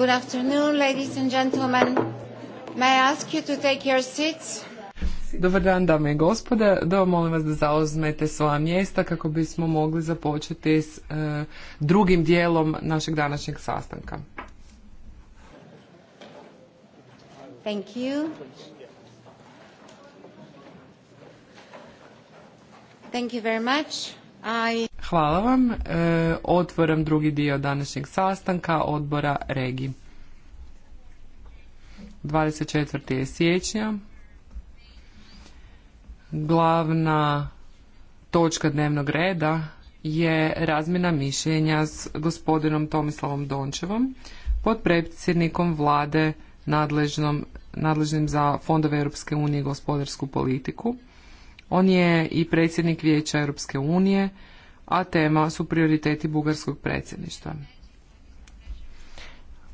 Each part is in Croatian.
Good afternoon, ladies and gentlemen. May I ask you to take your seats? Dobar dan, dame i gospode. Da molim vas da zauzmete svoja mjesta kako bismo mogli započeti s e, drugim dijelom našeg današnjeg sastanka. Thank you. Thank you very much. I... Hvala vam. E, otvaram drugi dio današnjeg sastanka odbora Regi. 24. je siječnja. Glavna točka dnevnog reda je razmjena mišljenja s gospodinom Tomislavom Dončevom, potpredsjednikom vlade nadležnim za fondove Europske unije i gospodarsku politiku. On je i predsjednik Vijeća Europske unije a tema su prioriteti bugarskog predsjedništva.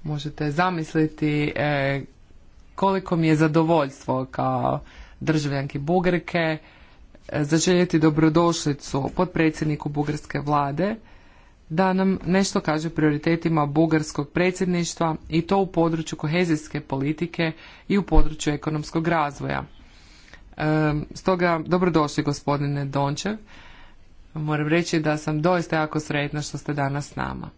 Možete zamisliti e, koliko mi je zadovoljstvo kao državljanki Bugarke e, zaželjeti dobrodošlicu potpredsjedniku bugarske vlade da nam nešto kaže o prioritetima bugarskog predsjedništva i to u području kohezijske politike i u području ekonomskog razvoja. E, stoga dobrodošli gospodine Dončev. Moram reći da sam doista jako sretna što ste danas s nama.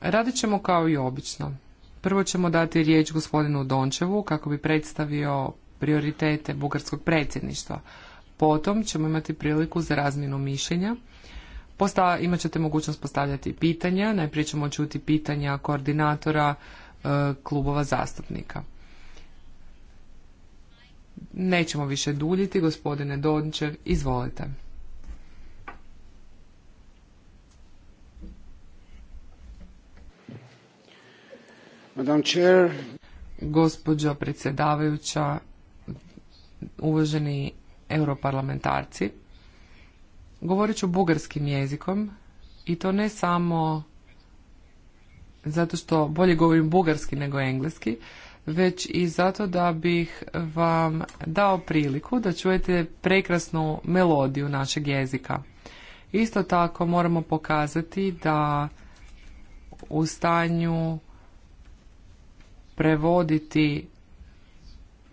Radit ćemo kao i obično. Prvo ćemo dati riječ gospodinu Dončevu kako bi predstavio prioritete bugarskog predsjedništva. Potom ćemo imati priliku za razmjenu mišljenja. imat ćete mogućnost postavljati pitanja. Najprije ćemo čuti pitanja koordinatora e, klubova zastupnika. Nećemo više duljiti, gospodine Dončev, izvolite. Chair. Gospođo predsjedavajuća, uvaženi europarlamentarci, govorit ću bugarskim jezikom i to ne samo zato što bolje govorim bugarski nego engleski, već i zato da bih vam dao priliku da čujete prekrasnu melodiju našeg jezika. Isto tako moramo pokazati da u stanju prevoditi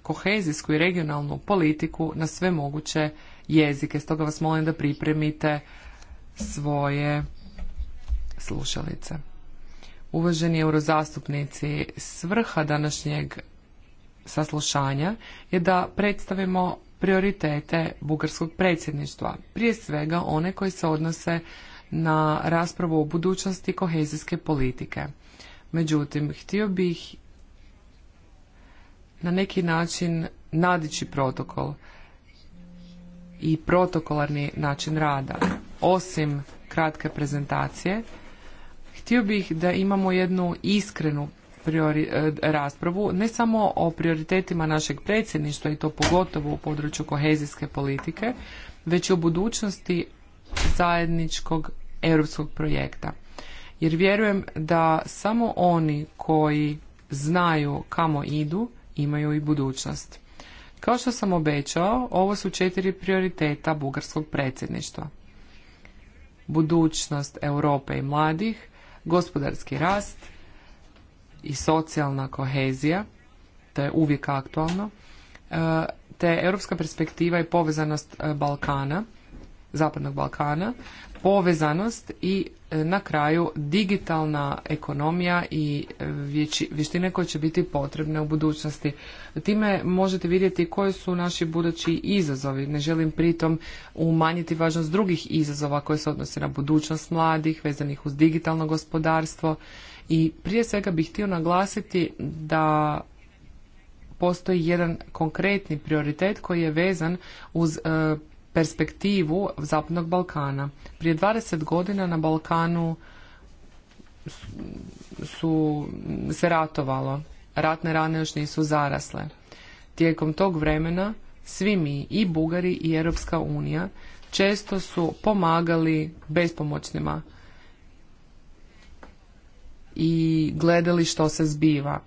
kohezijsku i regionalnu politiku na sve moguće jezike. Stoga vas molim da pripremite svoje slušalice. Uvaženi eurozastupnici, svrha današnjeg saslušanja je da predstavimo prioritete bugarskog predsjedništva, prije svega one koji se odnose na raspravu o budućnosti kohezijske politike. Međutim, htio bih na neki način nadići protokol i protokolarni način rada. Osim kratke prezentacije, htio bih da imamo jednu iskrenu e, raspravu, ne samo o prioritetima našeg predsjedništva i to pogotovo u području kohezijske politike, već i o budućnosti zajedničkog europskog projekta. Jer vjerujem da samo oni koji znaju kamo idu, imaju i budućnost. Kao što sam obećao, ovo su četiri prioriteta bugarskog predsjedništva. Budućnost Europe i mladih, gospodarski rast i socijalna kohezija, to je uvijek aktualno, e, te europska perspektiva i povezanost e, Balkana, Zapadnog Balkana, povezanost i e, na kraju digitalna ekonomija i e, vještine koje će biti potrebne u budućnosti. Time možete vidjeti koji su naši budući izazovi. Ne želim pritom umanjiti važnost drugih izazova koje se odnose na budućnost mladih, vezanih uz digitalno gospodarstvo. I prije svega bih htio naglasiti da postoji jedan konkretni prioritet koji je vezan uz e, perspektivu Zapadnog Balkana. Prije 20 godina na Balkanu su se ratovalo. Ratne rane još nisu zarasle. Tijekom tog vremena svi mi, i Bugari i Europska unija, često su pomagali bespomoćnima i gledali što se zbiva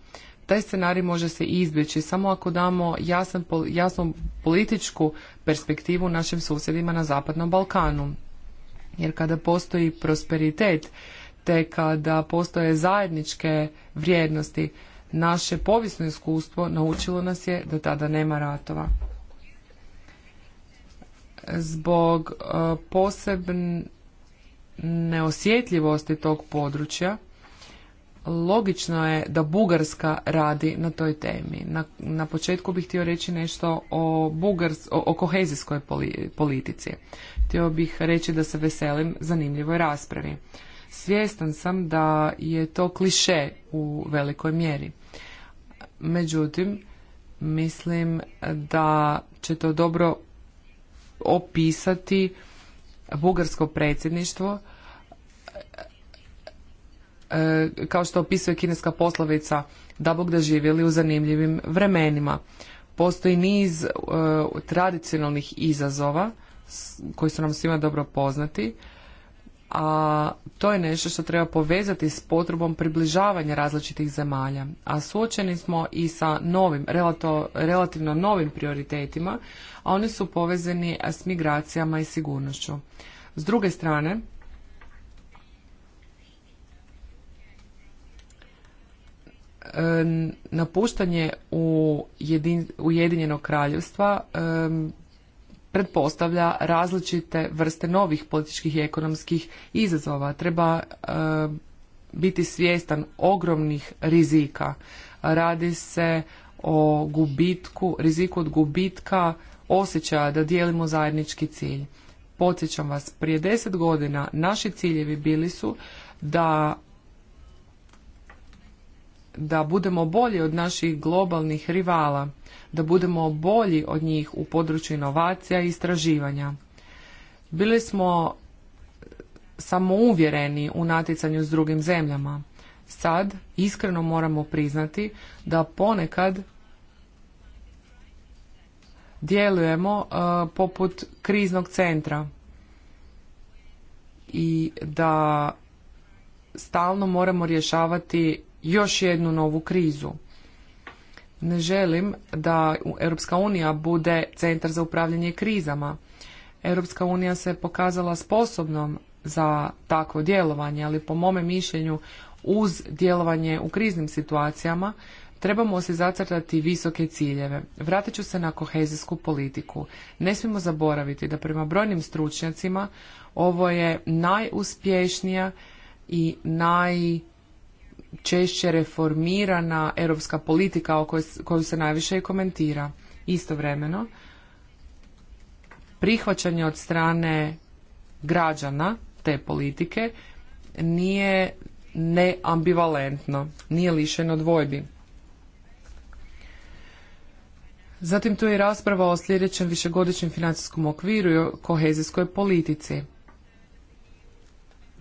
taj scenarij može se izbjeći samo ako damo jasan, jasnu političku perspektivu našim susjedima na Zapadnom Balkanu. Jer kada postoji prosperitet, te kada postoje zajedničke vrijednosti, naše povijesno iskustvo naučilo nas je da tada nema ratova. Zbog e, posebne osjetljivosti tog područja, logično je da Bugarska radi na toj temi. Na, početku bih htio reći nešto o, Bugars, o, o kohezijskoj politici. Htio bih reći da se veselim zanimljivoj raspravi. Svjestan sam da je to kliše u velikoj mjeri. Međutim, mislim da će to dobro opisati bugarsko predsjedništvo E, kao što opisuje kineska poslovica, da Bog da živjeli u zanimljivim vremenima. Postoji niz e, tradicionalnih izazova koji su nam svima dobro poznati, a to je nešto što treba povezati s potrebom približavanja različitih zemalja. A suočeni smo i sa novim, relativno novim prioritetima, a oni su povezani e, s migracijama i sigurnošću. S druge strane, napuštanje u Ujedinjenog kraljevstva pretpostavlja različite vrste novih političkih i ekonomskih izazova. Treba biti svjestan ogromnih rizika. Radi se o gubitku, riziku od gubitka osjećaja da dijelimo zajednički cilj. Podsjećam vas, prije deset godina naši ciljevi bili su da da budemo bolji od naših globalnih rivala, da budemo bolji od njih u području inovacija i istraživanja. Bili smo samouvjereni u natjecanju s drugim zemljama. Sad iskreno moramo priznati da ponekad djelujemo e, poput kriznog centra i da stalno moramo rješavati još jednu novu krizu. Ne želim da Europska unija bude centar za upravljanje krizama. Europska unija se pokazala sposobnom za takvo djelovanje, ali po mome mišljenju uz djelovanje u kriznim situacijama trebamo se zacrtati visoke ciljeve. Vratit ću se na kohezijsku politiku. Ne smijemo zaboraviti da prema brojnim stručnjacima ovo je najuspješnija i naj češće reformirana europska politika o kojoj, koju se najviše i komentira. Istovremeno, prihvaćanje od strane građana te politike nije neambivalentno, nije lišeno dvojbi. Zatim tu je rasprava o sljedećem višegodišnjem financijskom okviru i kohezijskoj politici.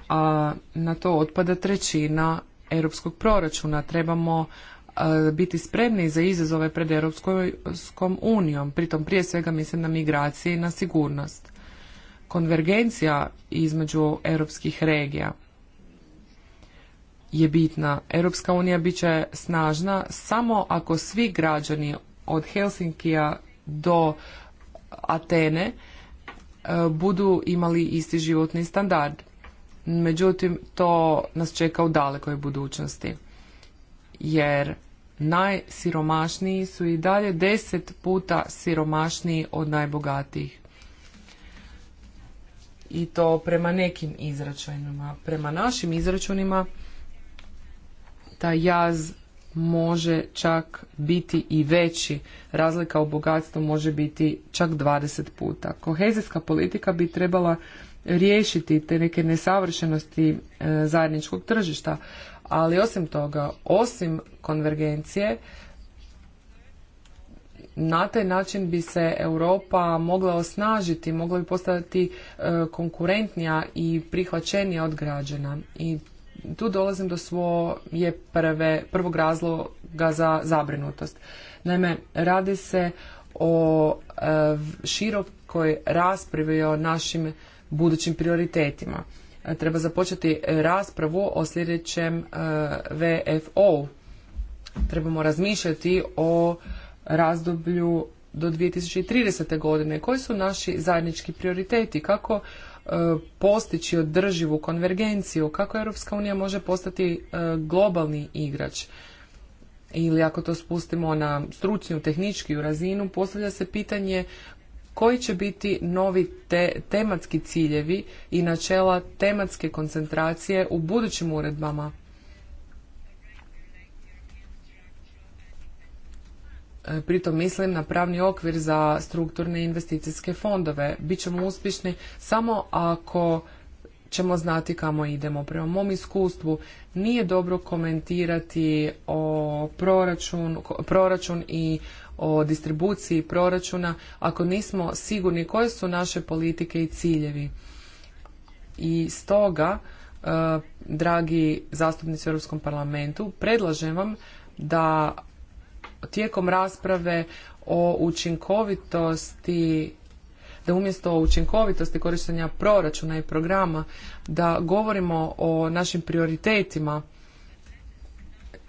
A na to otpada trećina europskog proračuna. Trebamo e, biti spremni za izazove pred Europskom unijom. Pritom prije svega mislim na migracije i na sigurnost. Konvergencija između europskih regija je bitna. Europska unija bit će snažna samo ako svi građani od Helsinkija do Atene e, budu imali isti životni standard međutim to nas čeka u dalekoj budućnosti. Jer najsiromašniji su i dalje deset puta siromašniji od najbogatijih. I to prema nekim izračunima. Prema našim izračunima taj jaz može čak biti i veći. Razlika u bogatstvu može biti čak 20 puta. Kohezijska politika bi trebala riješiti te neke nesavršenosti e, zajedničkog tržišta. Ali osim toga, osim konvergencije, na taj način bi se Europa mogla osnažiti, mogla bi postati e, konkurentnija i prihvaćenija od građana. I tu dolazim do svoje prve, prvog razloga za zabrinutost. Naime, radi se o e, širokoj raspravi o našim budućim prioritetima. E, treba započeti e, raspravu o sljedećem e, VFO. Trebamo razmišljati o razdoblju do 2030. godine. Koji su naši zajednički prioriteti? Kako postići održivu konvergenciju? Kako Europska unija može postati globalni igrač? ili ako to spustimo na stručnu, tehničku razinu, postavlja se pitanje koji će biti novi te, tematski ciljevi i načela tematske koncentracije u budućim uredbama. E, pritom mislim na pravni okvir za strukturne investicijske fondove. Bićemo uspješni samo ako ćemo znati kamo idemo. Prema mom iskustvu nije dobro komentirati o proračun, proračun i o distribuciji proračuna ako nismo sigurni koje su naše politike i ciljevi. I stoga, e, dragi zastupnici u Europskom parlamentu, predlažem vam da tijekom rasprave o učinkovitosti da umjesto učinkovitosti korištenja proračuna i programa da govorimo o našim prioritetima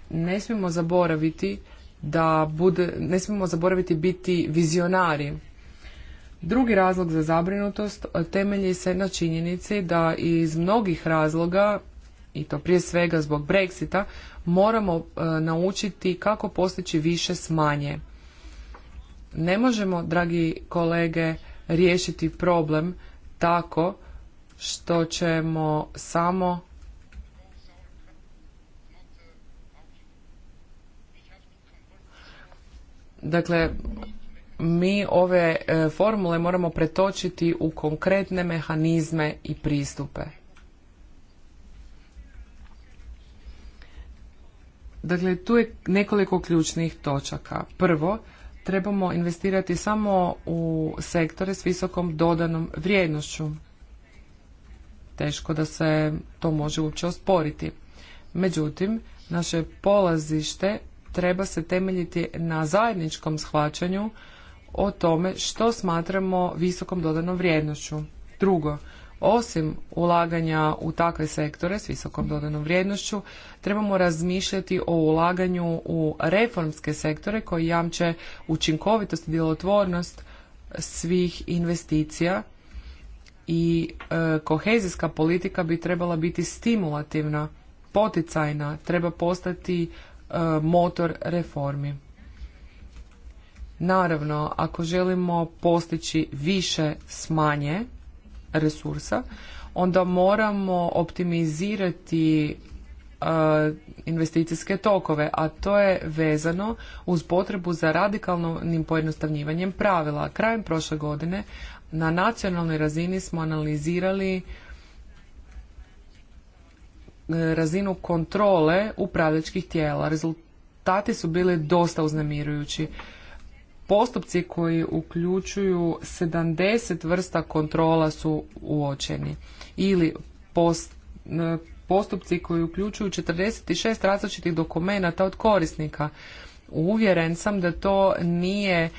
ne smijemo zaboraviti da bude, ne smijemo zaboraviti biti vizionari. Drugi razlog za zabrinutost temelji se na činjenici da iz mnogih razloga i to prije svega zbog Brexita moramo e, naučiti kako postići više smanje. Ne možemo, dragi kolege, riješiti problem tako što ćemo samo Dakle, mi ove e, formule moramo pretočiti u konkretne mehanizme i pristupe. Dakle, tu je nekoliko ključnih točaka. Prvo, trebamo investirati samo u sektore s visokom dodanom vrijednošću. Teško da se to može uopće osporiti. Međutim, naše polazište treba se temeljiti na zajedničkom shvaćanju o tome što smatramo visokom dodanom vrijednošću. Drugo, osim ulaganja u takve sektore s visokom dodanom vrijednošću, trebamo razmišljati o ulaganju u reformske sektore koji jamče učinkovitost i djelotvornost svih investicija i e, kohezijska politika bi trebala biti stimulativna, poticajna, treba postati e, motor reformi. Naravno, ako želimo postići više smanje, resursa, onda moramo optimizirati investicijske tokove, a to je vezano uz potrebu za radikalnim pojednostavnjivanjem pravila. Krajem prošle godine na nacionalnoj razini smo analizirali e, razinu kontrole upravljačkih tijela. Rezultati su bili dosta uznemirujući postupci koji uključuju 70 vrsta kontrola su uočeni ili postupci koji uključuju 46 različitih dokumenata od korisnika. Uvjeren sam da to nije e,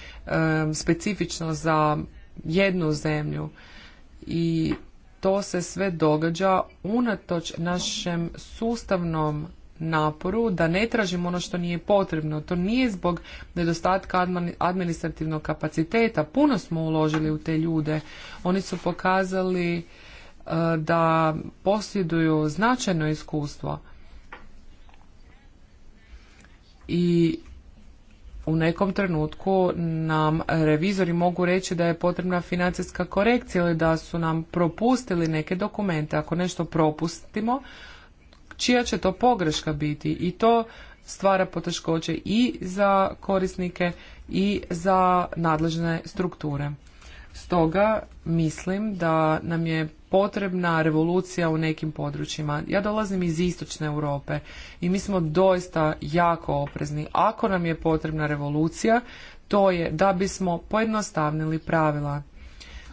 specifično za jednu zemlju i to se sve događa unatoč našem sustavnom naporu da ne tražimo ono što nije potrebno. To nije zbog nedostatka administrativnog kapaciteta. Puno smo uložili u te ljude. Oni su pokazali e, da posjeduju značajno iskustvo i u nekom trenutku nam revizori mogu reći da je potrebna financijska korekcija ili da su nam propustili neke dokumente. Ako nešto propustimo, čija će to pogreška biti i to stvara poteškoće i za korisnike i za nadležne strukture. Stoga mislim da nam je potrebna revolucija u nekim područjima. Ja dolazim iz istočne Europe i mi smo doista jako oprezni. Ako nam je potrebna revolucija, to je da bismo pojednostavnili pravila.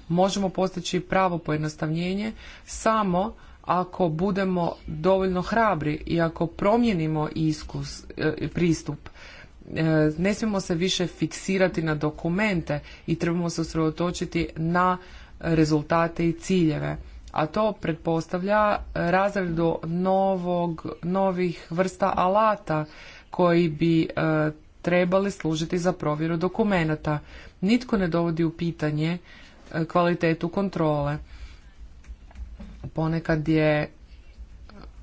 Možemo postići pravo pojednostavljenje samo ako budemo dovoljno hrabri i ako promijenimo iskus, e, pristup e, ne smijemo se više fiksirati na dokumente i trebamo se usredotočiti na rezultate i ciljeve a to pretpostavlja razredu novog, novih vrsta alata koji bi e, trebali služiti za provjeru dokumenata. Nitko ne dovodi u pitanje kvalitetu kontrole ponekad je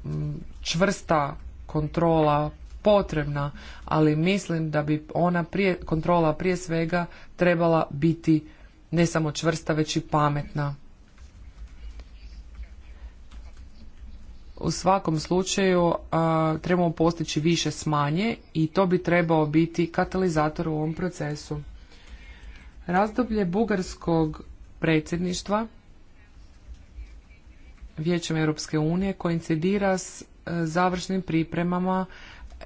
mm, čvrsta kontrola potrebna, ali mislim da bi ona kontrola prije svega trebala biti ne samo čvrsta, već i pametna. U svakom slučaju trebamo postići više smanje i to bi trebao biti katalizator u ovom procesu. Razdoblje bugarskog predsjedništva Vijećem Europske unije koincidira s e, završnim pripremama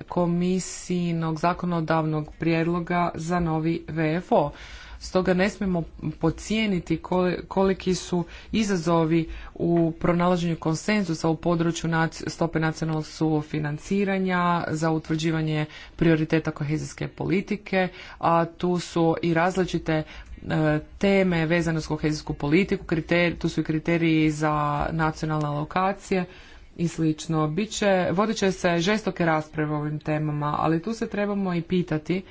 komisijnog zakonodavnog prijedloga za novi VFO. Stoga ne smijemo pocijeniti koliki su izazovi u pronalaženju konsenzusa u području stope nacionalnog sufinanciranja za utvrđivanje prioriteta kohezijske politike, a tu su i različite E, teme vezane uz kohezijsku politiku, tu su i kriteriji za nacionalne lokacije i slično. Biće, vodit će se žestoke rasprave o ovim temama, ali tu se trebamo i pitati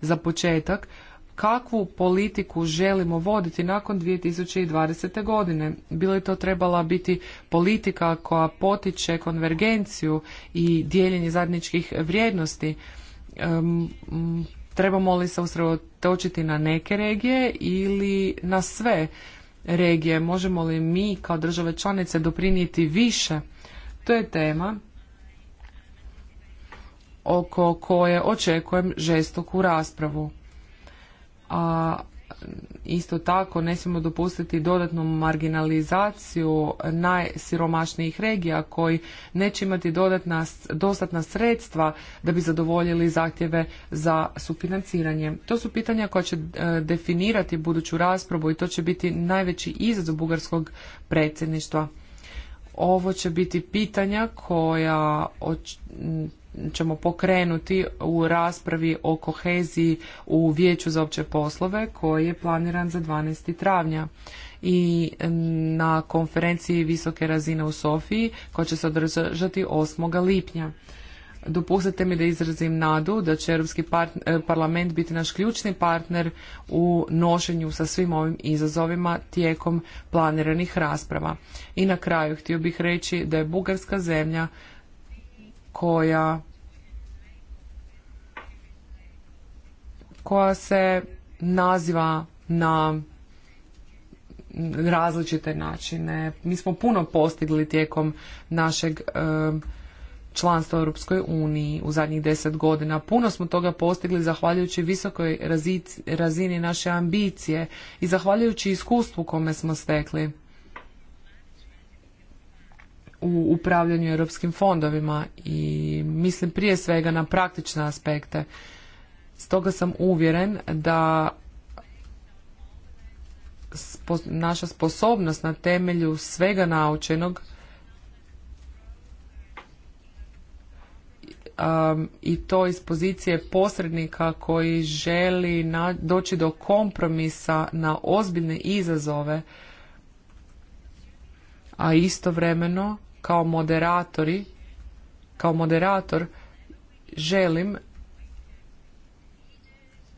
za početak kakvu politiku želimo voditi nakon 2020. godine. Bilo je to trebala biti politika koja potiče konvergenciju i dijeljenje zajedničkih vrijednosti. Trebamo li se usredotočiti na neke regije ili na sve regije? Možemo li mi kao države članice doprinijeti više? To je tema oko koje očekujem žestoku raspravu. A isto tako ne smijemo dopustiti dodatnu marginalizaciju najsiromašnijih regija koji neće imati dodatna, dostatna sredstva da bi zadovoljili zahtjeve za sufinanciranje. To su pitanja koja će e, definirati buduću raspravu i to će biti najveći izazov bugarskog predsjedništva. Ovo će biti pitanja koja ćemo pokrenuti u raspravi o koheziji u Vijeću za opće poslove koji je planiran za 12. travnja i na konferenciji visoke razine u Sofiji koja će se održati 8. lipnja. Dopustite mi da izrazim nadu da će Europski e, parlament biti naš ključni partner u nošenju sa svim ovim izazovima tijekom planiranih rasprava. I na kraju htio bih reći da je Bugarska zemlja koja koja se naziva na različite načine. Mi smo puno postigli tijekom našeg članstva u Europskoj uniji u zadnjih deset godina. Puno smo toga postigli zahvaljujući visokoj razini naše ambicije i zahvaljujući iskustvu kome smo stekli u upravljanju europskim fondovima i mislim prije svega na praktične aspekte. Stoga sam uvjeren da naša sposobnost na temelju svega naučenog um, i to iz pozicije posrednika koji želi doći do kompromisa na ozbiljne izazove, a istovremeno kao moderatori, kao moderator želim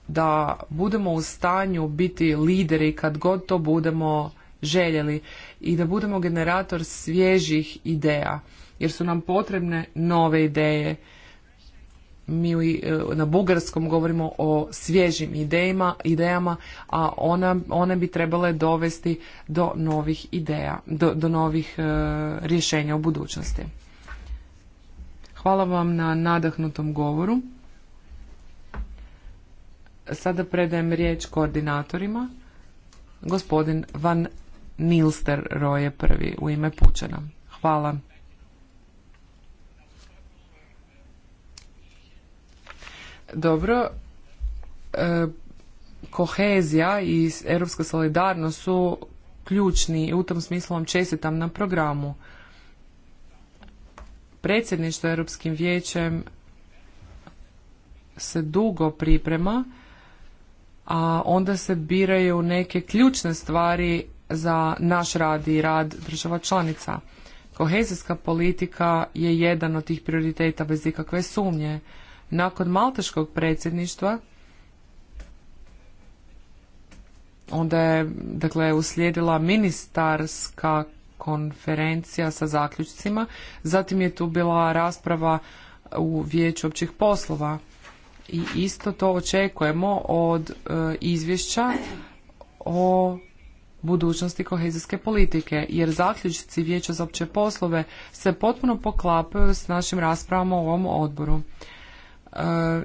da budemo u stanju biti lideri kad god to budemo željeli i da budemo generator svježih ideja jer su nam potrebne nove ideje mi e, na bugarskom govorimo o svježim idejama, a one bi trebale dovesti do novih ideja, do, novih e, rješenja u budućnosti. Hvala vam na nadahnutom govoru. Sada predajem riječ koordinatorima. Gospodin Van Milster, Roje prvi u ime Pučana. Hvala. Dobro, e, kohezija i europska solidarnost su ključni i u tom smislu vam čestitam na programu. Predsjedništvo Europskim vijećem se dugo priprema, a onda se biraju neke ključne stvari za naš rad i rad država članica. Kohezijska politika je jedan od tih prioriteta bez ikakve sumnje. Nakon malteškog predsjedništva onda je dakle uslijedila ministarska konferencija sa zaključcima, zatim je tu bila rasprava u vijeću općih poslova i isto to očekujemo od e, izvješća o budućnosti kohezijske politike, jer zaključci vijeća za opće poslove se potpuno poklapaju s našim raspravama u ovom odboru. E,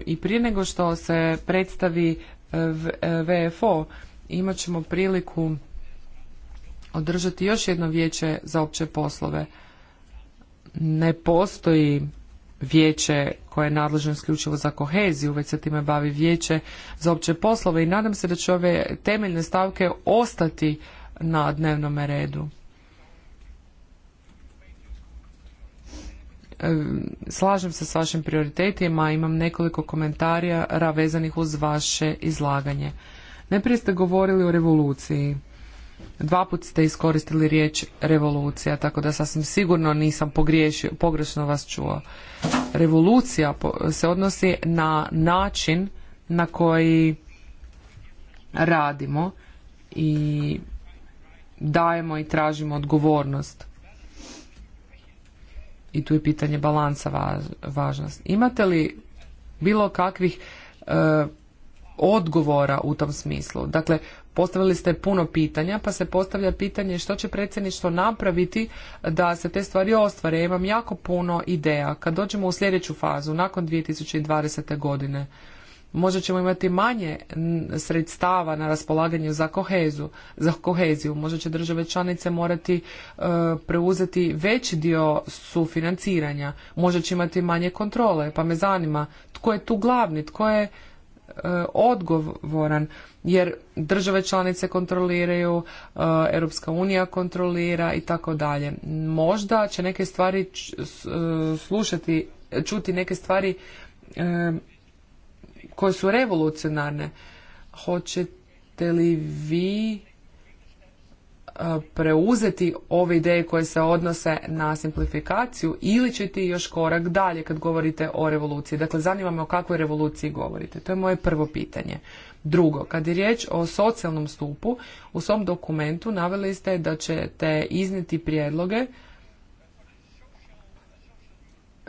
i prije nego što se predstavi e, VFO e, imat ćemo priliku održati još jedno vijeće za opće poslove. Ne postoji vijeće koje je nadležno isključivo za koheziju, već se time bavi vijeće za opće poslove i nadam se da će ove temeljne stavke ostati na dnevnom redu. slažem se s vašim prioritetima, imam nekoliko komentarija vezanih uz vaše izlaganje. Najprije ste govorili o revoluciji. Dva put ste iskoristili riječ revolucija, tako da sasvim sigurno nisam pogriješio, pogrešno vas čuo. Revolucija se odnosi na način na koji radimo i dajemo i tražimo odgovornost i tu je pitanje balansa važ, važnost. Imate li bilo kakvih e, odgovora u tom smislu? Dakle, postavili ste puno pitanja, pa se postavlja pitanje što će predsjedništvo napraviti da se te stvari ostvare. imam jako puno ideja. Kad dođemo u sljedeću fazu, nakon 2020. godine, možda ćemo imati manje sredstava na raspolaganju za koheziju, za koheziju. možda će države članice morati e, preuzeti veći dio sufinanciranja, možda će imati manje kontrole, pa me zanima tko je tu glavni, tko je e, odgovoran, jer države članice kontroliraju, e, Europska unija kontrolira i tako dalje. Možda će neke stvari slušati, čuti neke stvari koje su revolucionarne. Hoćete li vi preuzeti ove ideje koje se odnose na simplifikaciju ili ćete još korak dalje kad govorite o revoluciji? Dakle, zanima me o kakvoj revoluciji govorite. To je moje prvo pitanje. Drugo, kad je riječ o socijalnom stupu, u svom dokumentu naveli ste da ćete iznijeti prijedloge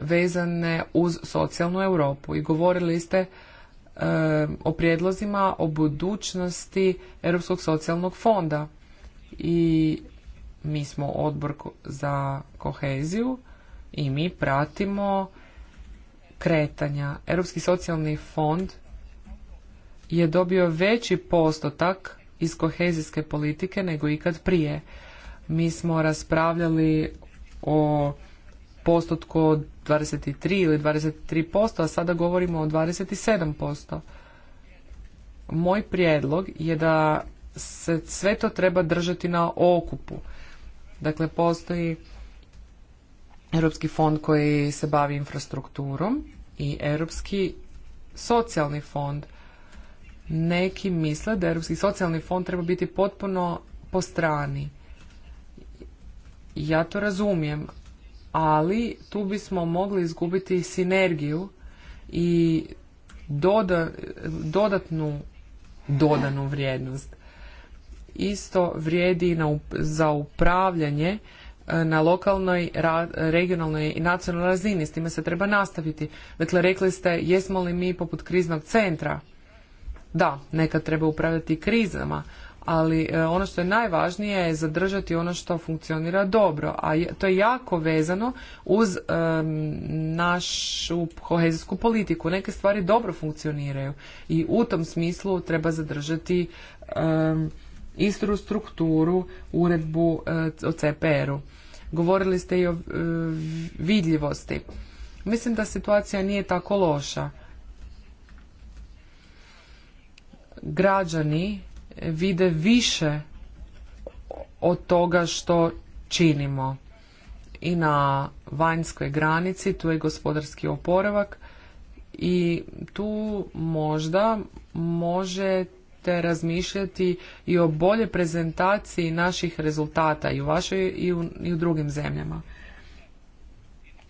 vezane uz socijalnu Europu i govorili ste o prijedlozima o budućnosti Europskog socijalnog fonda i mi smo odbor za koheziju i mi pratimo kretanja. Europski socijalni fond je dobio veći postotak iz kohezijske politike nego ikad prije. Mi smo raspravljali o postotku od 23 ili 23%, a sada govorimo o 27%. Moj prijedlog je da se sve to treba držati na okupu. Dakle, postoji Europski fond koji se bavi infrastrukturom i Europski socijalni fond. Neki misle da Europski socijalni fond treba biti potpuno po strani. Ja to razumijem, ali tu bismo mogli izgubiti sinergiju i dodatnu dodanu vrijednost. Isto vrijedi na, za upravljanje e, na lokalnoj, regionalnoj i nacionalnoj razini. S time se treba nastaviti. Dakle, rekli ste, jesmo li mi poput kriznog centra? Da, nekad treba upravljati krizama, ali e, ono što je najvažnije je zadržati ono što funkcionira dobro, a to je jako vezano uz našu kohezijsku politiku. Neke stvari dobro funkcioniraju i u tom smislu treba zadržati istru strukturu, uredbu e, o CPR-u. Govorili ste i o e, vidljivosti. Mislim da situacija nije tako loša. Građani vide više od toga što činimo. I na vanjskoj granici tu je gospodarski oporavak i tu možda možete razmišljati i o bolje prezentaciji naših rezultata i u vašoj i u drugim zemljama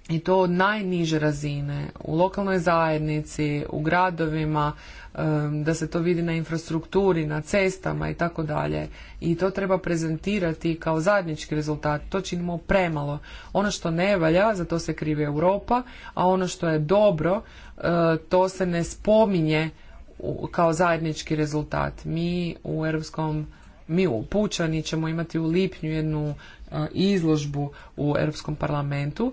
i to od najniže razine, u lokalnoj zajednici, u gradovima, da se to vidi na infrastrukturi, na cestama i tako dalje. I to treba prezentirati kao zajednički rezultat. To činimo premalo. Ono što ne valja, za to se krivi Europa, a ono što je dobro, e, to se ne spominje kao zajednički rezultat. Mi u Europskom mi u Pučani ćemo imati u lipnju jednu e, izložbu u Europskom parlamentu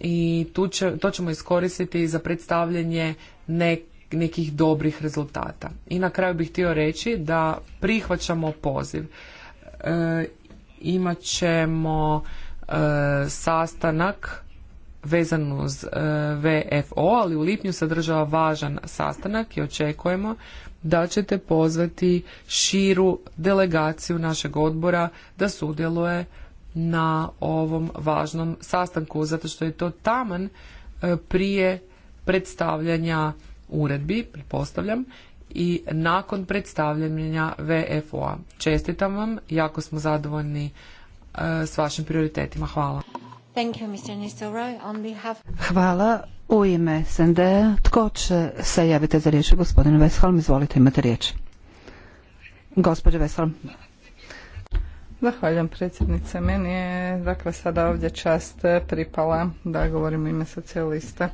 i tu će, to ćemo iskoristiti za predstavljanje nekih dobrih rezultata. I na kraju bih htio reći da prihvaćamo poziv. E, imat ćemo e, sastanak vezan uz e, VFO, ali u lipnju sadržava važan sastanak i očekujemo da ćete pozvati širu delegaciju našeg odbora da sudjeluje na ovom važnom sastanku, zato što je to taman e, prije predstavljanja uredbi, pretpostavljam, i nakon predstavljanja VFO-a. Čestitam vam, jako smo zadovoljni e, s vašim prioritetima. Hvala. Thank you, Hvala. U ime SND, tko će se javiti za riječ? Gospodin Vesholm, izvolite, imate riječ. Gospodin Vesholm. Zahvaljujem predsjednice. Meni je dakle sada ovdje čast pripala da govorim u ime socijalista.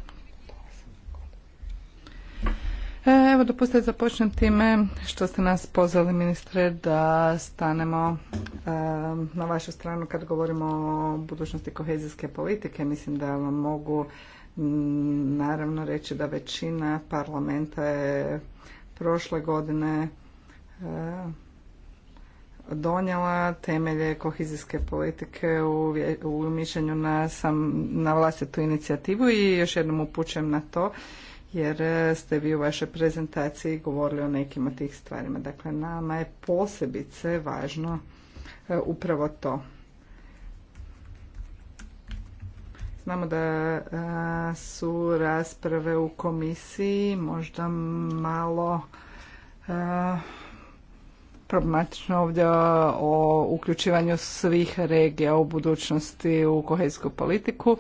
E, evo dopustite da time što ste nas pozvali ministre da stanemo e, na vašu stranu kad govorimo o budućnosti kohezijske politike. Mislim da vam mogu mm, naravno reći da većina parlamenta je prošle godine e, donijela temelje kohizijske politike u, mišljenju na, sam, na vlastitu inicijativu i još jednom upućujem na to jer e, ste vi u vašoj prezentaciji govorili o nekim od tih stvarima. Dakle, nama je posebice važno e, upravo to. Znamo da e, su rasprave u komisiji možda malo problematično ovdje o uključivanju svih regija u budućnosti u kohezijsku politiku.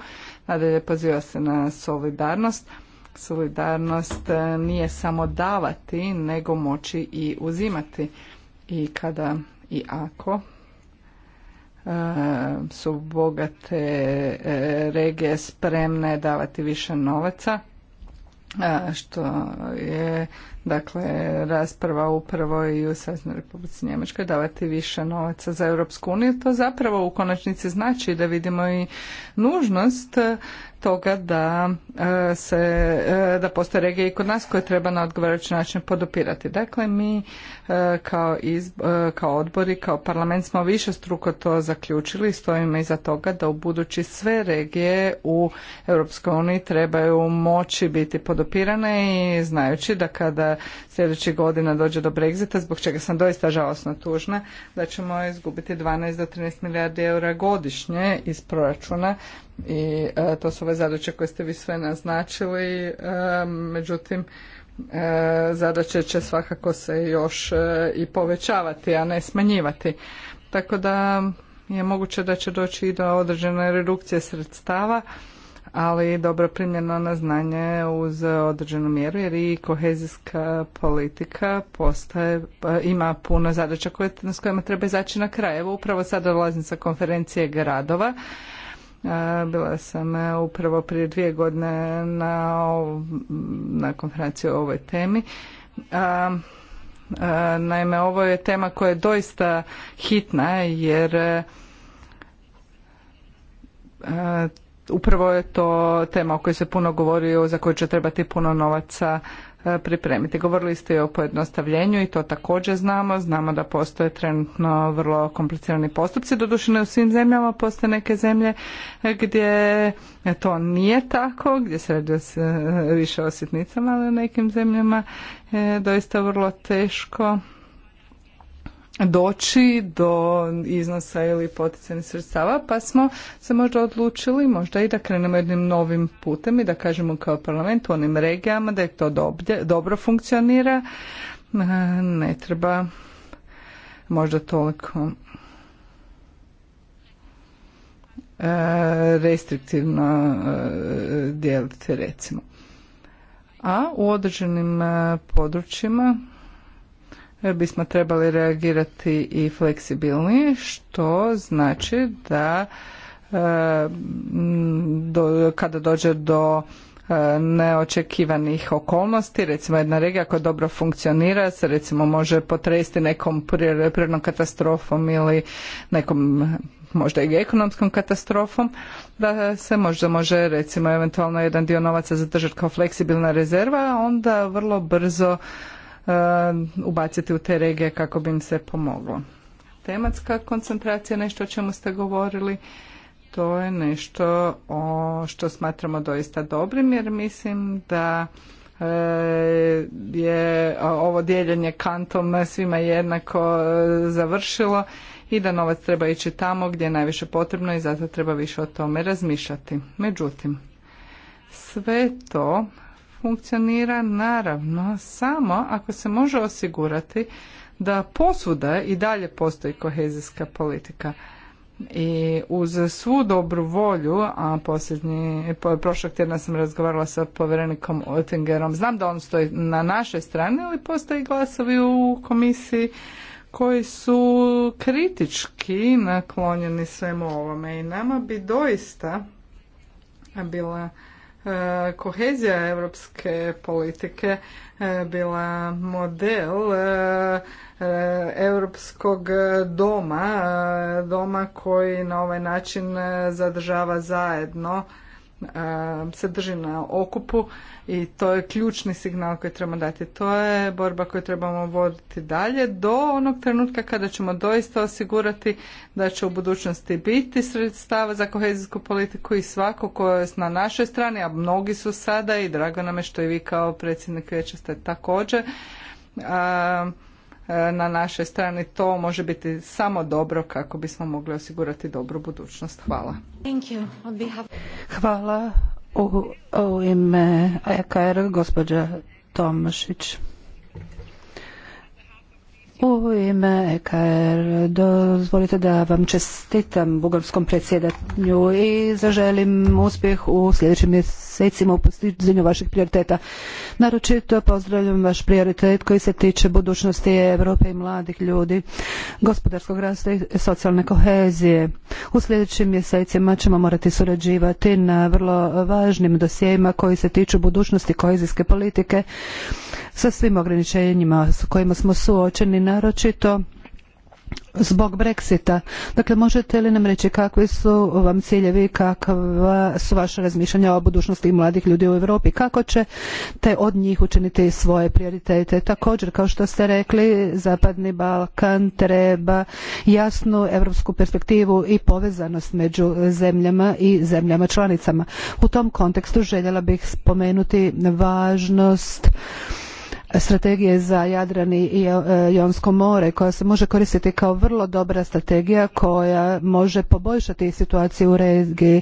Nadalje poziva se na solidarnost. Solidarnost e, nije samo davati, nego moći i uzimati. I kada i ako e, su bogate e, regije spremne davati više novaca, što je dakle rasprava upravo i u Saznoj Republici Njemačkoj davati više novaca za Europsku uniju, to zapravo u konačnici znači da vidimo i nužnost toga da e, se e, da postoje regije i kod nas koje treba na odgovarajući način podopirati. Dakle, mi e, kao, izb, kao odbori, kao parlament smo više struko to zaključili i stojimo iza toga da u budući sve regije u EU trebaju moći biti podopirane i znajući da kada sljedećih godina dođe do Brexita, zbog čega sam doista žalosno tužna, da ćemo izgubiti 12 do 13 milijardi eura godišnje iz proračuna i e, to su ove zadaće koje ste vi sve naznačili, e, međutim e, zadaće će svakako se još e, i povećavati, a ne smanjivati. Tako da je moguće da će doći i do određene redukcije sredstava, ali dobro primljeno na znanje uz određenu mjeru jer i kohezijska politika postaje, pa, ima puno zadaća s kojima treba izaći na kraj. Evo upravo sada dolazim sa konferencije gradova. Bila sam e, upravo prije dvije godine na, na konferenciji o ovoj temi. Naime, ovo je tema koja je doista hitna jer e, upravo je to tema o kojoj se puno govori, za koju će trebati puno novaca e, pripremiti. Govorili ste i o pojednostavljenju i to također znamo. Znamo da postoje trenutno vrlo komplicirani postupci. Doduše ne u svim zemljama postoje neke zemlje e, gdje to nije tako, gdje se radi e, više o ali u nekim zemljama je doista vrlo teško doći do iznosa ili poticajnih sredstava, pa smo se možda odlučili možda i da krenemo jednim novim putem i da kažemo kao parlament u onim regijama da je to dobro funkcionira, e, ne treba možda toliko e, restriktivno e, dijeliti recimo. A u određenim područjima E, bismo trebali reagirati i fleksibilnije, što znači da e, kada dođe do e, neočekivanih okolnosti, recimo jedna regija koja dobro funkcionira se recimo može potresti nekom prirodnom katastrofom ili nekom možda i ekonomskom katastrofom, da se možda može recimo eventualno jedan dio novaca zadržati kao fleksibilna rezerva, onda vrlo brzo E, ubaciti u te regije kako bi im se pomoglo. Tematska koncentracija, nešto o čemu ste govorili, to je nešto o što smatramo doista dobrim jer mislim da e, je ovo dijeljenje kantom svima jednako e, završilo i da novac treba ići tamo gdje je najviše potrebno i zato treba više o tome razmišljati. Međutim, sve to funkcionira naravno samo ako se može osigurati da posvuda i dalje postoji kohezijska politika. I uz svu dobru volju, a posljednji, prošlog tjedna sam razgovarala sa povjerenikom Oettingerom, znam da on stoji na našoj strani, ali postoji glasovi u komisiji koji su kritički naklonjeni svemu ovome i nama bi doista bila E, kohezija europske politike e, bila model europskog e, doma, doma koji na ovaj način zadržava zajedno se drži na okupu i to je ključni signal koji trebamo dati. To je borba koju trebamo voditi dalje do onog trenutka kada ćemo doista osigurati da će u budućnosti biti sredstava za kohezijsku politiku i svako ko je na našoj strani, a mnogi su sada i drago nam je što i vi kao predsjednik vijeća ste također na našoj strani to može biti samo dobro kako bismo mogli osigurati dobru budućnost. Hvala. Hvala u, ime EKR, er, gospođa Tomašić. U ime EKR er, dozvolite da vam čestitam bugarskom predsjedanju i zaželim uspjeh u sljedećim mjesecima mjesecima u postizanju vaših prioriteta. Naročito pozdravljam vaš prioritet koji se tiče budućnosti Europe i mladih ljudi, gospodarskog rasta i socijalne kohezije. U sljedećim mjesecima ćemo morati surađivati na vrlo važnim dosjejima koji se tiču budućnosti kohezijske politike sa svim ograničenjima s kojima smo suočeni, naročito zbog Brexita. Dakle, možete li nam reći kakvi su vam ciljevi, kakva su vaše razmišljanja o budućnosti mladih ljudi u Europi, kako će te od njih učiniti svoje prioritete. Također, kao što ste rekli, Zapadni Balkan treba jasnu europsku perspektivu i povezanost među zemljama i zemljama članicama. U tom kontekstu željela bih spomenuti važnost strategije za Jadran i e, Jonsko more koja se može koristiti kao vrlo dobra strategija koja može poboljšati situaciju u regiji.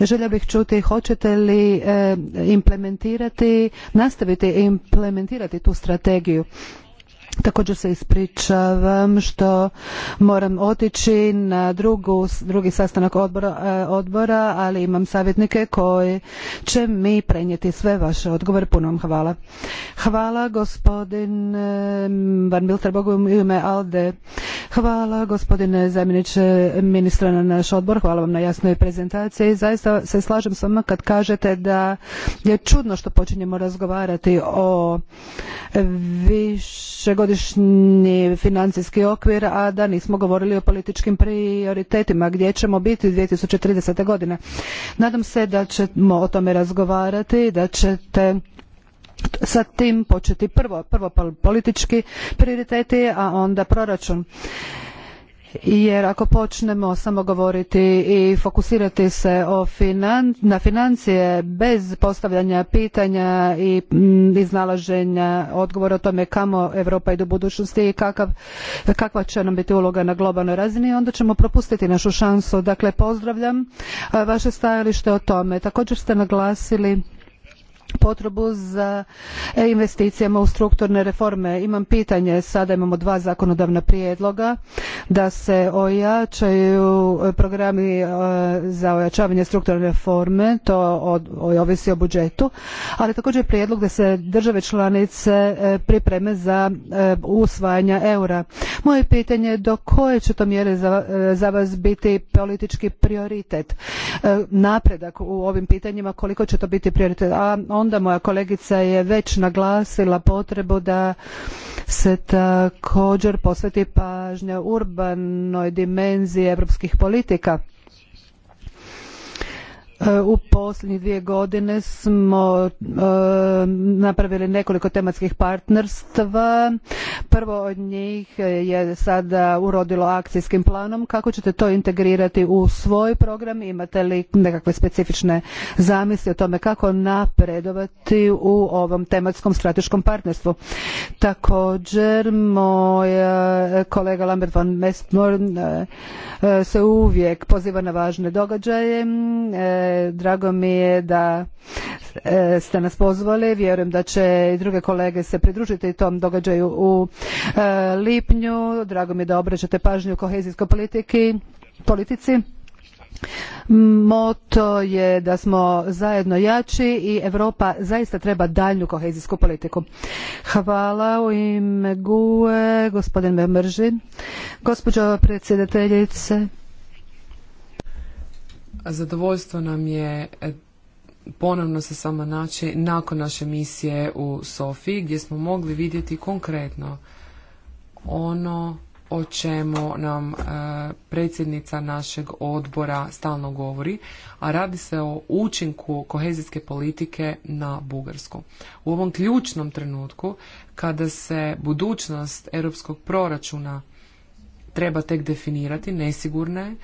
Želja bih čuti hoćete li e, implementirati, nastaviti implementirati tu strategiju Također se ispričavam što moram otići na drugi sastanak odbora, e, odbora, ali imam savjetnike koji će mi prenijeti sve vaše odgovore. Puno vam hvala. Hvala gospodin e, Van bogu u ime Alde. Hvala gospodine zamjeniče ministra na naš odbor. Hvala vam na jasnoj prezentaciji. Zaista se slažem s vama kad kažete da je čudno što počinjemo razgovarati o više višegodišnji financijski okvir, a da nismo govorili o političkim prioritetima gdje ćemo biti 2030. godine. Nadam se da ćemo o tome razgovarati, i da ćete sa tim početi prvo, prvo politički prioriteti, a onda proračun jer ako počnemo samo govoriti i fokusirati se o na financije bez postavljanja pitanja i mm, iznalaženja odgovora o tome kamo Europa ide u budućnosti i kakav, kakva će nam biti uloga na globalnoj razini, onda ćemo propustiti našu šansu. Dakle, pozdravljam vaše stajalište o tome. Također ste naglasili potrebu za e, investicijama u strukturne reforme. Imam pitanje, sada imamo dva zakonodavna prijedloga da se ojačaju programi e, za ojačavanje strukturne reforme, to ovisi o budžetu, ali također prijedlog da se države članice e, pripreme za usvajanje eura. Moje pitanje do koje će to mjere za, za vas biti politički prioritet? Napredak u ovim pitanjima, koliko će to biti prioritet? A onda moja kolegica je već naglasila potrebu da se također posveti pažnja urbanoj dimenziji europskih politika E, u posljednje dvije godine smo e, napravili nekoliko tematskih partnerstva. Prvo od njih je sada urodilo akcijskim planom. Kako ćete to integrirati u svoj program? Imate li nekakve specifične zamisli o tome kako napredovati u ovom tematskom strateškom partnerstvu? Također, moj e, kolega Lambert van Mestmorn se uvijek poziva na važne događaje Drago mi je da e, ste nas pozvali. Vjerujem da će i druge kolege se pridružiti tom događaju u e, lipnju. Drago mi je da obraćate pažnju kohezijskoj politici. Moto je da smo zajedno jači i Europa zaista treba daljnju kohezijsku politiku. Hvala u ime GUE, gospodin gospođo predsjedateljice, zadovoljstvo nam je e, ponovno se samo naći nakon naše misije u Sofiji gdje smo mogli vidjeti konkretno ono o čemu nam e, predsjednica našeg odbora stalno govori, a radi se o učinku kohezijske politike na Bugarsku. U ovom ključnom trenutku kada se budućnost europskog proračuna treba tek definirati, nesigurna je,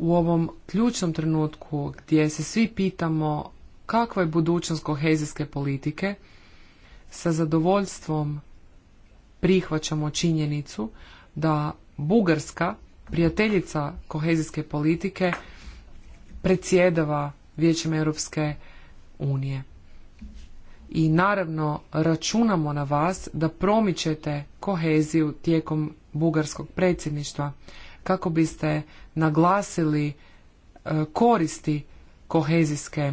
u ovom ključnom trenutku gdje se svi pitamo kakva je budućnost kohezijske politike, sa zadovoljstvom prihvaćamo činjenicu da Bugarska, prijateljica kohezijske politike, predsjedava Vijećem Europske unije. I naravno računamo na vas da promičete koheziju tijekom bugarskog predsjedništva kako biste naglasili e, koristi kohezijske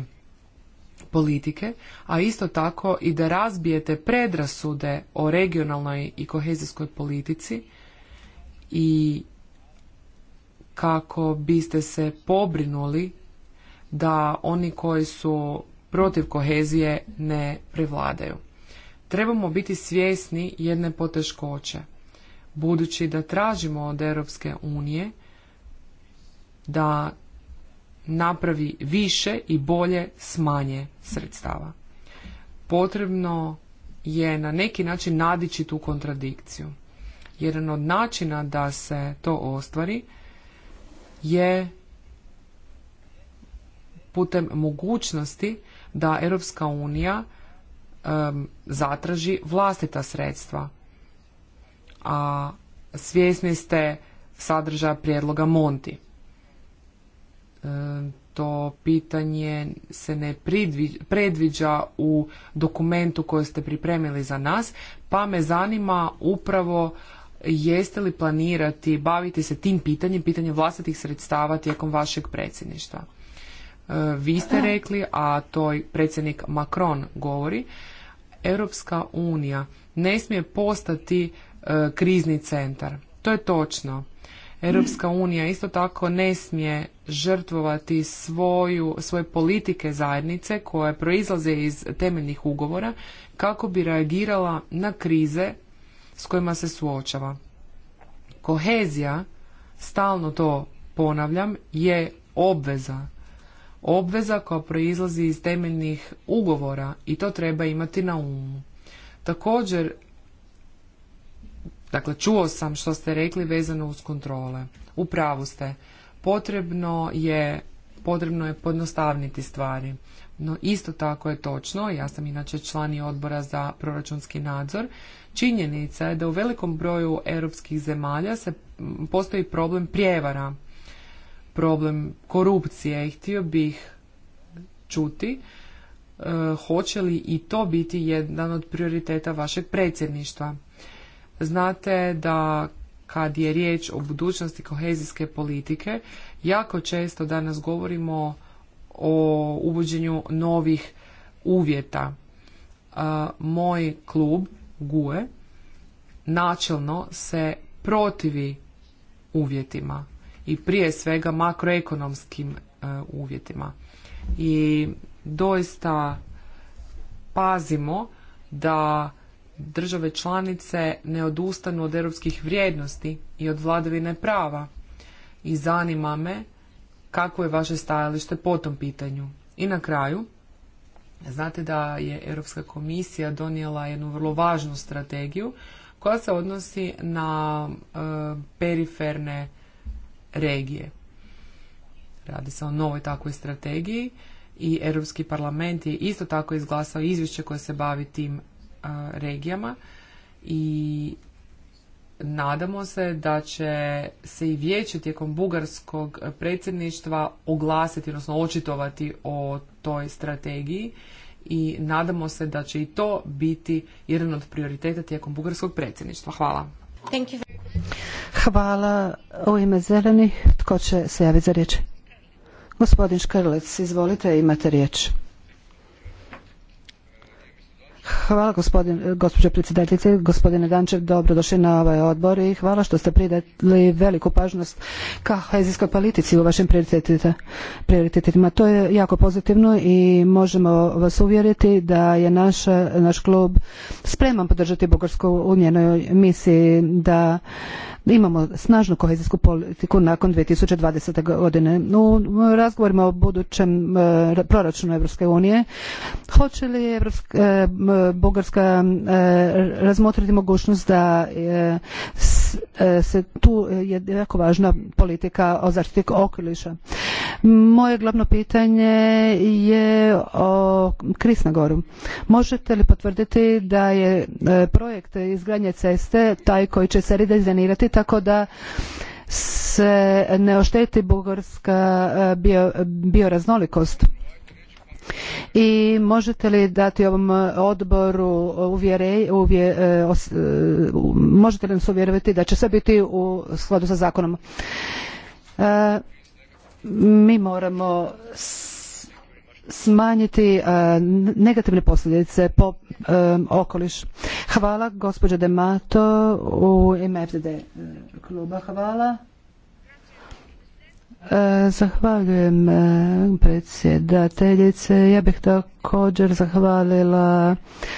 politike, a isto tako i da razbijete predrasude o regionalnoj i kohezijskoj politici i kako biste se pobrinuli da oni koji su protiv kohezije ne prevladaju. Trebamo biti svjesni jedne poteškoće, budući da tražimo od Europske unije da napravi više i bolje smanje sredstava. Potrebno je na neki način nadići tu kontradikciju. Jedan od načina da se to ostvari je putem mogućnosti da Europska unija um, zatraži vlastita sredstva. A svjesni ste sadržaja prijedloga Monti. E, to pitanje se ne predviđa u dokumentu koji ste pripremili za nas, pa me zanima upravo jeste li planirati baviti se tim pitanjem, pitanjem vlastitih sredstava tijekom vašeg predsjedništva. E, vi ste rekli, a to i predsjednik Macron govori, Europska unija ne smije postati e, krizni centar. To je točno Europska unija isto tako ne smije žrtvovati svoju, svoje politike zajednice koje proizlaze iz temeljnih ugovora kako bi reagirala na krize s kojima se suočava. Kohezija, stalno to ponavljam, je obveza. Obveza koja proizlazi iz temeljnih ugovora i to treba imati na umu. Također Dakle, čuo sam što ste rekli vezano uz kontrole. U pravu ste. Potrebno je, potrebno je podnostavniti stvari. No isto tako je točno, ja sam inače član i odbora za proračunski nadzor, činjenica je da u velikom broju europskih zemalja se postoji problem prijevara, problem korupcije i htio bih čuti e, hoće li i to biti jedan od prioriteta vašeg predsjedništva. Znate da kad je riječ o budućnosti kohezijske politike, jako često danas govorimo o uvođenju novih uvjeta. Moj klub, GUE, načelno se protivi uvjetima i prije svega makroekonomskim e, uvjetima. I doista pazimo da države članice ne odustanu od europskih vrijednosti i od vladavine prava. I zanima me kako je vaše stajalište po tom pitanju. I na kraju, znate da je Europska komisija donijela jednu vrlo važnu strategiju koja se odnosi na e, periferne regije. Radi se o novoj takvoj strategiji i Europski parlament je isto tako izglasao izvješće koje se bavi tim regijama i nadamo se da će se i vijeće tijekom bugarskog predsjedništva oglasiti, odnosno očitovati o toj strategiji i nadamo se da će i to biti jedan od prioriteta tijekom bugarskog predsjedništva. Hvala. Hvala. U ime zelenih, tko će se javiti za riječ? Gospodin Škrlec, izvolite, imate riječ. Hvala gospođo predsjedateljice, gospodine Dančev, dobrodošli na ovaj odbor i hvala što ste pridali veliku pažnost ka hezijskoj politici u vašim prioritetima. To je jako pozitivno i možemo vas uvjeriti da je naš, klub spreman podržati Bugarsku u misiji da imamo snažnu kohezijsku politiku nakon 2020. godine. U razgovorima o budućem e, proračunu Europske unije hoće li e, Bugarska e, razmotriti mogućnost da Eh, se tu eh, je jako važna politika o zaštiti okoliša. Moje glavno pitanje je o Krisnagoru. Možete li potvrditi da je eh, projekt izgradnje ceste taj koji će se redizajnirati tako da se ne ošteti bugarska bioraznolikost? I možete li dati ovom odboru uvjere, uvje, e, e, možete li nas uvjerovati da će sve biti u skladu sa zakonom? E, mi moramo smanjiti negativne posljedice po okoliš. Hvala gospođo Demato u ime kluba. Hvala. E, zahvaljujem e, predsjedateljice. Ja bih također zahvalila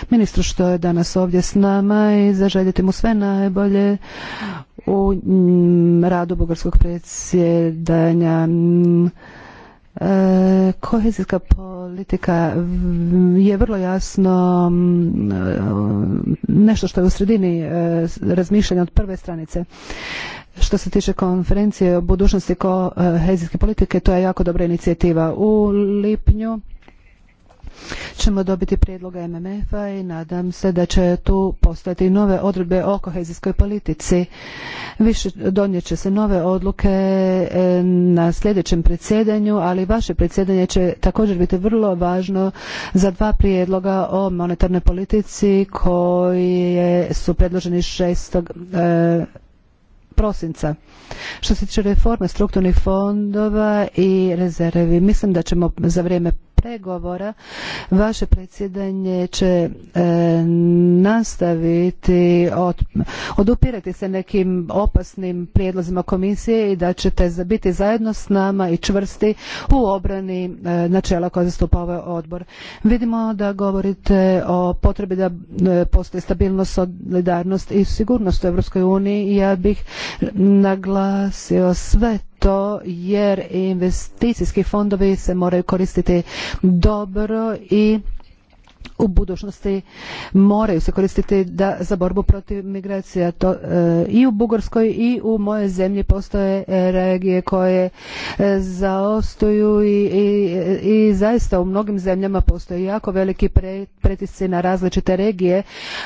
ministru što je danas ovdje s nama i zaželjiti mu sve najbolje u mm, radu bugarskog predsjedanja. Mm, e, kohezijska politika je vrlo jasno mm, nešto što je u sredini razmišljanja od prve stranice. Što se tiče konferencije o budućnosti e, kohezijske politike, to je jako dobra inicijativa. U lipnju ćemo dobiti prijedloga MMF-a i nadam se da će tu postati nove odredbe o kohezijskoj politici. Više donijet će se nove odluke e, na sljedećem predsjedanju, ali vaše predsjedanje će također biti vrlo važno za dva prijedloga o monetarnoj politici koji su predloženi 6 prosinca. Što se tiče reforme strukturnih fondova i rezervi, mislim da ćemo za vrijeme pregovora. Vaše predsjedanje će e, nastaviti odupirati se nekim opasnim prijedlozima komisije i da ćete biti zajedno s nama i čvrsti u obrani e, načela koja zastupa ovaj odbor. Vidimo da govorite o potrebi da e, postoji stabilnost, solidarnost i sigurnost u EU i ja bih naglasio sve to jer investicijski fondovi se moraju koristiti dobro i u budućnosti moraju se koristiti da, za borbu protiv migracija. To, e, I u Bugarskoj i u moje zemlji postoje e, regije koje zaostaju e, zaostuju i, i, zaista u mnogim zemljama postoje jako veliki pre, pritisci na različite regije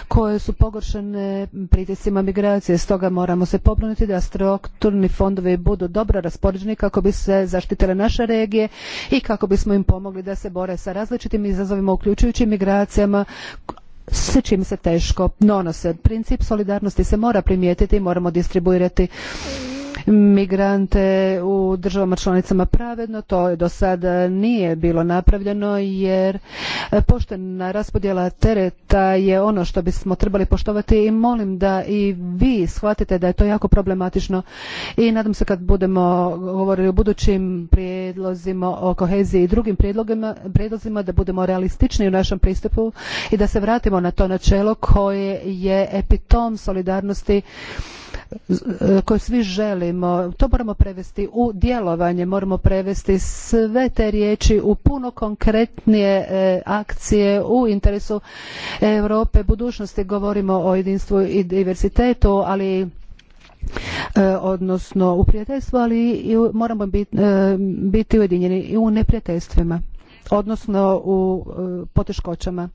koje su pogoršene pritiscima migracije. Stoga moramo se pobrinuti da strukturni fondovi budu dobro raspoređeni kako bi se zaštitile naše regije i kako bismo im pomogli da se bore sa različitim izazovima uključujući migracije s čim se teško nonose. Princip solidarnosti se mora primijetiti i moramo distribuirati migrante u državama članicama pravedno. To do sada nije bilo napravljeno jer poštena raspodjela tereta je ono što bismo trebali poštovati i molim da i vi shvatite da je to jako problematično i nadam se kad budemo govorili o budućim prijedlozima o koheziji i drugim prijedlozima da budemo realistični u našem pristupu i da se vratimo na to načelo koje je epitom solidarnosti koju svi želimo, to moramo prevesti u djelovanje, moramo prevesti sve te riječi u puno konkretnije e, akcije u interesu Europe budućnosti. Govorimo o jedinstvu i diversitetu, ali e, odnosno u prijateljstvu, ali moramo e, biti ujedinjeni i u neprijateljstvima odnosno u e, poteškoćama.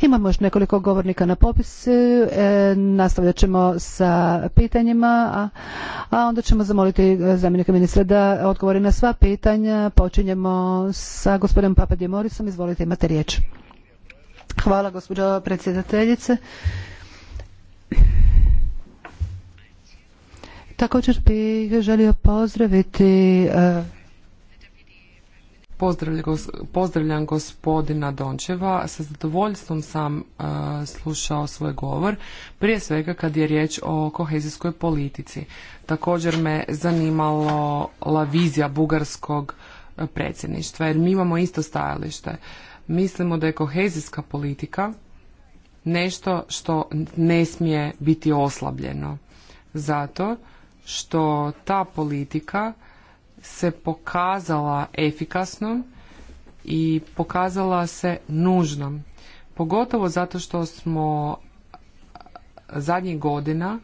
Imamo još nekoliko govornika na popisu, e, nastavljat ćemo sa pitanjima, a, onda ćemo zamoliti e, zamjenika ministra da odgovori na sva pitanja. Počinjemo sa gospodinom Papadje Morisom, izvolite imate riječ. Hvala gospođo predsjedateljice. Također bih želio pozdraviti Pozdravljam gospodina Dončeva. Sa zadovoljstvom sam e, slušao svoj govor, prije svega kad je riječ o kohezijskoj politici. Također me zanimalo la vizija bugarskog e, predsjedništva, jer mi imamo isto stajalište. Mislimo da je kohezijska politika nešto što ne smije biti oslabljeno. Zato što ta politika se pokazala efikasnom i pokazala se nužnom. Pogotovo zato što smo zadnjih godina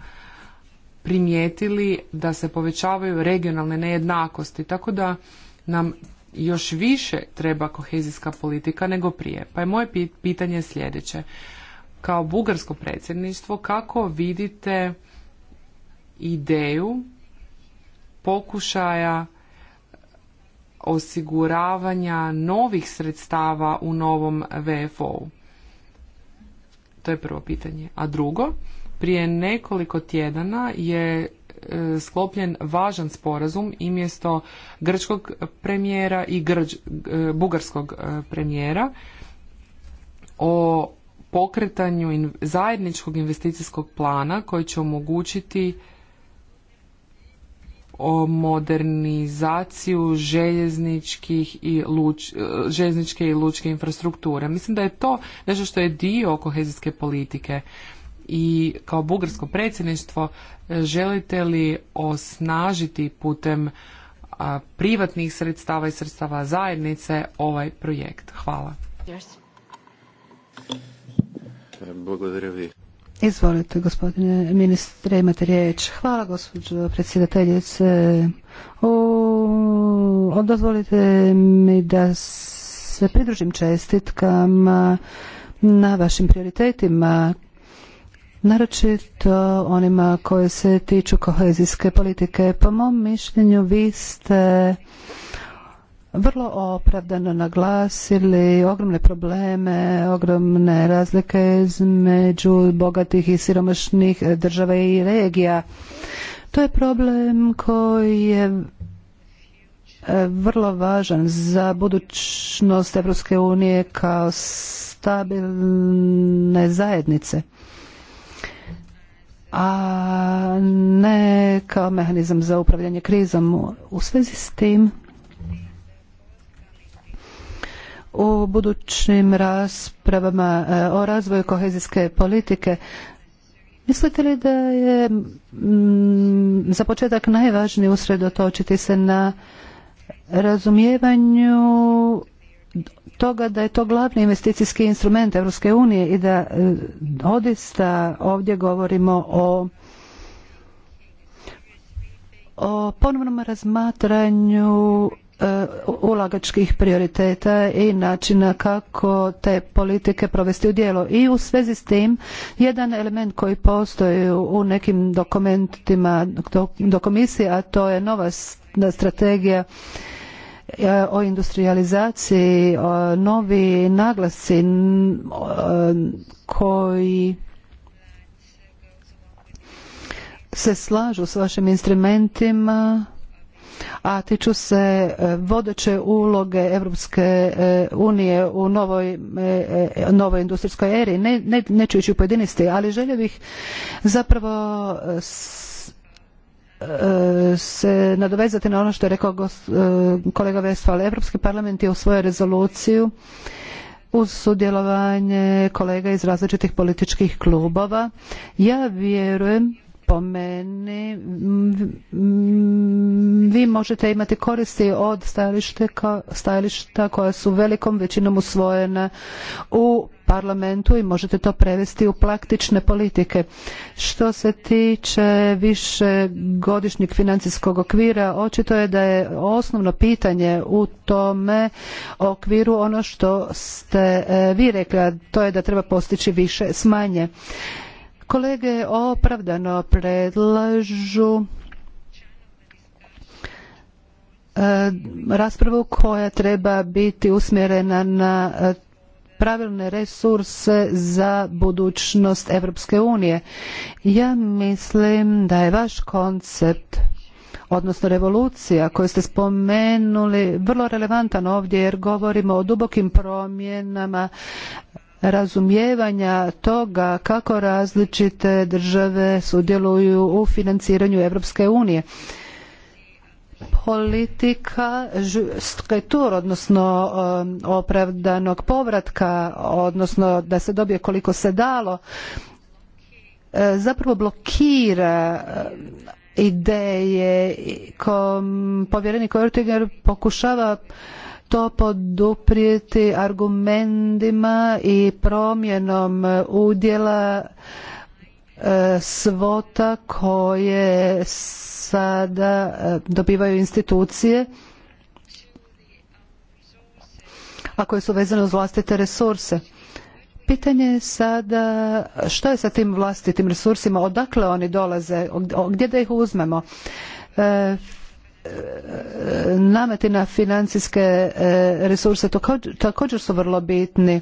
primijetili da se povećavaju regionalne nejednakosti, tako da nam još više treba kohezijska politika nego prije. Pa je moje pitanje sljedeće. Kao bugarsko predsjedništvo, kako vidite ideju pokušaja osiguravanja novih sredstava u novom VFO-u? To je prvo pitanje. A drugo, prije nekoliko tjedana je e, sklopljen važan sporazum i mjesto grčkog premijera i e, bugarskog e, premijera o pokretanju zajedničkog investicijskog plana koji će omogućiti o modernizaciju željezničkih i luč, e, željezničke i lučke infrastrukture. Mislim da je to nešto što je dio kohezijske politike i kao bugarsko predsjedništvo e, želite li osnažiti putem privatnih sredstava i sredstava zajednice ovaj projekt? Hvala. Izvolite, gospodine ministre, imate riječ. Hvala, gospođo predsjedateljice. dozvolite mi da se pridružim čestitkama na vašim prioritetima, naročito onima koje se tiču kohezijske politike. Po mom mišljenju, vi ste vrlo opravdano naglasili ogromne probleme, ogromne razlike između bogatih i siromašnih država i regija. To je problem koji je e, vrlo važan za budućnost Evropske unije kao stabilne zajednice a ne kao mehanizam za upravljanje krizom. U svezi s tim u budućim raspravama e, o razvoju kohezijske politike. Mislite li da je za početak najvažnije usredotočiti se na razumijevanju toga da je to glavni investicijski instrument Europske unije i da e, odista ovdje govorimo o o ponovnom razmatranju E, ulagačkih prioriteta i načina kako te politike provesti u djelo. I u svezi s tim, jedan element koji postoji u nekim dokumentima do komisije, a to je nova strategija e, o industrializaciji, novi naglasi koji se slažu s vašim instrumentima a tiču se e, vodeće uloge Europske e, unije u novoj, e, industrijskoj eri. Ne, neću ići u pojedinosti, ali želio bih zapravo se nadovezati na ono što je rekao kolega Westphal. Europski parlament je u svojoj rezoluciju uz sudjelovanje kolega iz različitih političkih klubova. Ja vjerujem po meni vi možete imati koristi od stajališta koja su velikom većinom usvojena u parlamentu i možete to prevesti u praktične politike. Što se tiče više godišnjeg financijskog okvira, očito je da je osnovno pitanje u tome okviru ono što ste e, vi rekli, a to je da treba postići više smanje. Kolege opravdano predlažu e, raspravu koja treba biti usmjerena na e, pravilne resurse za budućnost Europske unije. Ja mislim da je vaš koncept odnosno revolucija koju ste spomenuli vrlo relevantan ovdje jer govorimo o dubokim promjenama razumijevanja toga kako različite države sudjeluju u financiranju Europske unije. Politika struktur, odnosno um, opravdanog povratka, odnosno da se dobije koliko se dalo, eh, zapravo blokira eh, ideje. Povjerenik Ortega pokušava to poduprijeti argumentima i promjenom udjela e, svota koje sada e, dobivaju institucije a koje su vezane uz vlastite resurse. Pitanje je sada što je sa tim vlastitim resursima, odakle oni dolaze, gdje da ih uzmemo. E, nameti na financijske e, resurse također su vrlo bitni.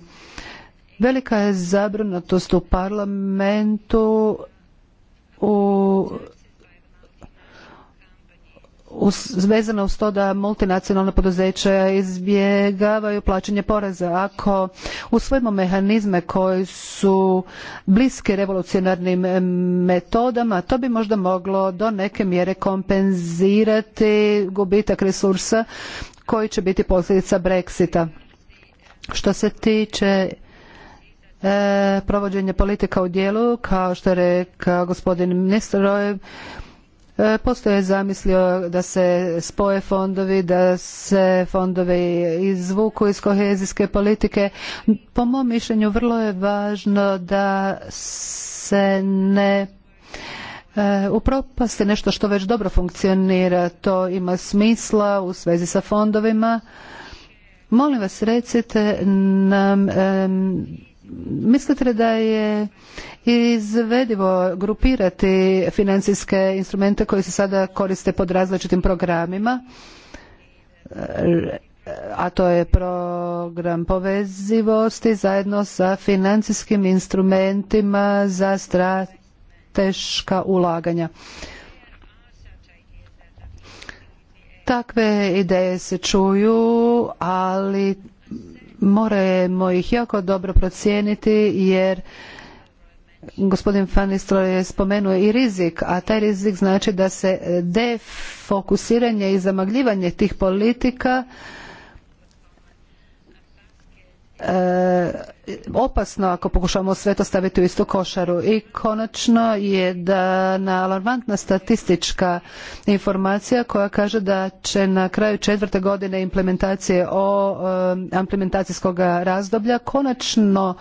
Velika je zabrinutost u parlamentu u vezano uz to da multinacionalna poduzeća izbjegavaju plaćanje poreza. Ako usvojimo mehanizme koji su bliski revolucionarnim metodama, to bi možda moglo do neke mjere kompenzirati gubitak resursa koji će biti posljedica Brexita. Što se tiče e, provođenja politika u djelu, kao što je rekao gospodin ministar E, postoje zamislio da se spoje fondovi, da se fondovi izvuku iz kohezijske politike. Po mom mišljenju vrlo je važno da se ne e, upropasti nešto što već dobro funkcionira. To ima smisla u svezi sa fondovima. Molim vas recite nam mislite da je izvedivo grupirati financijske instrumente koji se sada koriste pod različitim programima a to je program povezivosti zajedno sa financijskim instrumentima za strateška ulaganja. Takve ideje se čuju, ali moramo ih jako dobro procijeniti jer gospodin Fanistro je spomenuo i rizik, a taj rizik znači da se defokusiranje i zamagljivanje tih politika E, opasno ako pokušamo sve to staviti u istu košaru i konačno je da na alarmantna statistička informacija koja kaže da će na kraju četvrte godine implementacije o e, implementacijskog razdoblja konačno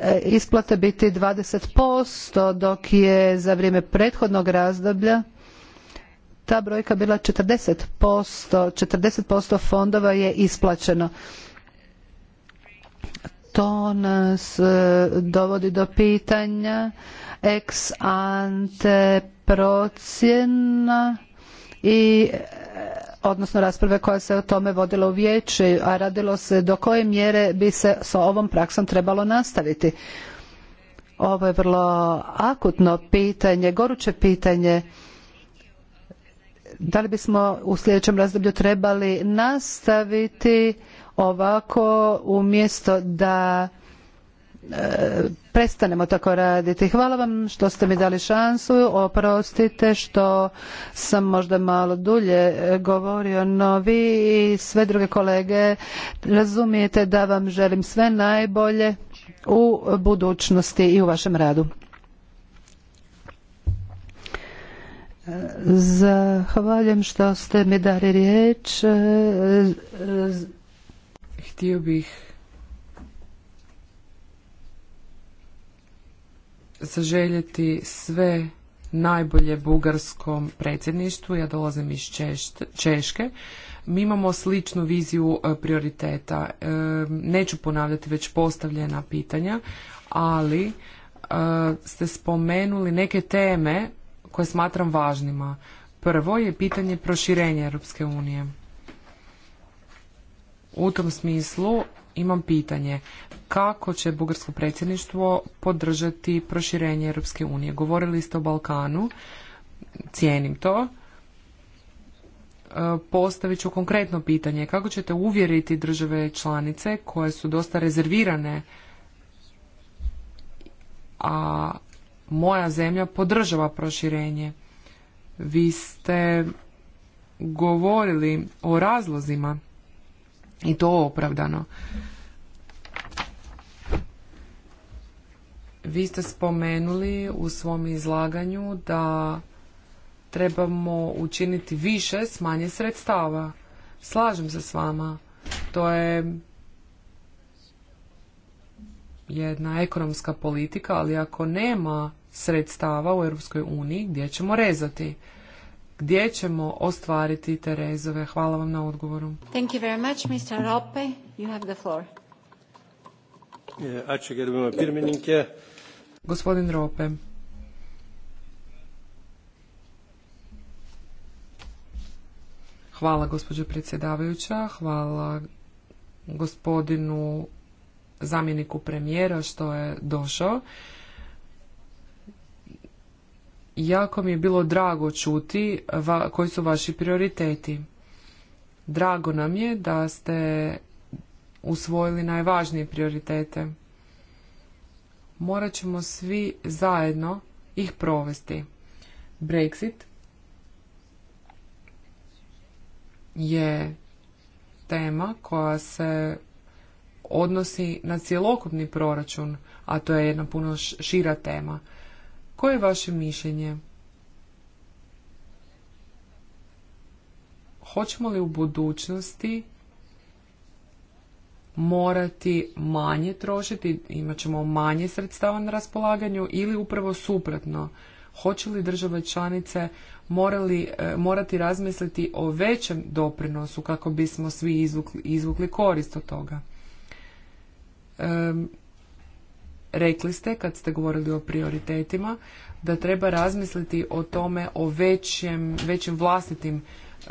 e, isplate biti 20% dok je za vrijeme prethodnog razdoblja ta brojka bila 40%, 40% fondova je isplaćeno to nas e, dovodi do pitanja ex ante procjena i e, odnosno rasprave koja se o tome vodila u vijeću, a radilo se do koje mjere bi se s ovom praksom trebalo nastaviti. Ovo je vrlo akutno pitanje, goruće pitanje. Da li bismo u sljedećem razdoblju trebali nastaviti ovako umjesto da e, prestanemo tako raditi. Hvala vam što ste mi dali šansu. Oprostite što sam možda malo dulje e, govorio, no vi i sve druge kolege razumijete da vam želim sve najbolje u budućnosti i u vašem radu. E, zahvaljujem što ste mi dali riječ. Htio bih zaželjeti sve najbolje bugarskom predsjedništvu. Ja dolazim iz Češke. Mi imamo sličnu viziju e, prioriteta. E, neću ponavljati već postavljena pitanja, ali e, ste spomenuli neke teme koje smatram važnima. Prvo je pitanje proširenja Europske unije. U tom smislu imam pitanje kako će bugarsko predsjedništvo podržati proširenje Europske unije. Govorili ste o Balkanu, cijenim to. E, postavit ću konkretno pitanje. Kako ćete uvjeriti države članice koje su dosta rezervirane, a moja zemlja podržava proširenje? Vi ste govorili o razlozima i to opravdano. Vi ste spomenuli u svom izlaganju da trebamo učiniti više s manje sredstava. Slažem se s vama. To je jedna ekonomska politika, ali ako nema sredstava u Europskoj uniji, gdje ćemo rezati? gdje ćemo ostvariti te rezove. Hvala vam na odgovoru. Thank you very much, Mr. Rope. You have the floor. Gospodin Rope. Hvala gospođo predsjedavajuća, hvala gospodinu zamjeniku premijera što je došao jako mi je bilo drago čuti koji su vaši prioriteti. Drago nam je da ste usvojili najvažnije prioritete. Morat ćemo svi zajedno ih provesti. Brexit je tema koja se odnosi na cjelokupni proračun, a to je jedna puno šira tema. Koje je vaše mišljenje? Hoćemo li u budućnosti morati manje trošiti, imat ćemo manje sredstava na raspolaganju ili upravo suprotno? Hoće li države članice morali, e, morati razmisliti o većem doprinosu kako bismo svi izvukli, korist od toga? rekli ste kad ste govorili o prioritetima da treba razmisliti o tome o većem, većim vlastitim eh,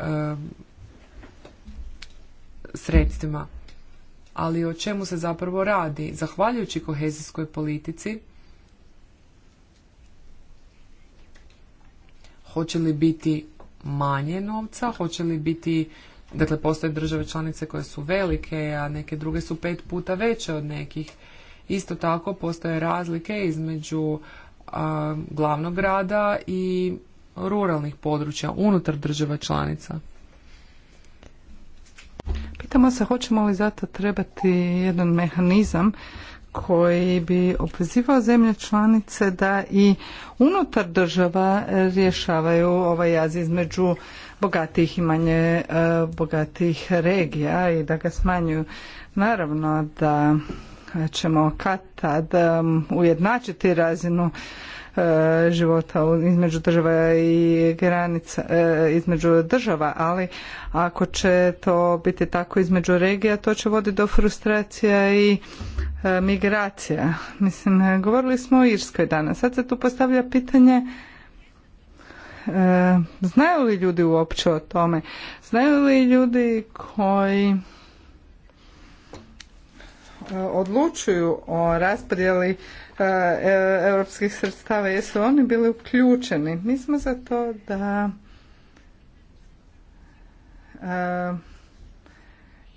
sredstvima. Ali o čemu se zapravo radi? Zahvaljujući kohezijskoj politici hoće li biti manje novca, hoće li biti Dakle, postoje države članice koje su velike, a neke druge su pet puta veće od nekih. Isto tako postoje razlike između glavnog grada i ruralnih područja unutar država članica. Pitamo se hoćemo li zato trebati jedan mehanizam koji bi obvezivao zemlje članice da i unutar država rješavaju ovaj jaz između bogatijih i manje e, bogatijih regija i da ga smanjuju. Naravno da ćemo kad tad um, ujednačiti razinu uh, života između država i granica uh, između država, ali ako će to biti tako između regija, to će voditi do frustracija i uh, migracija. Mislim, govorili smo o Irskoj danas. Sad se tu postavlja pitanje znaju li ljudi uopće o tome? Znaju li ljudi koji E, odlučuju o raspodjeli e, e, europskih sredstava, jesu oni bili uključeni? Mi smo za to da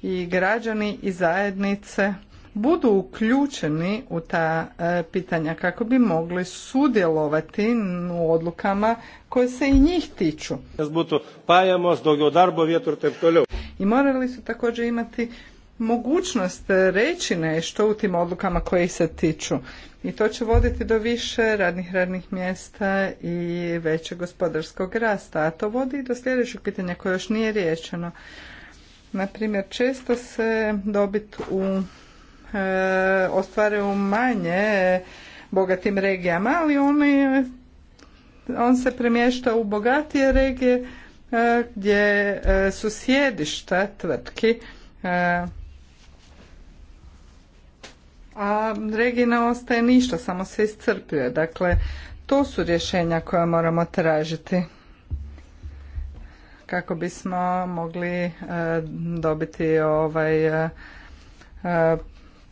i građani i zajednice budu uključeni u ta pitanja kako bi mogli sudjelovati u odlukama koje se i njih tiču. I morali su također imati mogućnost reći nešto u tim odlukama koje se tiču. I to će voditi do više radnih radnih mjesta i većeg gospodarskog rasta. A to vodi i do sljedećeg pitanja koje još nije riješeno. Naprimjer, često se dobit u e, u manje bogatim regijama, ali oni, on se premješta u bogatije regije e, gdje e, su sjedišta tvrtki e, a regija ne ostaje ništa, samo se iscrpljuje. Dakle, to su rješenja koja moramo tražiti kako bismo mogli e, dobiti ovaj e, e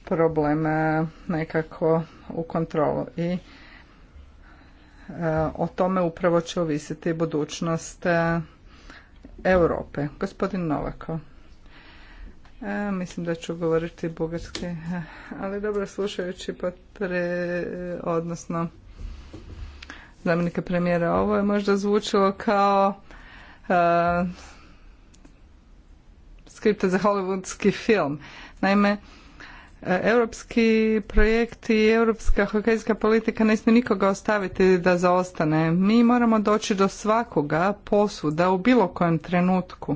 problem e, nekako u kontrolu. I o tome upravo će ovisiti budućnost Europe. Gospodin Novako. E, mislim da ću govoriti bugarski, e, ali dobro slušajući pod pre, e, odnosno zamjenika premijera, ovo je možda zvučilo kao e, skripta za hollywoodski film. Naime, europski projekti i europska hokejska politika ne smije nikoga ostaviti da zaostane. Mi moramo doći do svakoga posuda u bilo kojem trenutku.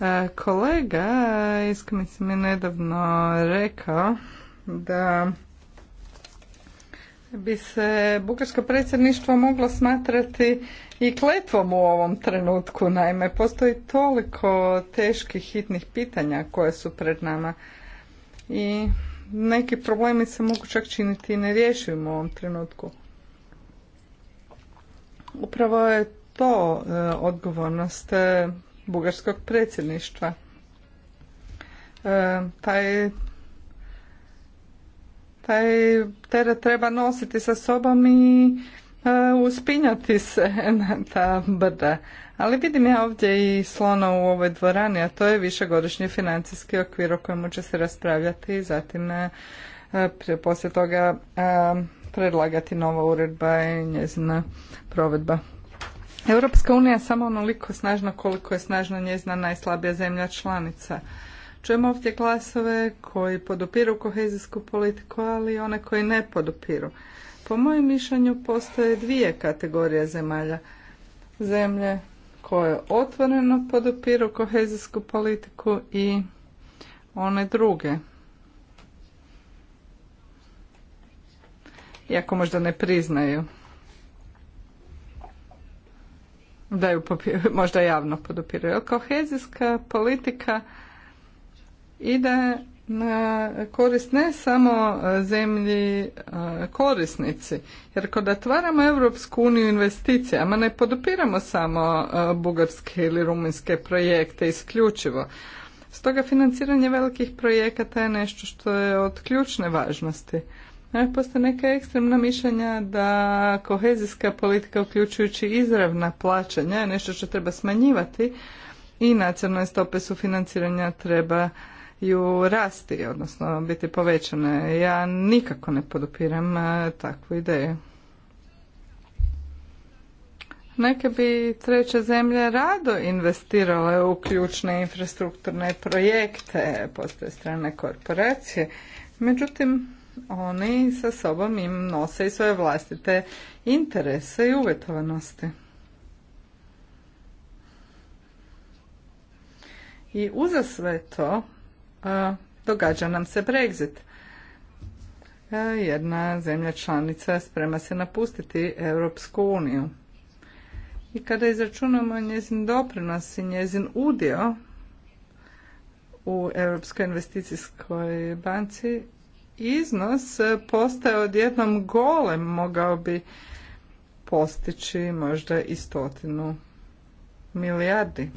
E, kolega iz mi nedavno rekao da bi se bugarsko predsjedništvo moglo smatrati i kletvom u ovom trenutku. Naime, postoji toliko teških hitnih pitanja koje su pred nama i neki problemi se mogu čak činiti i nerješivim u ovom trenutku. Upravo je to e, odgovornost e, bugarskog predsjedništva. E, taj taj teret treba nositi sa sobom i e, uspinjati se na ta brda. Ali vidim ja ovdje i slona u ovoj dvorani, a to je višegodišnji financijski okvir o kojemu će se raspravljati i zatim e, poslije toga e, predlagati nova uredba i njezina provedba. Europska unija je samo onoliko snažna koliko je snažna njezna najslabija zemlja članica. Čujemo ovdje glasove koji podupiru kohezijsku politiku, ali i one koji ne podupiru. Po mojem mišljenju postoje dvije kategorije zemalja. Zemlje koje otvoreno podupiru kohezijsku politiku i one druge. Iako možda ne priznaju da ju možda javno podupiruju. kohezijska politika ide na korist ne samo e, zemlji e, korisnici. Jer kada otvaramo Europsku uniju investicijama ne podupiramo samo e, bugarske ili rumunjske projekte isključivo. Stoga financiranje velikih projekata je nešto što je od ključne važnosti. E, postoje neka ekstremna mišljenja da kohezijska politika uključujući izravna plaćanja je nešto što treba smanjivati i nacionalne stope sufinanciranja treba ju rasti, odnosno biti povećane. Ja nikako ne podupiram e, takvu ideju. Neke bi treće zemlje rado investirale u ključne infrastrukturne projekte, postoje strane korporacije. Međutim, oni sa sobom im nose i svoje vlastite interese i uvjetovanosti. I uza sve to a, događa nam se Brexit. jedna zemlja članica sprema se napustiti Europsku uniju. I kada izračunamo njezin doprinos i njezin udio u Europskoj investicijskoj banci, iznos e, postaje odjednom golem, mogao bi postići možda i stotinu milijardi.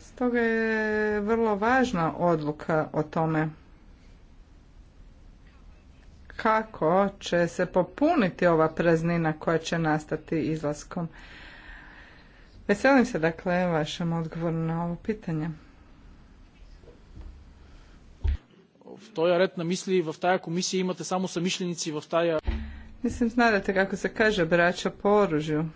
Stoga je vrlo važna odluka o tome kako će se popuniti ova praznina koja će nastati izlaskom. Veselim se dakle vašem odgovoru na ovo pitanje. To je red na misli i imate samo samišljenici u taj... Mislim, znate kako se kaže braća po oružju.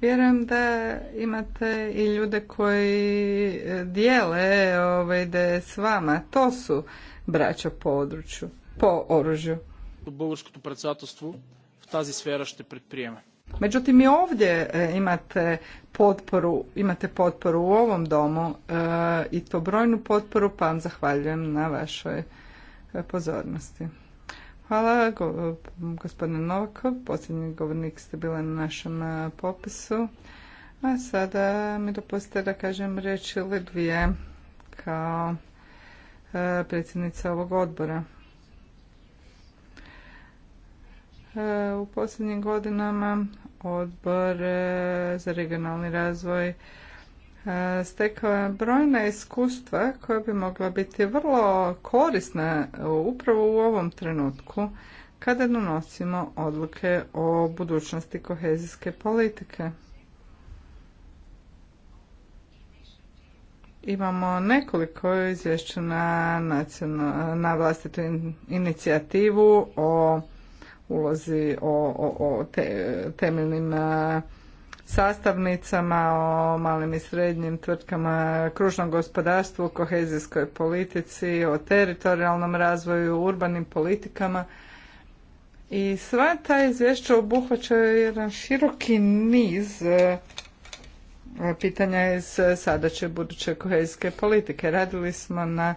Vjerujem da imate i ljude koji e, dijele ovaj, s vama. To su braća po oružju. U bulgarskoj predstavnosti u taj sfera ćete prije Međutim i ovdje e, imate potporu, imate potporu u ovom domu e, i to brojnu potporu pa vam zahvaljujem na vašoj e, pozornosti. Hvala gospodine Novakov, posljednji govornik ste bili na našem popisu. A sada mi dopustite da kažem riječ ili dvije kao predsjednica ovog odbora. E, u posljednjim godinama odbor e, za regionalni razvoj e, stekao je brojna iskustva koja bi mogla biti vrlo korisna upravo u ovom trenutku kada donosimo odluke o budućnosti kohezijske politike. Imamo nekoliko izvješća na, vlastitu inicijativu o ulozi, o, temeljnim e, sastavnicama, o malim i srednjim tvrtkama, kružnom gospodarstvu, kohezijskoj politici, o teritorijalnom razvoju, urbanim politikama. I sva ta izvješća obuhvaćaju jedan široki niz e, pitanja iz sadaće buduće kohezijske politike. Radili smo na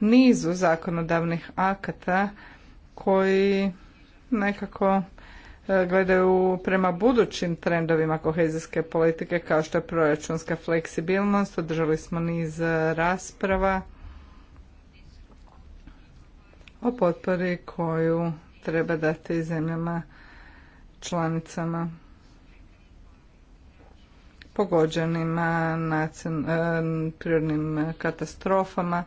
nizu zakonodavnih akata koji nekako e, gledaju prema budućim trendovima kohezijske politike kao što je proračunska fleksibilnost. Održali smo niz rasprava o potpori koju treba dati zemljama članicama pogođenima e, prirodnim katastrofama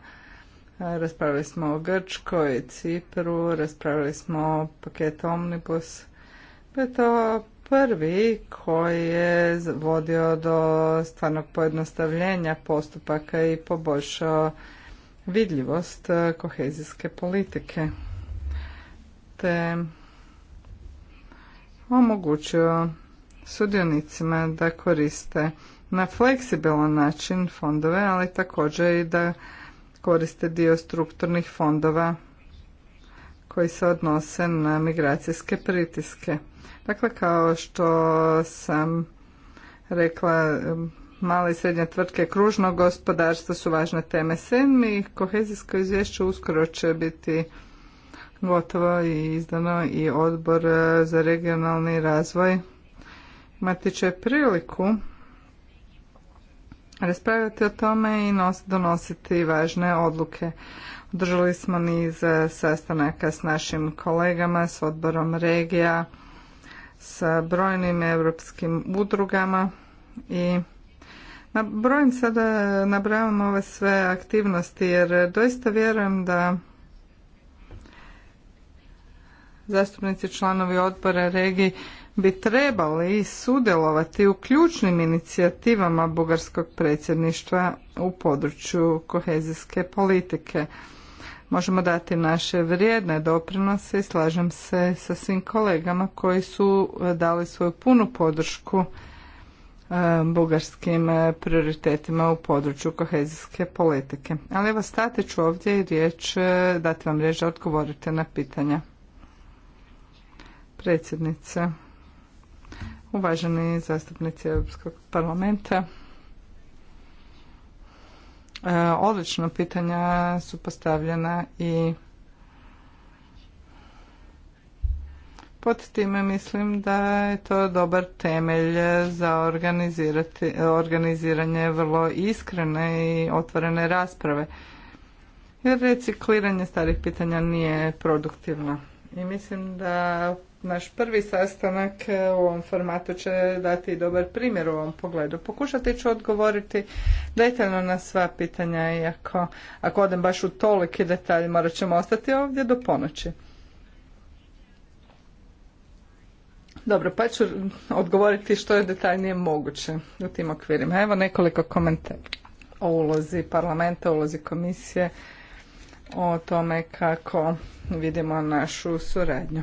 Raspravili smo o Grčkoj, Cipru, raspravili smo paket Omnibus. Pa je to prvi koji je vodio do stvarnog pojednostavljenja postupaka i poboljšao vidljivost e, kohezijske politike te omogućio sudionicima da koriste na fleksibilan način fondove, ali također i da koriste dio strukturnih fondova koji se odnose na migracijske pritiske. Dakle, kao što sam rekla, male i srednje tvrtke kružnog gospodarstva su važne teme SEM i kohezijsko izvješće uskoro će biti gotovo i izdano i odbor za regionalni razvoj imati će priliku raspravljati o tome i donositi važne odluke. Održali smo niz e, sastanaka s našim kolegama, s odborom regija, sa brojnim europskim udrugama i na brojim sada nabrajam ove sve aktivnosti jer doista vjerujem da zastupnici članovi odbora regiji bi trebali sudjelovati u ključnim inicijativama bugarskog predsjedništva u području kohezijske politike. Možemo dati naše vrijedne doprinose i slažem se sa svim kolegama koji su dali svoju punu podršku e, bugarskim e, prioritetima u području kohezijske politike. Ali evo stati ću ovdje i riječ, e, dati vam riječ da odgovorite na pitanja. Predsjednice, uvaženi zastupnici Europskog parlamenta. E, odlično pitanja su postavljena i pod time mislim da je to dobar temelj za organiziranje vrlo iskrene i otvorene rasprave. Jer recikliranje starih pitanja nije produktivno. I mislim da naš prvi sastanak e, u ovom formatu će dati dobar primjer u ovom pogledu. Pokušati ću odgovoriti detaljno na sva pitanja, iako ako odem baš u toliki detalj morat ćemo ostati ovdje do ponoći. Dobro, pa ću odgovoriti što je detaljnije moguće u tim okvirima. Evo nekoliko komentara o ulozi parlamenta, ulozi komisije, o tome kako vidimo našu suradnju.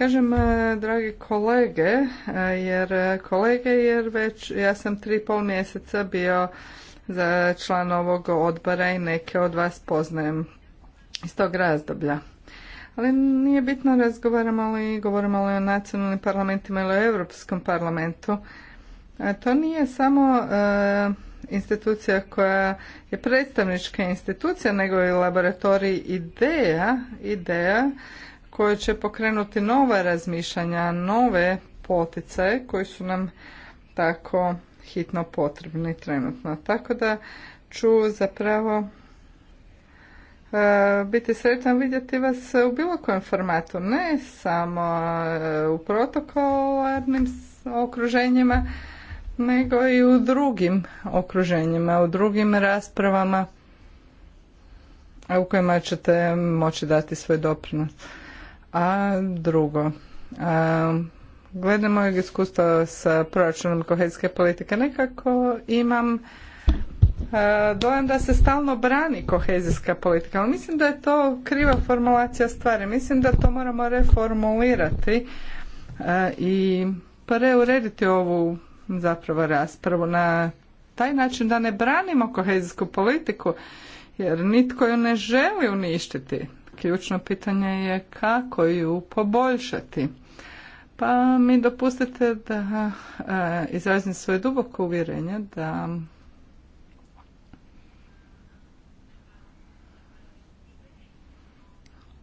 Kažem, e, dragi kolege, e, jer kolege, jer već ja sam tri pol mjeseca bio za član ovog odbora i neke od vas poznajem iz tog razdoblja. Ali nije bitno razgovaramo li govorimo li o nacionalnim parlamentima ili o Europskom parlamentu. E, to nije samo institucija koja je predstavnička institucija, nego i laboratorij ideja, ideja koje će pokrenuti nova razmišljanja, nove poticaje koji su nam tako hitno potrebni trenutno. Tako da ću zapravo e, biti sretan vidjeti vas u bilo kojem formatu, ne samo e, u protokolarnim okruženjima, nego i u drugim okruženjima, u drugim raspravama u kojima ćete moći dati svoj doprinos. A drugo, a, glede mojeg iskustva sa proračunom kohezijske politike, nekako imam dojam da se stalno brani kohezijska politika, ali mislim da je to kriva formulacija stvari. Mislim da to moramo reformulirati i preurediti ovu zapravo raspravu na taj način da ne branimo kohezijsku politiku jer nitko ju ne želi uništiti ključno pitanje je kako ju poboljšati. Pa mi dopustite da e, izrazim svoje duboko uvjerenje da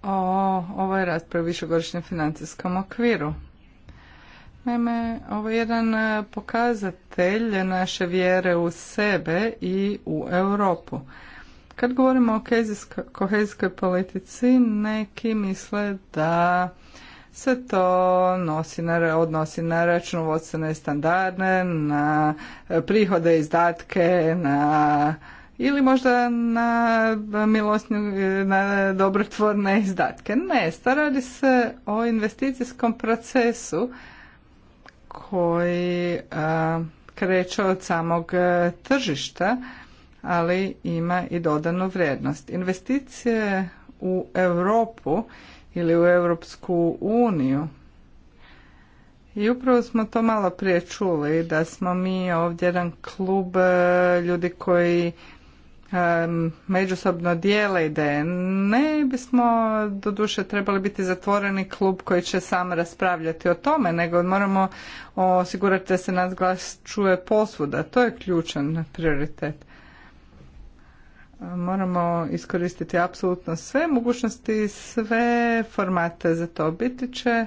o ovoj raspravi o višegodišnjem financijskom okviru. Naime, ovo je jedan pokazatelj naše vjere u sebe i u Europu. Kad govorimo o kohezijskoj politici, neki misle da se to nosi na, odnosi na računovodstvene standarde, na prihode, izdatke, na ili možda na milosnju, na dobrotvorne izdatke. Ne, radi se o investicijskom procesu koji kreće od samog e, tržišta ali ima i dodanu vrijednost. Investicije u Europu ili u Europsku uniju i upravo smo to malo prije čuli da smo mi ovdje jedan klub e, ljudi koji e, međusobno dijele ideje. Ne bismo doduše trebali biti zatvoreni klub koji će sam raspravljati o tome, nego moramo osigurati da se nas glas čuje posvuda. To je ključan prioritet moramo iskoristiti apsolutno sve mogućnosti, sve formate za to biti će.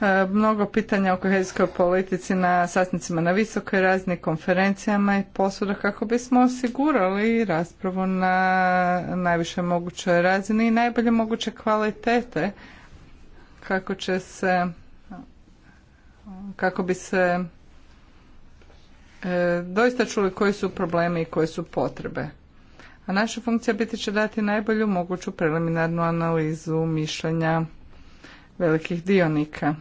E, mnogo pitanja o kohezijskoj politici na sastancima na visokoj razini, konferencijama i posuda kako bismo osigurali raspravu na najviše mogućoj razini i najbolje moguće kvalitete kako će se kako bi se E, doista čuli koji su problemi i koje su potrebe. A naša funkcija biti će dati najbolju moguću preliminarnu analizu mišljenja velikih dionika.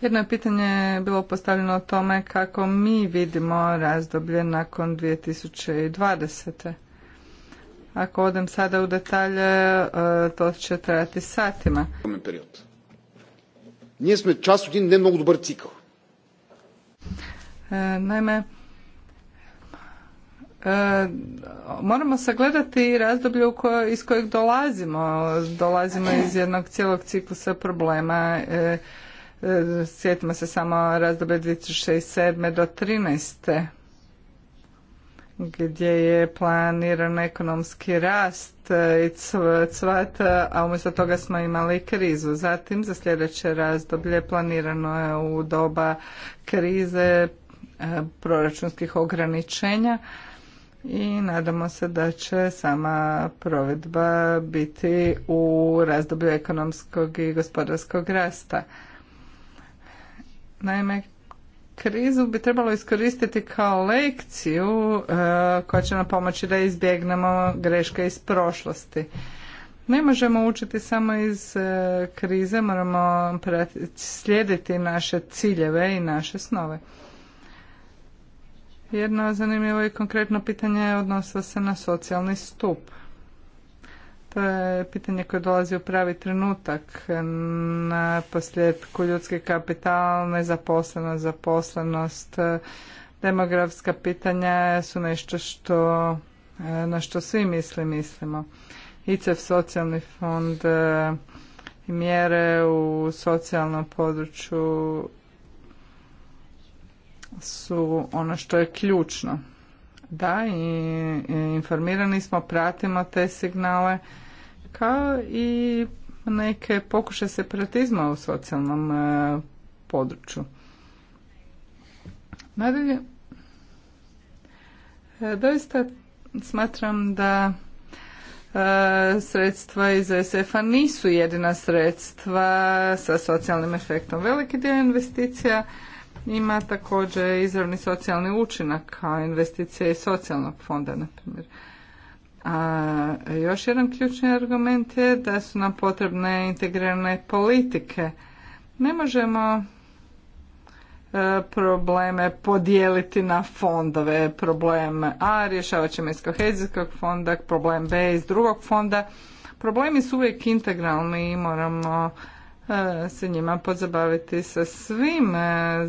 Jedno je pitanje bilo postavljeno o tome kako mi vidimo razdoblje nakon 2020. Ako odem sada u detalje, e, to će trajati satima. Ние E, naime, e, moramo sagledati i razdoblje iz kojeg dolazimo. Dolazimo iz jednog cijelog ciklusa problema. E, sjetimo se samo razdoblje sedam do 2013 gdje je planiran ekonomski rast i cvat, a umjesto toga smo imali krizu. Zatim za sljedeće razdoblje planirano je u doba krize proračunskih ograničenja i nadamo se da će sama provedba biti u razdoblju ekonomskog i gospodarskog rasta. Naime, krizu bi trebalo iskoristiti kao lekciju e, koja će nam pomoći da izbjegnemo greške iz prošlosti. Ne možemo učiti samo iz e, krize, moramo slijediti naše ciljeve i naše snove. Jedno zanimljivo i konkretno pitanje odnosilo se na socijalni stup. To je pitanje koje dolazi u pravi trenutak. Na posljedku ljudski kapital, nezaposlenost, zaposlenost, demografska pitanja su nešto što, na što svi misli, mislimo. ICEF socijalni fond, e, i mjere u socijalnom području su ono što je ključno. Da, i informirani smo, pratimo te signale, kao i neke pokuše separatizma u socijalnom e, području. Nadalje, e, doista smatram da e, sredstva iz SF-a nisu jedina sredstva sa socijalnim efektom. Veliki dio investicija ima također izravni socijalni učinak kao investicije iz socijalnog fonda, na primjer. A još jedan ključni argument je da su nam potrebne integrirane politike. Ne možemo e, probleme podijeliti na fondove. Problem A rješavat ćemo iz kohezijskog fonda, problem B iz drugog fonda. Problemi su uvijek integralni i moramo E, se njima pozabaviti sa svim e,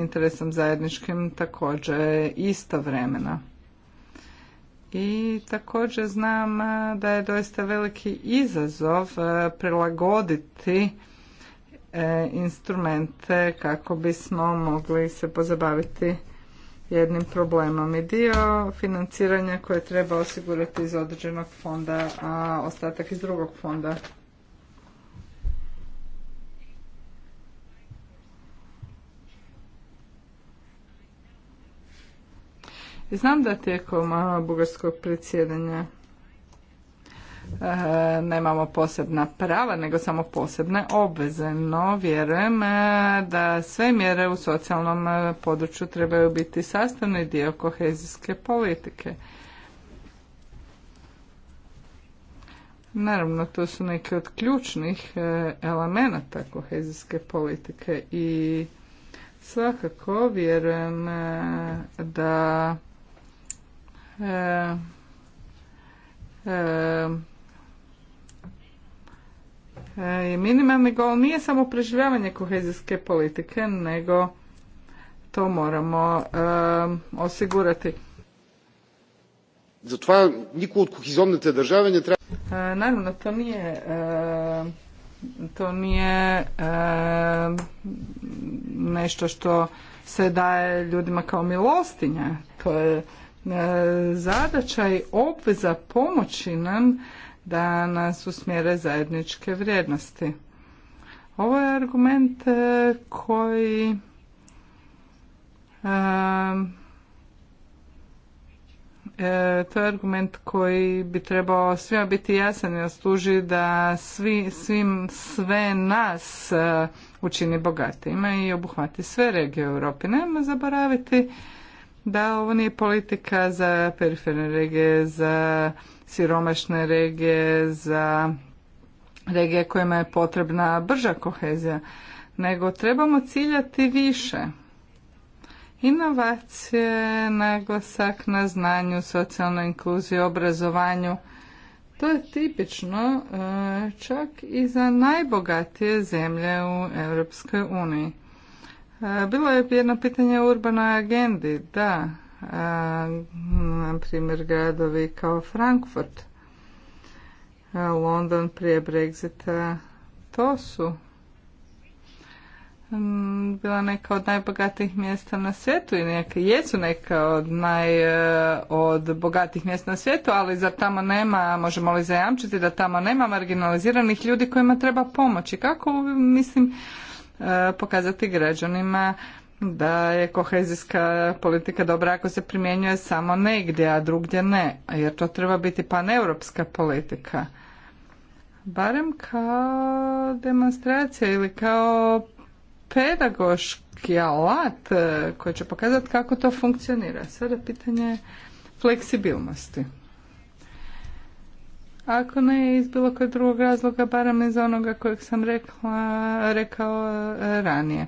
interesom zajedničkim također istovremeno. I također znam e, da je doista veliki izazov prilagoditi instrumente kako bismo mogli se pozabaviti jednim problemom i dio financiranja koje treba osigurati iz određenog fonda, a ostatak iz drugog fonda Znam da tijekom bugarskog predsjedanja e, nemamo posebna prava, nego samo posebne obveze. No, vjerujem e, da sve mjere u socijalnom e, području trebaju biti sastavni dio kohezijske politike. Naravno, to su neke od ključnih elemenata kohezijske politike i svakako vjerujem da E, e, e, minimalni gol nije samo preživljavanje kohezijske politike, nego to moramo e, osigurati. niko od države ne treba... Naravno, to nije, to nije nešto što se daje ljudima kao milostinja. To je E, zadaća i obveza pomoći nam da nas usmjere zajedničke vrijednosti. Ovo je argument e, koji e, e, to je argument koji bi trebao svima biti jasan i služi da svi, svim sve nas učini bogatijima i obuhvati sve regije u Europi. Nemojmo zaboraviti da ovo nije politika za periferne regije, za siromašne regije, za regije kojima je potrebna brža kohezija, nego trebamo ciljati više. Inovacije, naglasak na znanju, socijalnoj inkluziji, obrazovanju, to je tipično e, čak i za najbogatije zemlje u Europskoj uniji. E, bilo je jedno pitanje o urbanoj agendi, da. E, na primjer, gradovi kao Frankfurt, e, London prije Brexita, to su bila neka od najbogatijih mjesta na svijetu i neke jesu neka od naj od mjesta na svijetu, ali zar tamo nema, možemo li zajamčiti da tamo nema marginaliziranih ljudi kojima treba pomoći. Kako mislim pokazati građanima da je kohezijska politika dobra ako se primjenjuje samo negdje, a drugdje ne, jer to treba biti paneuropska politika. Barem kao demonstracija ili kao pedagoški alat eh, koji će pokazati kako to funkcionira. Sada pitanje fleksibilnosti. Ako ne iz bilo kojeg drugog razloga, barem iz onoga kojeg sam rekla, rekao e, ranije.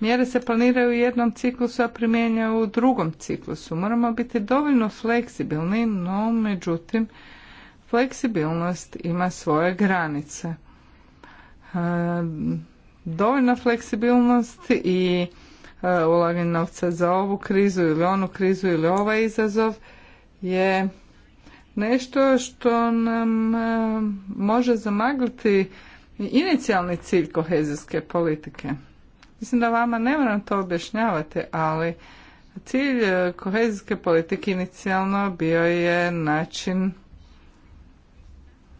Mjere se planiraju u jednom ciklusu, a primjenjaju u drugom ciklusu. Moramo biti dovoljno fleksibilni, no međutim, fleksibilnost ima svoje granice. E, dovoljna fleksibilnost i e, ulaganje novca za ovu krizu ili onu krizu ili ovaj izazov je nešto što nam eh, može zamagliti inicijalni cilj kohezijske politike. Mislim da vama ne moram to objašnjavati, ali cilj eh, kohezijske politike inicijalno bio je način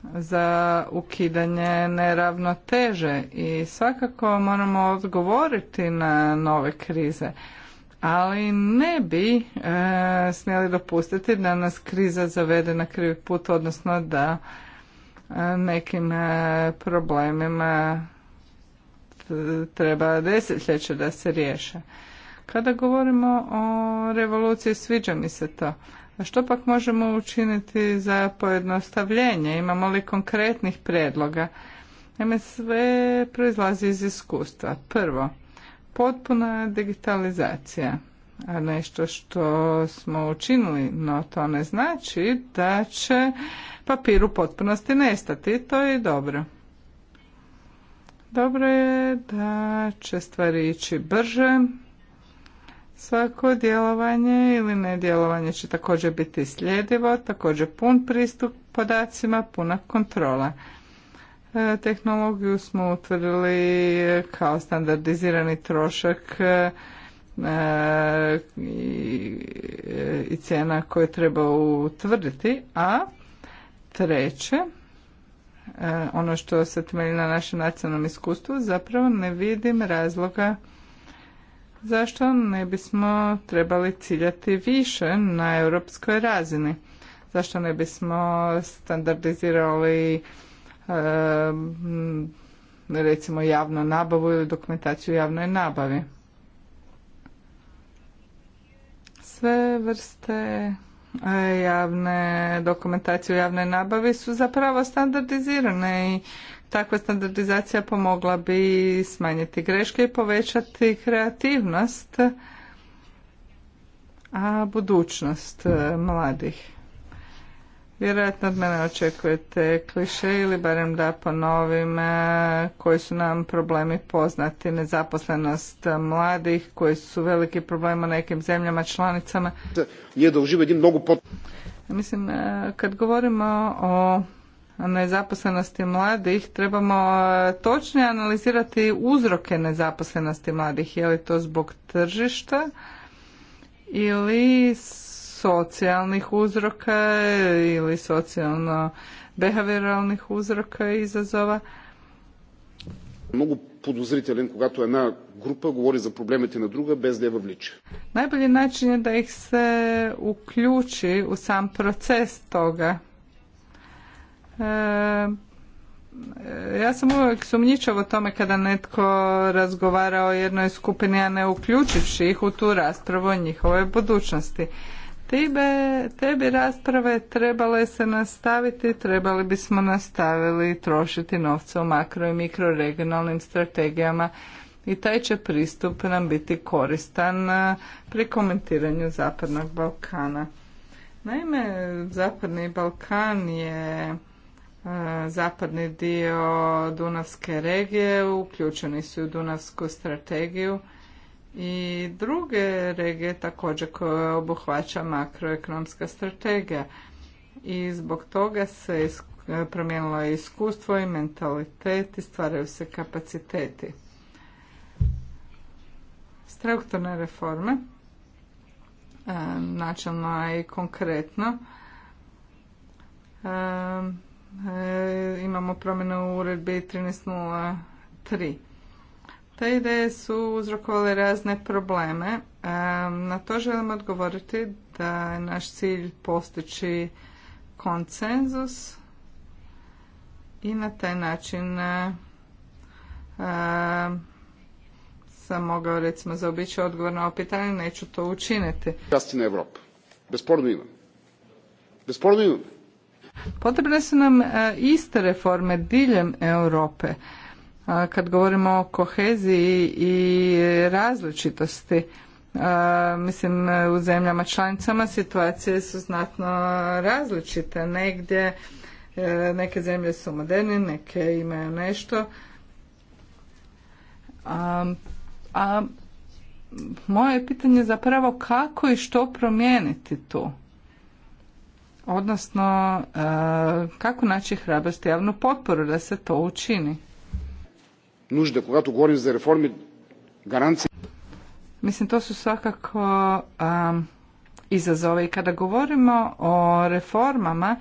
za ukidanje neravnoteže i svakako moramo odgovoriti na nove krize ali ne bi e, smjeli dopustiti da nas kriza zavede na krivi put, odnosno da e, nekim e, problemima treba desetljeće da se riješe. Kada govorimo o revoluciji, sviđa mi se to. A što pak možemo učiniti za pojednostavljenje? Imamo li konkretnih predloga? sve proizlazi iz iskustva. Prvo, potpuna digitalizacija. A nešto što smo učinili, no to ne znači da će papir u potpunosti nestati. To je dobro. Dobro je da će stvari ići brže. Svako djelovanje ili nedjelovanje će također biti sljedivo, također pun pristup podacima, puna kontrola. E, tehnologiju smo utvrdili kao standardizirani trošak e, e, i cijena koje treba utvrditi, a treće, ono što se temelji na našem nacionalnom iskustvu, zapravo ne vidim razloga zašto ne bismo trebali ciljati više na europskoj razini. Zašto ne bismo standardizirali Ehm, recimo javnu nabavu ili dokumentaciju javnoj nabavi. Sve vrste e, javne dokumentacije u javnoj nabavi su zapravo standardizirane i takva standardizacija pomogla bi smanjiti greške i povećati kreativnost a budućnost e, mladih. Vjerojatno od mene očekujete kliše ili barem da ponovim e, koji su nam problemi poznati. Nezaposlenost mladih koji su veliki problem u nekim zemljama članicama. Nije da mnogo pot... Mislim, e, kad govorimo o nezaposlenosti mladih, trebamo e, točnije analizirati uzroke nezaposlenosti mladih. Je li to zbog tržišta ili socijalnih uzroka ili socijalno behavioralnih uzroka i izazova. Mogu подозрителен, kogato jedna grupa govori za probleme na druga bez da je Najbolji način je da ih se uključi u sam proces toga. E, ja sam uvijek sumnjičav o tome kada netko razgovara o jednoj skupini, a ne uključivši ih u tu raspravu o njihovoj budućnosti tebe, te bi rasprave trebale se nastaviti, trebali bismo nastavili trošiti novce u makro i mikroregionalnim strategijama i taj će pristup nam biti koristan pri komentiranju Zapadnog Balkana. Naime, Zapadni Balkan je zapadni dio Dunavske regije, uključeni su u Dunavsku strategiju i druge regije također koje obuhvaća makroekonomska strategija. I zbog toga se promijenilo iskustvo i mentalitet i stvaraju se kapaciteti. Strukturne reforme, e, načelno i konkretno, e, e, imamo promjenu u uredbi 1303 te ideje su uzrokovale razne probleme. Na to želim odgovoriti da je naš cilj postići konsenzus i na taj način e, sam mogao recimo zaobići odgovor na ovo pitanje, neću to učiniti. imam. Potrebne su nam e, iste reforme diljem Europe. Kad govorimo o koheziji i različitosti, mislim u zemljama članicama situacije su znatno različite. Negdje e, neke zemlje su moderne, neke imaju nešto. A, a moje pitanje je zapravo kako i što promijeniti tu? Odnosno, e, kako naći hrabrost i javnu potporu da se to učini? нужда, когато говорим Mislim, to su svakako izazove i kada govorimo o reformama,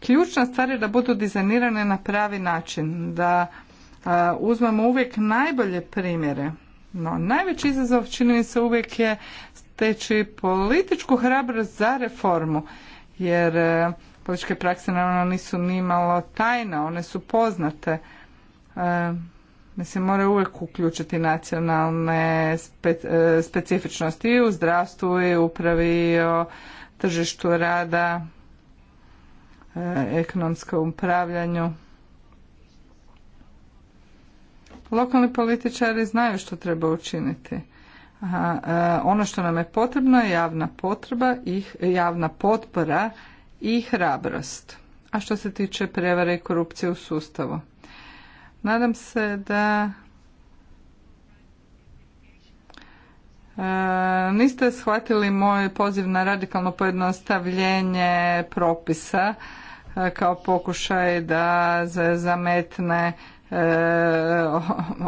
ključna stvar je da budu dizajnirane na pravi način, da uzmemo uvijek najbolje primjere. No, najveći izazov čini mi se uvijek je steći političku hrabrost za reformu, jer e, političke prakse naravno nisu nimalo tajna tajne, one su poznate. E, Mislim, moraju uvijek uključiti nacionalne e, specifičnosti i u zdravstvu i upravi i o tržištu rada, e, ekonomskom upravljanju. Lokalni političari znaju što treba učiniti. a e, ono što nam je potrebno je javna potreba, ih, javna potpora i hrabrost. A što se tiče prevare i korupcije u sustavu. Nadam se da E, niste shvatili moj poziv na radikalno pojednostavljenje propisa e, kao pokušaj da zametne e,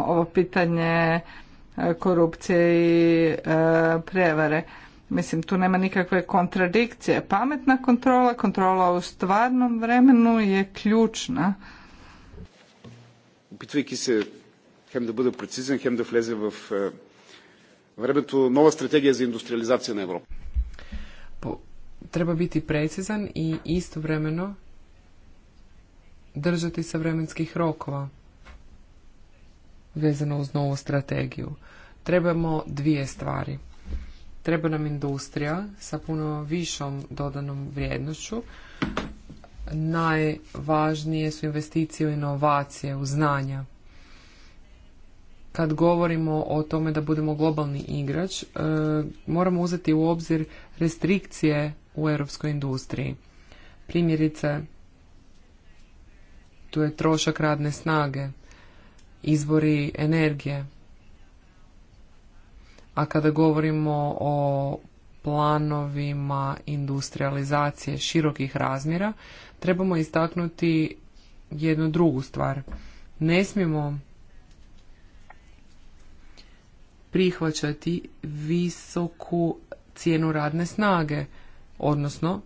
ovo pitanje e, korupcije i prevare. Mislim, tu nema nikakve kontradikcije. Pametna kontrola, kontrola u stvarnom vremenu je ključna опитвайки se, хем bude precizan прецизен, хем da влезе u времето nova strategija za industrializaciju na Evropu. treba biti precizan i istovremeno držati se vremenskih rokova vezano uz novu strategiju. Trebamo dvije stvari. Treba nam industrija sa puno višom dodanom vrijednošću najvažnije su investicije u inovacije, u znanja. Kad govorimo o tome da budemo globalni igrač, e, moramo uzeti u obzir restrikcije u europskoj industriji. Primjerice, tu je trošak radne snage, izvori energije. A kada govorimo o planovima industrializacije širokih razmjera, trebamo istaknuti jednu drugu stvar. Ne smijemo prihvaćati visoku cijenu radne snage, odnosno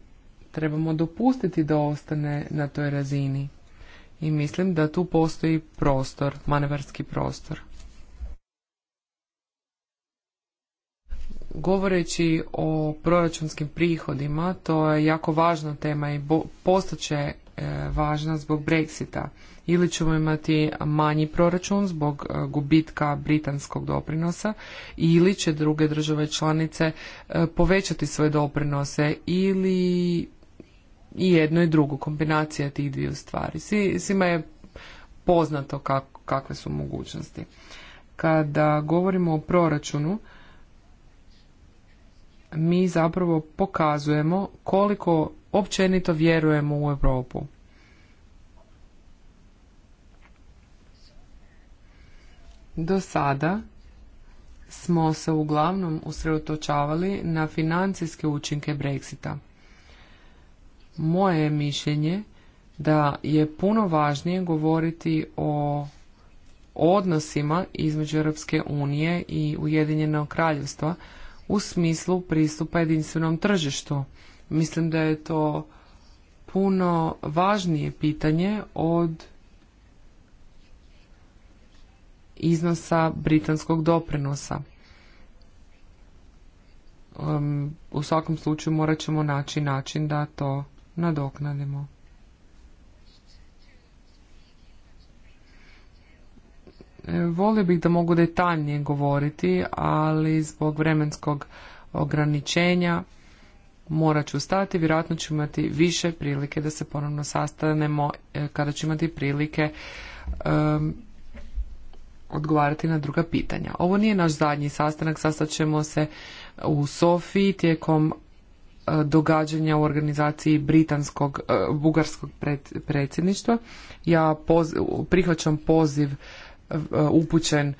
trebamo dopustiti da ostane na toj razini. I mislim da tu postoji prostor, manevarski prostor. Govoreći o proračunskim prihodima, to je jako važna tema i postaće e, važna zbog Brexita. Ili ćemo imati manji proračun zbog e, gubitka britanskog doprinosa, ili će druge države članice e, povećati svoje doprinose ili i jedno i drugo, kombinacija tih dviju stvari. Svima je poznato kakve su mogućnosti. Kada govorimo o proračunu, mi zapravo pokazujemo koliko općenito vjerujemo u Europu. Do sada smo se uglavnom usredotočavali na financijske učinke Brexita. Moje je mišljenje da je puno važnije govoriti o odnosima između Europske unije i Ujedinjenog kraljevstva u smislu pristupa jedinstvenom tržištu. Mislim da je to puno važnije pitanje od iznosa britanskog doprinosa. Um, u svakom slučaju morat ćemo naći način da to nadoknadimo. E, volio bih da mogu detaljnije govoriti, ali zbog vremenskog ograničenja morat ću stati. Vjerojatno ću imati više prilike da se ponovno sastanemo e, kada ću imati prilike um, odgovarati na druga pitanja. Ovo nije naš zadnji sastanak, sastat ćemo se u Sofiji tijekom e, događanja u organizaciji britanskog, bugarskog predsjedništva. Ja prihvaćam poziv upućen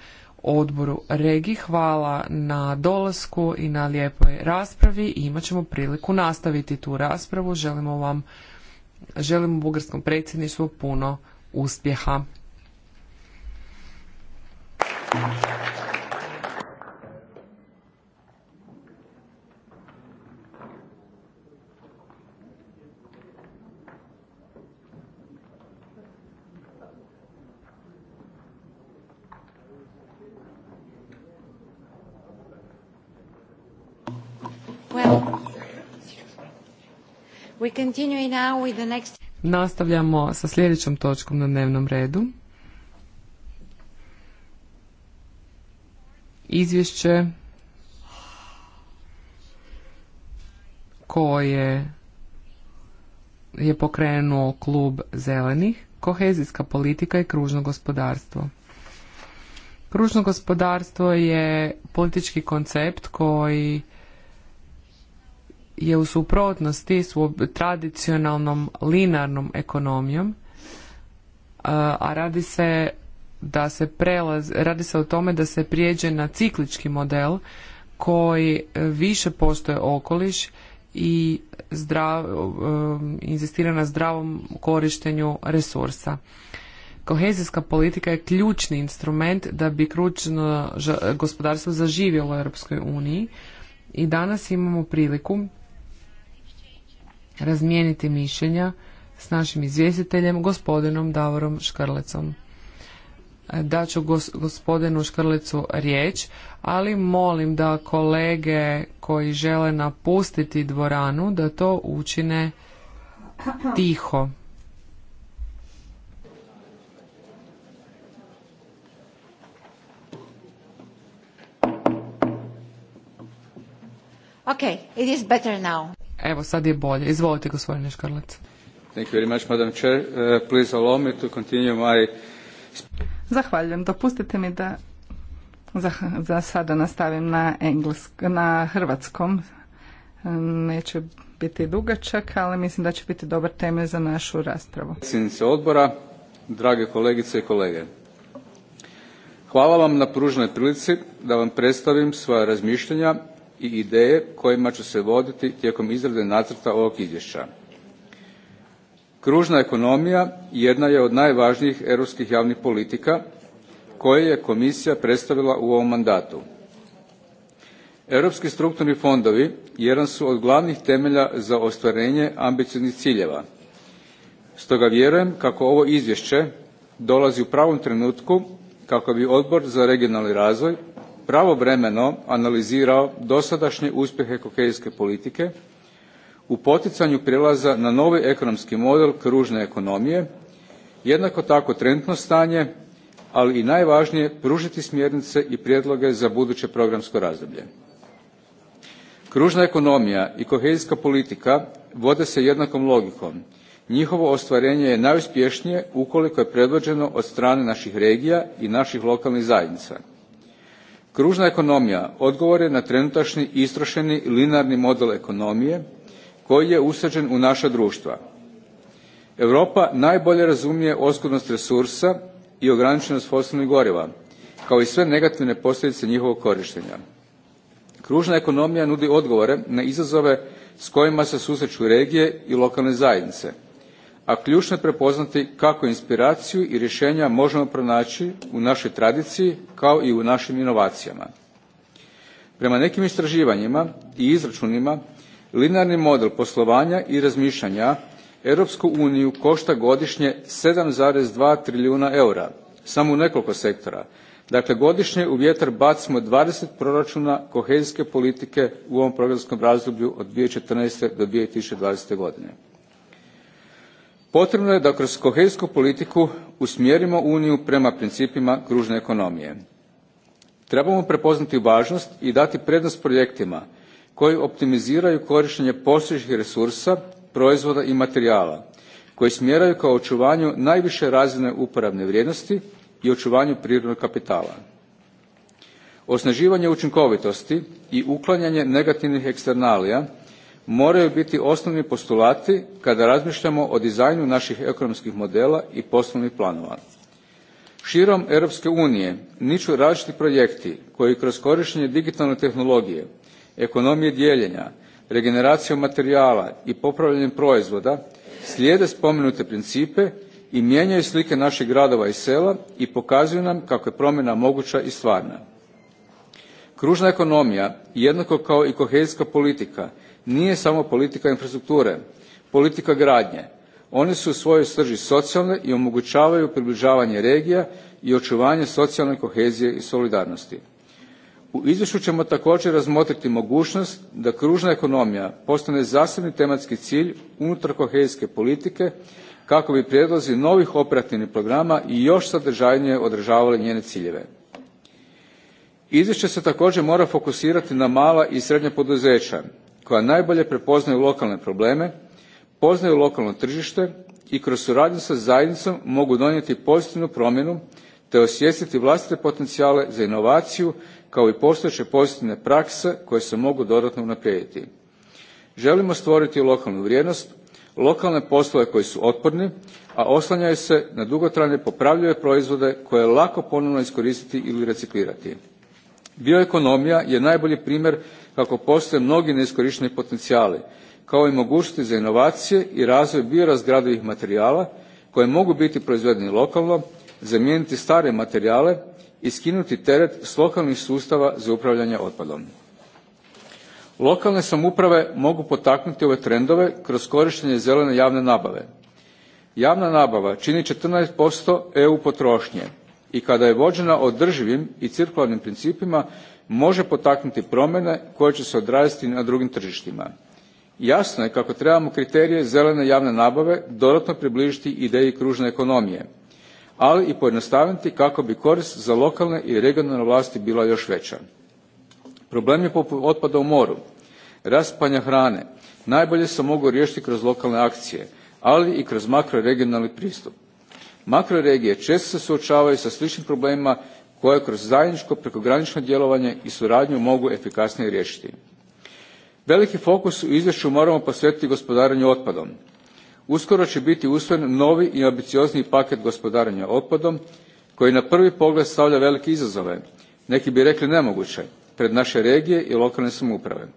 odboru Regi. Hvala na dolasku i na lijepoj raspravi i imat ćemo priliku nastaviti tu raspravu. Želimo vam, želimo bugarskom predsjedništvu puno uspjeha. We continue now Nastavljamo sa sljedećom točkom na dnevnom redu. Izvješće koje je pokrenuo klub zelenih, kohezijska politika i kružno gospodarstvo. Kružno gospodarstvo je politički koncept koji je u suprotnosti s tradicionalnom linarnom ekonomijom, e, a radi se da se prelaz, radi se o tome da se prijeđe na ciklički model koji više postoje okoliš i zdrav, e, inzistira na zdravom korištenju resursa. Kohezijska politika je ključni instrument da bi kručno gospodarstvo zaživjelo u Europskoj uniji i danas imamo priliku razmijeniti mišljenja s našim izvjestiteljem, gospodinom Davorom Škrlecom. E, Daću gospodinu Škrlecu riječ, ali molim da kolege koji žele napustiti dvoranu, da to učine tiho. Okay, it is better now. Evo, sad je bolje. Izvolite, gospodine Škarlac. Thank you very much, Madam Chair. Uh, please allow me to continue my... Zahvaljujem. Dopustite mi da za, sada nastavim na, na hrvatskom. Neće biti dugačak, ali mislim da će biti dobar temelj za našu raspravu. sjednice odbora, drage kolegice i kolege. Hvala vam na pružnoj prilici da vam predstavim svoja razmišljanja i ideje kojima ću se voditi tijekom izrade nacrta ovog izvješća. Kružna ekonomija jedna je od najvažnijih europskih javnih politika koje je komisija predstavila u ovom mandatu. Europski strukturni fondovi jedan su od glavnih temelja za ostvarenje ambicioznih ciljeva. Stoga vjerujem kako ovo izvješće dolazi u pravom trenutku kako bi Odbor za regionalni razvoj pravovremeno analizirao dosadašnje uspjehe kohezijske politike u poticanju prijelaza na novi ekonomski model kružne ekonomije, jednako tako trenutno stanje, ali i najvažnije pružiti smjernice i prijedloge za buduće programsko razdoblje. Kružna ekonomija i kohezijska politika vode se jednakom logikom. Njihovo ostvarenje je najuspješnije ukoliko je predvođeno od strane naših regija i naših lokalnih zajednica. Kružna ekonomija odgovor je na trenutačni istrošeni linearni model ekonomije koji je usađen u naša društva. Europa najbolje razumije oskudnost resursa i ograničenost fosilnih goriva kao i sve negativne posljedice njihovog korištenja. Kružna ekonomija nudi odgovore na izazove s kojima se susreću regije i lokalne zajednice a ključno je prepoznati kako inspiraciju i rješenja možemo pronaći u našoj tradiciji kao i u našim inovacijama. Prema nekim istraživanjima i izračunima, linearni model poslovanja i razmišljanja Europsku uniju košta godišnje 7,2 trilijuna eura, samo u nekoliko sektora. Dakle, godišnje u vjetar bacimo 20 proračuna kohezijske politike u ovom programskom razdoblju od 2014. do 2020. godine potrebno je da kroz kohezijsku politiku usmjerimo uniju prema principima kružne ekonomije trebamo prepoznati važnost i dati prednost projektima koji optimiziraju korištenje postojećih resursa proizvoda i materijala koji smjeraju ka očuvanju najviše razine uporabne vrijednosti i očuvanju prirodnog kapitala osnaživanje učinkovitosti i uklanjanje negativnih eksternalija moraju biti osnovni postulati kada razmišljamo o dizajnu naših ekonomskih modela i poslovnih planova. Širom Europske unije niču različiti projekti koji kroz korištenje digitalne tehnologije, ekonomije dijeljenja, regeneracijom materijala i popravljanjem proizvoda slijede spomenute principe i mijenjaju slike naših gradova i sela i pokazuju nam kako je promjena moguća i stvarna. Kružna ekonomija jednako kao i kohezijska politika nije samo politika infrastrukture, politika gradnje. One su u svojoj srži socijalne i omogućavaju približavanje regija i očuvanje socijalne kohezije i solidarnosti. U izvješću ćemo također razmotriti mogućnost da kružna ekonomija postane zasebni tematski cilj unutar kohezijske politike kako bi prijedlozi novih operativnih programa i još sadržajnije održavali njene ciljeve. Izvješće se također mora fokusirati na mala i srednja poduzeća koja najbolje prepoznaju lokalne probleme, poznaju lokalno tržište i kroz suradnju sa zajednicom mogu donijeti pozitivnu promjenu te osvijestiti vlastite potencijale za inovaciju kao i postojeće pozitivne prakse koje se mogu dodatno unaprijediti. Želimo stvoriti lokalnu vrijednost, lokalne poslove koji su otporni, a oslanjaju se na dugotrajne popravljive proizvode koje je lako ponovno iskoristiti ili reciklirati. Bioekonomija je najbolji primjer kako postoje mnogi neiskorišteni potencijali kao i mogućnosti za inovacije i razvoj biorazgradivih materijala koji mogu biti proizvedeni lokalno, zamijeniti stare materijale i skinuti teret s lokalnih sustava za upravljanje otpadom. Lokalne samouprave mogu potaknuti ove trendove kroz korištenje zelene javne nabave. Javna nabava čini 14% EU potrošnje i kada je vođena održivim i cirkularnim principima može potaknuti promjene koje će se odraziti na drugim tržištima. Jasno je kako trebamo kriterije zelene javne nabave dodatno približiti ideji kružne ekonomije, ali i pojednostaviti kako bi korist za lokalne i regionalne vlasti bila još veća. Problemi poput otpada u moru, raspanja hrane najbolje se mogu riješiti kroz lokalne akcije, ali i kroz makroregionalni pristup. Makroregije često se suočavaju sa sličnim problemima koje kroz zajedničko prekogranično djelovanje i suradnju mogu efikasnije riješiti. Veliki fokus u izvješću moramo posvetiti gospodarenju otpadom. Uskoro će biti usvojen novi i ambiciozniji paket gospodarenja otpadom koji na prvi pogled stavlja velike izazove, neki bi rekli nemoguće, pred naše regije i lokalne samouprave.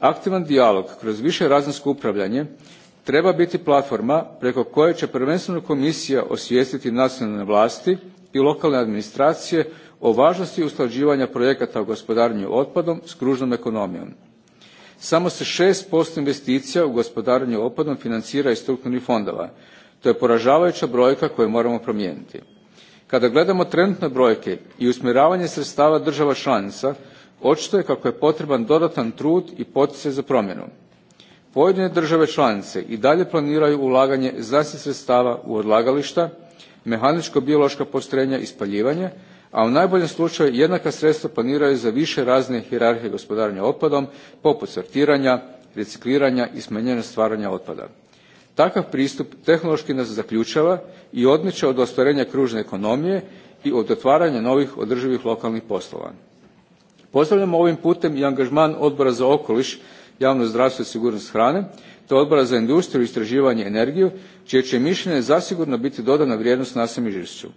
Aktivan dijalog kroz više razinsko upravljanje treba biti platforma preko koje će prvenstveno komisija osvijestiti nacionalne vlasti i lokalne administracije o važnosti usklađivanja projekata u gospodarenju otpadom s kružnom ekonomijom. Samo se 6% investicija u gospodarenju otpadom financira iz strukturnih fondova. To je poražavajuća brojka koju moramo promijeniti. Kada gledamo trenutne brojke i usmjeravanje sredstava država članica, očito je kako je potreban dodatan trud i poticaj za promjenu. Pojedine države članice i dalje planiraju ulaganje znatnih sredstava u odlagališta, mehaničko-biološka postrojenja i spaljivanje, a u najboljem slučaju jednaka sredstva planiraju za više razne hijerarhije gospodarenja otpadom poput sortiranja, recikliranja i smanjenja stvaranja otpada. Takav pristup tehnološki nas zaključava i odmiče od ostvarenja kružne ekonomije i od otvaranja novih održivih lokalnih poslova. Pozdravljamo ovim putem i angažman Odbora za okoliš, javno zdravstvo i sigurnost hrane te Odbora za industriju, istraživanje i energiju čije će mišljenje zasigurno biti dodana vrijednost našem izvješću.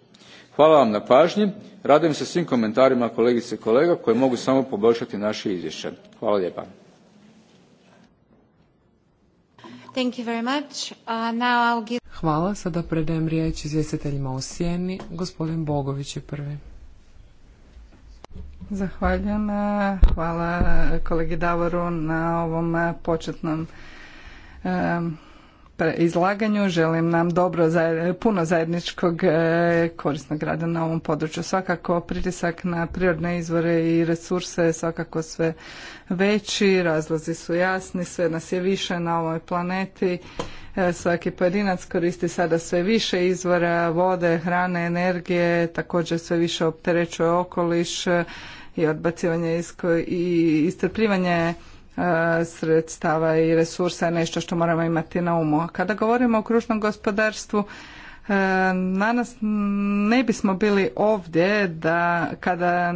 Hvala vam na pažnji. Radujem se svim komentarima kolegice i kolega koji mogu samo poboljšati naše izvješće. Hvala lijepa. Thank you very much. Uh, Hvala. Sada predajem riječ izvjestiteljima u Sijeni. Gospodin Bogović je prvi. Zahvaljujem. Hvala kolegi Davoru na ovom početnom izlaganju. Želim nam dobro, puno zajedničkog e, korisnog rada na ovom području. Svakako pritisak na prirodne izvore i resurse je svakako sve veći, razlozi su jasni, sve nas je više na ovoj planeti. E, svaki pojedinac koristi sada sve više izvora vode, hrane, energije, također sve više opterećuje okoliš e, i odbacivanje i istrpljivanje E, sredstava i resursa je nešto što moramo imati na umu. A kada govorimo o kružnom gospodarstvu, e, danas ne bismo bili ovdje da kada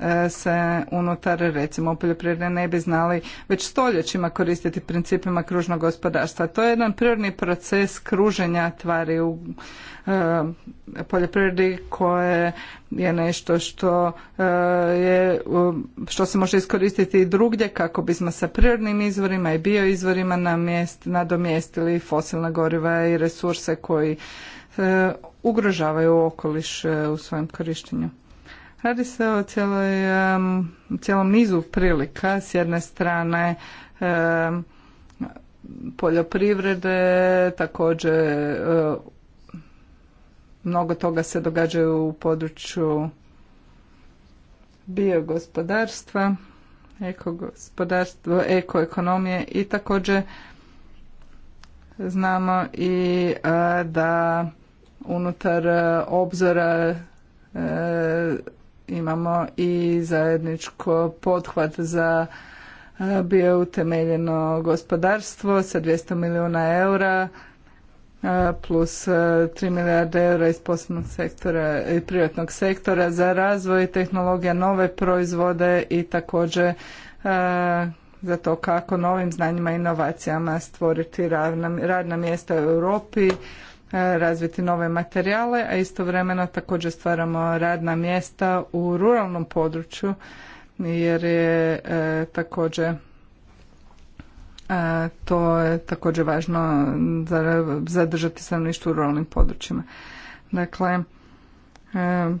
E, se unutar recimo poljoprivrede ne bi znali već stoljećima koristiti principima kružnog gospodarstva. To je jedan prirodni proces kruženja tvari u e, poljoprivredi koje je nešto što e, je što se može iskoristiti i drugdje kako bismo sa prirodnim izvorima i bioizvorima namjest, nadomjestili fosilna goriva i resurse koji ugrožavaju okoliš u svojem korištenju. Radi se o cijelom nizu prilika. S jedne strane poljoprivrede, također e, mnogo toga se događa u području biogospodarstva, ekogospodarstva, ekoekonomije i također znamo i e, da unutar e, obzora imamo i zajedničko pothvat za e, bio utemeljeno gospodarstvo sa 200 milijuna eura e, plus 3 e, milijarde eura iz posebnog sektora i privatnog sektora za razvoj tehnologija nove proizvode i također za to kako novim znanjima i inovacijama stvoriti radna mjesta u Europi razviti nove materijale, a istovremeno također stvaramo radna mjesta u ruralnom području jer je e, također e, to je također važno za zadržati stanovništvo u ruralnim područjima. Dakle, e,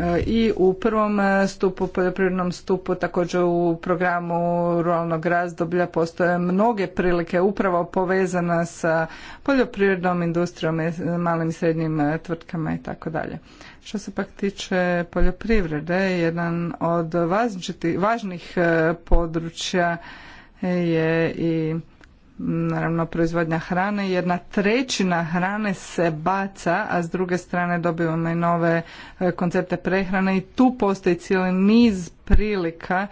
E, i u prvom e, stupu, poljoprivrednom stupu, također u programu ruralnog razdoblja postoje mnoge prilike upravo povezana sa poljoprivrednom industrijom, e, malim i srednjim tvrtkama i tako dalje. Što se pak tiče poljoprivrede, jedan od važnih područja je i naravno proizvodnja hrane. Jedna trećina hrane se baca, a s druge strane dobivamo i nove e, koncepte prehrane i tu postoji cijeli niz prilika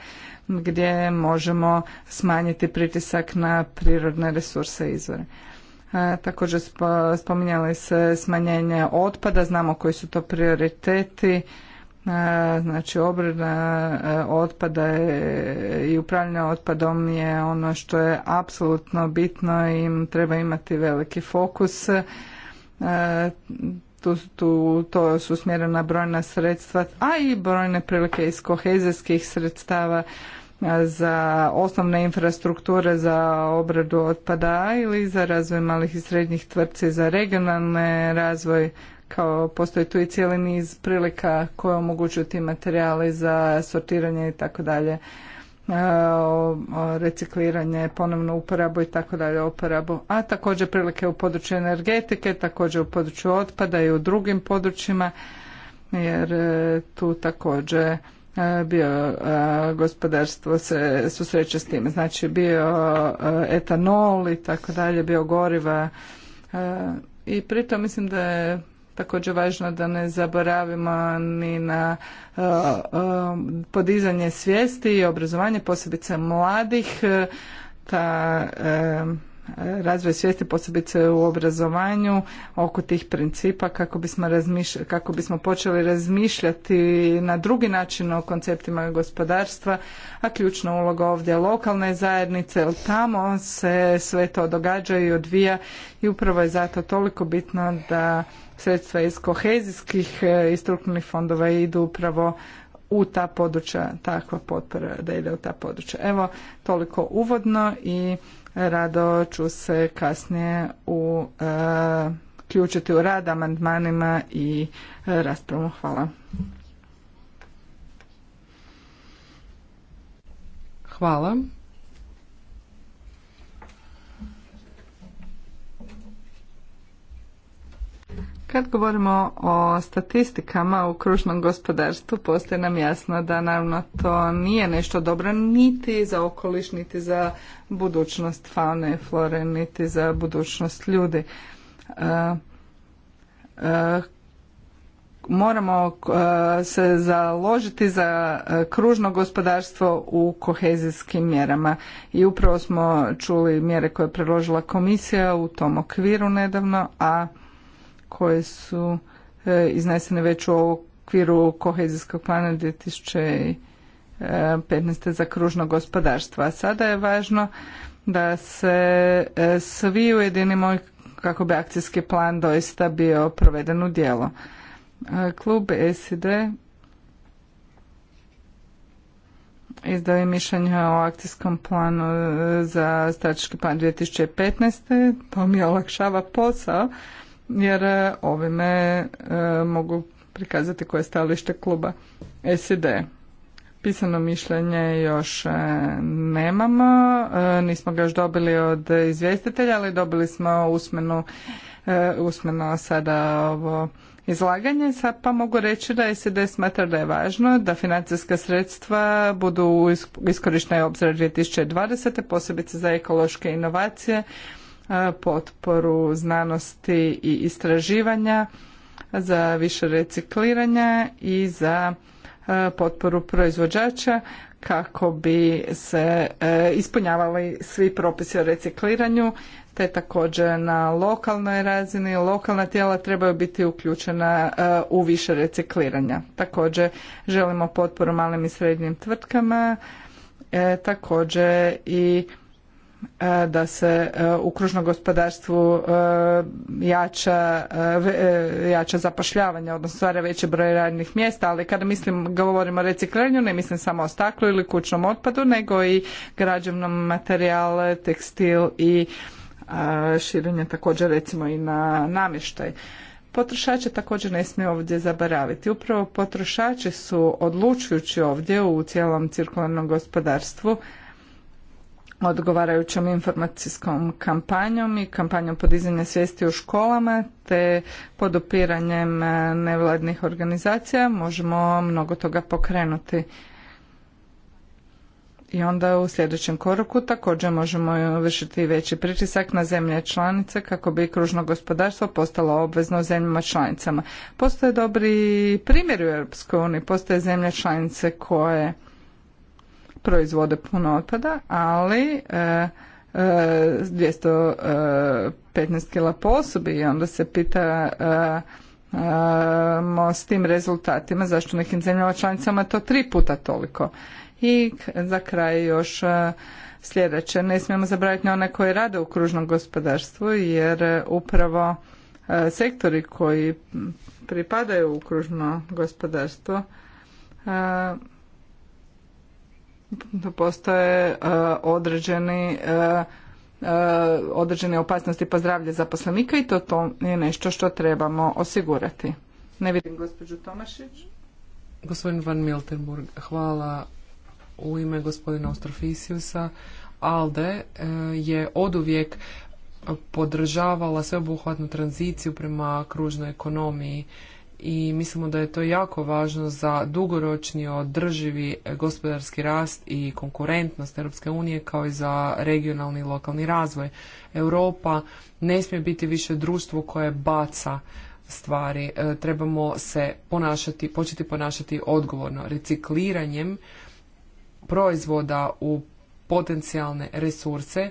gdje možemo smanjiti pritisak na prirodne resurse i izvore. E, također spominjali se smanjenje otpada, znamo koji su to prioriteti E, znači obrada e, otpada e, i upravljanje otpadom je ono što je apsolutno bitno i treba imati veliki fokus. Tu, tu, to su smjerena brojna sredstva, a i brojne prilike iz kohezijskih sredstava za osnovne infrastrukture za obradu otpada ili za razvoj malih i srednjih tvrtci za regionalni razvoj kao postoji tu i cijeli niz prilika koje omogućuju ti materijali za sortiranje i tako dalje e, recikliranje, ponovnu uporabu i tako dalje uporabu, a također prilike u području energetike, također u području otpada i u drugim područjima jer e, tu također e, bio gospodarstvo se susreće s tim. Znači bio etanol i tako dalje, bio goriva i pritom mislim da je Također važno da ne zaboravimo ni na e, e, podizanje svijesti i obrazovanje, posebice mladih, e, ta razvoj svijesti posebice u obrazovanju oko tih principa kako bismo, kako bismo počeli razmišljati na drugi način o konceptima gospodarstva, a ključna uloga ovdje lokalne zajednice, jer tamo se sve to događa i odvija i upravo je zato toliko bitno da sredstva iz kohezijskih e, i strukturnih fondova idu upravo u ta područja, takva potpora da ide u ta područja. Evo, toliko uvodno i Rado ću se kasnije u, e, u rad amandmanima i e, raspravu. Hvala. Hvala. Kad govorimo o statistikama u kružnom gospodarstvu, postoje nam jasno da naravno to nije nešto dobro niti za okoliš, niti za budućnost faune i flore, niti za budućnost ljudi. E, e, moramo e, se založiti za kružno gospodarstvo u kohezijskim mjerama i upravo smo čuli mjere koje je predložila komisija u tom okviru nedavno, a koje su e, iznesene već u okviru kohezijskog plana 2015. za kružno gospodarstvo. A sada je važno da se e, svi ujedinimo kako bi akcijski plan doista bio proveden u djelo. E, klub SID izdaje mišljenje o akcijskom planu za strateški plan 2015. To mi olakšava posao jer e, ovime e, mogu prikazati koje je stajalište kluba SED. Pisano mišljenje još e, nemamo, nismo ga još dobili od izvjestitelja, ali dobili smo usmenu, usmeno sada ovo izlaganje, sad pa mogu reći da SED smatra da je važno da financijska sredstva budu iskorištena i obzira 2020. posebice za ekološke inovacije, potporu znanosti i istraživanja, za više recikliranja i za potporu proizvođača kako bi se e, ispunjavali svi propisi o recikliranju, te također na lokalnoj razini lokalna tijela trebaju biti uključena e, u više recikliranja. Također želimo potporu malim i srednjim tvrtkama, e, također i E, da se e, u kružnom gospodarstvu e, jača, jača zapošljavanje, odnosno stvara veći broj radnih mjesta, ali kada mislim, govorimo o recikliranju, ne mislim samo o staklu ili kućnom otpadu, nego i građevnom materijale, tekstil i širenje također recimo i na namještaj. Potrošače također ne smije ovdje zaboraviti. Upravo potrošači su odlučujući ovdje u cijelom cirkularnom gospodarstvu, odgovarajućom informacijskom kampanjom i kampanjom podizanja svijesti u školama te podupiranjem e, nevladnih organizacija možemo mnogo toga pokrenuti. I onda u sljedećem koraku također možemo vršiti veći pritisak na zemlje članice kako bi kružno gospodarstvo postalo obvezno u zemljama članicama. Postoje dobri primjeri u Uniji, postoje zemlje članice koje proizvode puno otpada, ali 215 e, e, kila po osobi i onda se pita e, s tim rezultatima zašto nekim zemljama članicama to tri puta toliko. I za kraj još sljedeće, ne smijemo zabraviti na one koji rade u kružnom gospodarstvu jer upravo sektori koji pripadaju u kružno gospodarstvo da postoje e, određeni e, e, određene opasnosti pa zdravlje zaposlenika i to, to je nešto što trebamo osigurati. Ne vidim gospođu Tomašić. Gospodin Van Miltenburg, hvala u ime gospodina Ostrofisiusa. ALDE je oduvijek podržavala sveobuhvatnu tranziciju prema kružnoj ekonomiji i mislimo da je to jako važno za dugoročni održivi gospodarski rast i konkurentnost Europske unije kao i za regionalni i lokalni razvoj. Europa ne smije biti više društvo koje baca stvari. E, trebamo se ponašati, početi ponašati odgovorno. Recikliranjem proizvoda u potencijalne resurse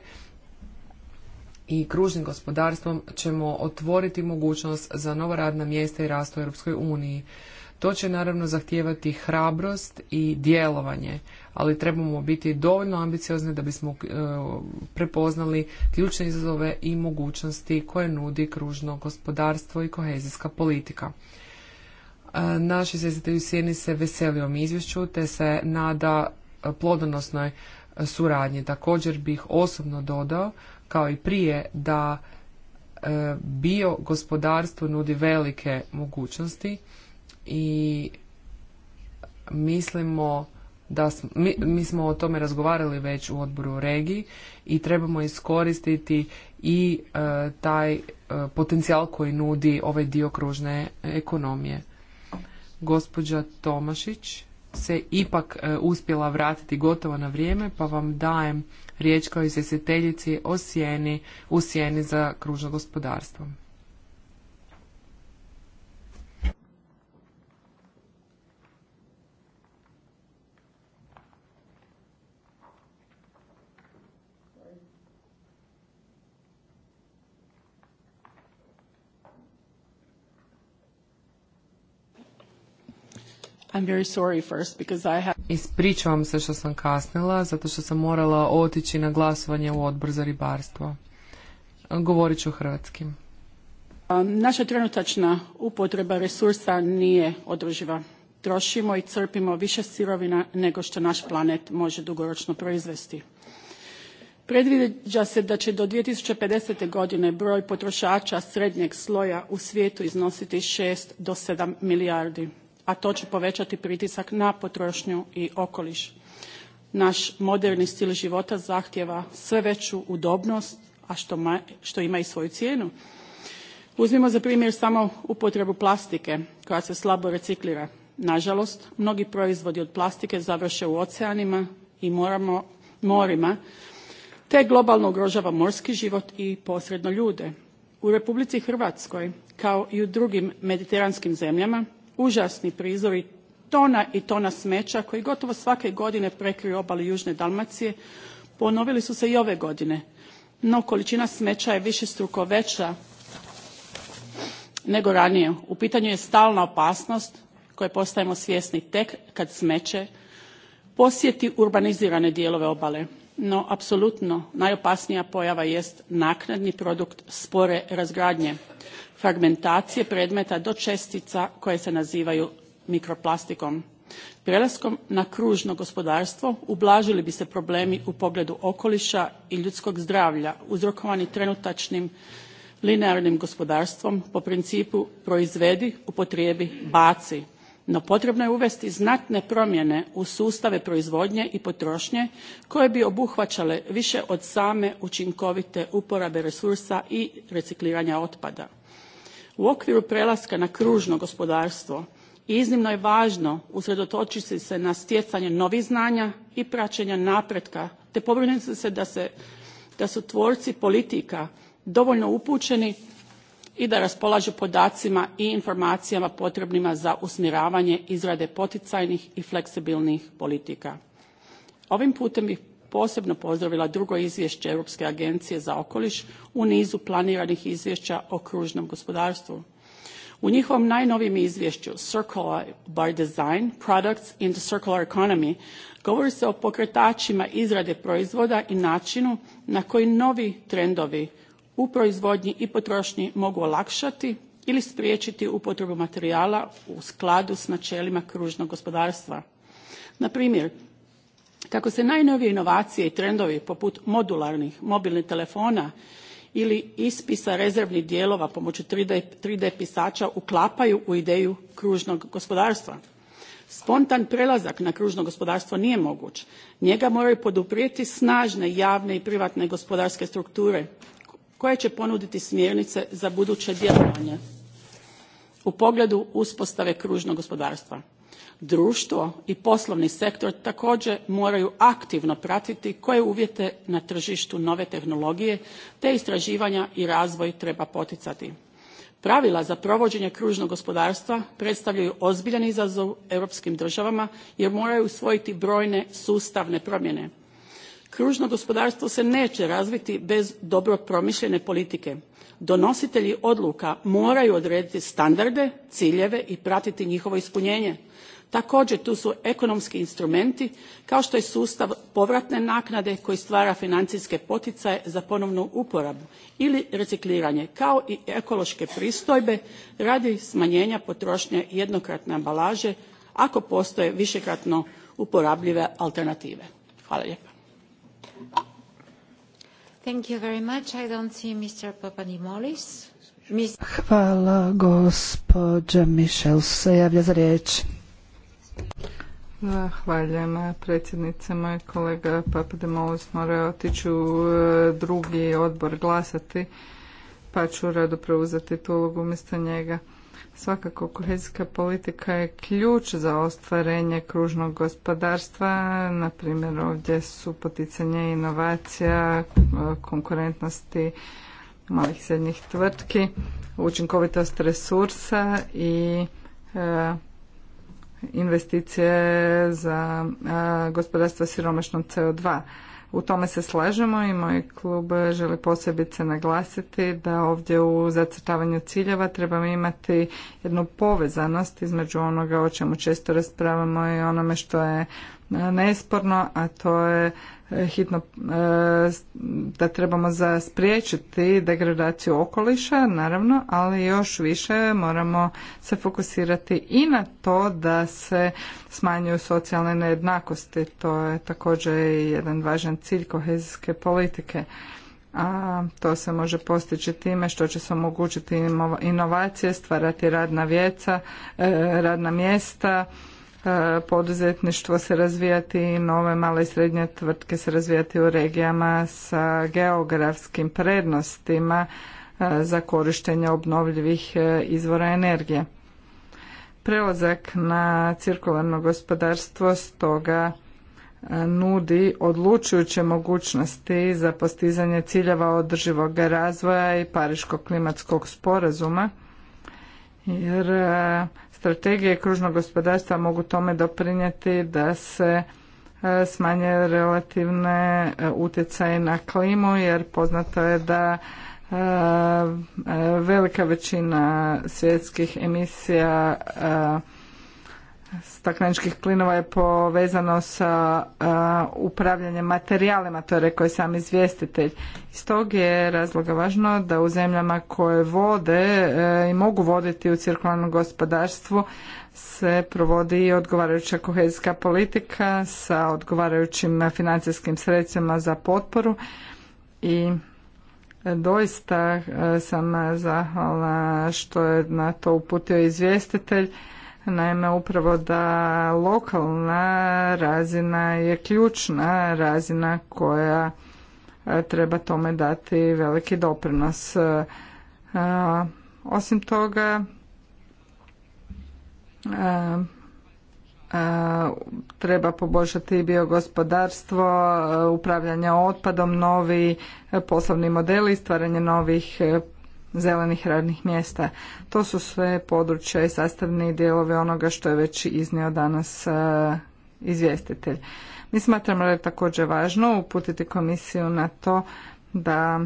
i kružnim gospodarstvom ćemo otvoriti mogućnost za nova radna mjesta i rast u Europskoj uniji. To će naravno zahtijevati hrabrost i djelovanje, ali trebamo biti dovoljno ambiciozni da bismo e, prepoznali ključne izazove i mogućnosti koje nudi kružno gospodarstvo i kohezijska politika. E, naši izvjestitelj Sjeni se veseli ovom izvješću te se nada plodonosnoj suradnji. Također bih osobno dodao kao i prije da e, bio gospodarstvo nudi velike mogućnosti i mislimo da smo, mi, smo o tome razgovarali već u odboru regiji i trebamo iskoristiti i e, taj e, potencijal koji nudi ovaj dio kružne ekonomije. Gospođa Tomašić se ipak e, uspjela vratiti gotovo na vrijeme, pa vam dajem riječ kao izvjestiteljici o sjeni, u sjeni za kružno gospodarstvo. I'm Ispričavam se što sam kasnila, zato što sam morala otići na glasovanje u odbor za ribarstvo. Govorit ću hrvatskim. Um, naša trenutačna upotreba resursa nije održiva. Trošimo i crpimo više sirovina nego što naš planet može dugoročno proizvesti. Predviđa se da će do 2050. godine broj potrošača srednjeg sloja u svijetu iznositi 6 do 7 milijardi a to će povećati pritisak na potrošnju i okoliš. Naš moderni stil života zahtjeva sve veću udobnost, a što, što ima i svoju cijenu. Uzmimo za primjer samo upotrebu plastike koja se slabo reciklira. Nažalost, mnogi proizvodi od plastike završe u oceanima i moramo, morima, te globalno ugrožava morski život i posredno ljude. U Republici Hrvatskoj, kao i u drugim mediteranskim zemljama, užasni prizori tona i tona smeća koji gotovo svake godine prekriju obalu južne dalmacije ponovili su se i ove godine no količina smeća je višestruko veća nego ranije u pitanju je stalna opasnost koje postajemo svjesni tek kad smeće posjeti urbanizirane dijelove obale no apsolutno najopasnija pojava jest naknadni produkt spore razgradnje fragmentacije predmeta do čestica koje se nazivaju mikroplastikom. Prelaskom na kružno gospodarstvo ublažili bi se problemi u pogledu okoliša i ljudskog zdravlja uzrokovani trenutačnim linearnim gospodarstvom po principu proizvedi, upotrijebi, baci. No potrebno je uvesti znatne promjene u sustave proizvodnje i potrošnje koje bi obuhvaćale više od same učinkovite uporabe resursa i recikliranja otpada. U okviru prelaska na kružno gospodarstvo iznimno je važno usredotočiti se na stjecanje novih znanja i praćenja napretka te pobrinuti se da, se da su tvorci politika dovoljno upućeni i da raspolažu podacima i informacijama potrebnima za usmjeravanje izrade poticajnih i fleksibilnih politika. Ovim putem bih posebno pozdravila drugo izvješće Europske agencije za okoliš u nizu planiranih izvješća o kružnom gospodarstvu. U njihovom najnovijem izvješću Circular by Design Products in the Circular Economy govori se o pokretačima izrade proizvoda i načinu na koji novi trendovi u proizvodnji i potrošnji mogu olakšati ili spriječiti upotrebu materijala u skladu s načelima kružnog gospodarstva. Na primjer, kako se najnovije inovacije i trendovi poput modularnih mobilnih telefona ili ispisa rezervnih dijelova pomoću 3D pisača uklapaju u ideju kružnog gospodarstva. Spontan prelazak na kružno gospodarstvo nije moguć. Njega moraju poduprijeti snažne javne i privatne gospodarske strukture koje će ponuditi smjernice za buduće djelovanje u pogledu uspostave kružnog gospodarstva. Društvo i poslovni sektor također moraju aktivno pratiti koje uvjete na tržištu nove tehnologije te istraživanja i razvoj treba poticati. Pravila za provođenje kružnog gospodarstva predstavljaju ozbiljan izazov europskim državama jer moraju usvojiti brojne sustavne promjene. Kružno gospodarstvo se neće razviti bez dobro promišljene politike. Donositelji odluka moraju odrediti standarde, ciljeve i pratiti njihovo ispunjenje. Također tu su ekonomski instrumenti kao što je sustav povratne naknade koji stvara financijske poticaje za ponovnu uporabu ili recikliranje kao i ekološke pristojbe radi smanjenja potrošnje jednokratne ambalaže ako postoje višekratno uporabljive alternative. Hvala lijepa. Hvala Zahvaljujem predsjednice. Moj kolega Papademos mora otići u e, drugi odbor glasati, pa ću rado preuzeti tu ulogu umjesto njega. Svakako kohezijska politika je ključ za ostvarenje kružnog gospodarstva, na primjer ovdje su poticanje inovacija, konkurentnosti malih i srednjih tvrtki, učinkovitost resursa i e, investicije za gospodarstvo siromašnom CO2. U tome se slažemo i moj klub želi posebice naglasiti da ovdje u zacrtavanju ciljeva trebamo imati jednu povezanost između onoga o čemu često raspravamo i onome što je nesporno, a to je e, hitno e, da trebamo spriječiti degradaciju okoliša, naravno, ali još više moramo se fokusirati i na to da se smanjuju socijalne nejednakosti. To je također jedan važan cilj kohezijske politike. A to se može postići time što će se omogućiti inovacije, stvarati radna vjeca, e, radna mjesta, E, poduzetništvo se razvijati i nove male i srednje tvrtke se razvijati u regijama sa geografskim prednostima e, za korištenje obnovljivih e, izvora energije. Prelazak na cirkularno gospodarstvo stoga nudi odlučujuće mogućnosti za postizanje ciljeva održivog razvoja i Pariškog klimatskog sporazuma jer Strategije kružnog gospodarstva mogu tome doprinijeti da se e, smanje relativne e, utjecaje na klimu jer poznato je da e, velika većina svjetskih emisija stakleničkih plinova je povezano sa e, upravljanjem materijalima, to je rekao i sam izvjestitelj. Iz tog je razloga važno da u zemljama koje vode e, i mogu voditi u cirkularnom gospodarstvu se provodi i odgovarajuća kohezijska politika sa odgovarajućim financijskim sredstvima za potporu i doista e, sam zahvalna što je na to uputio izvjestitelj Naime, upravo da lokalna razina je ključna razina koja e, treba tome dati veliki doprinos. E, osim toga, e, treba poboljšati i biogospodarstvo, upravljanje otpadom, novi poslovni modeli, stvaranje novih zelenih radnih mjesta. To su sve područja i sastavni dijelovi onoga što je već iznio danas e, izvjestitelj. Mi smatramo da je također važno uputiti komisiju na to da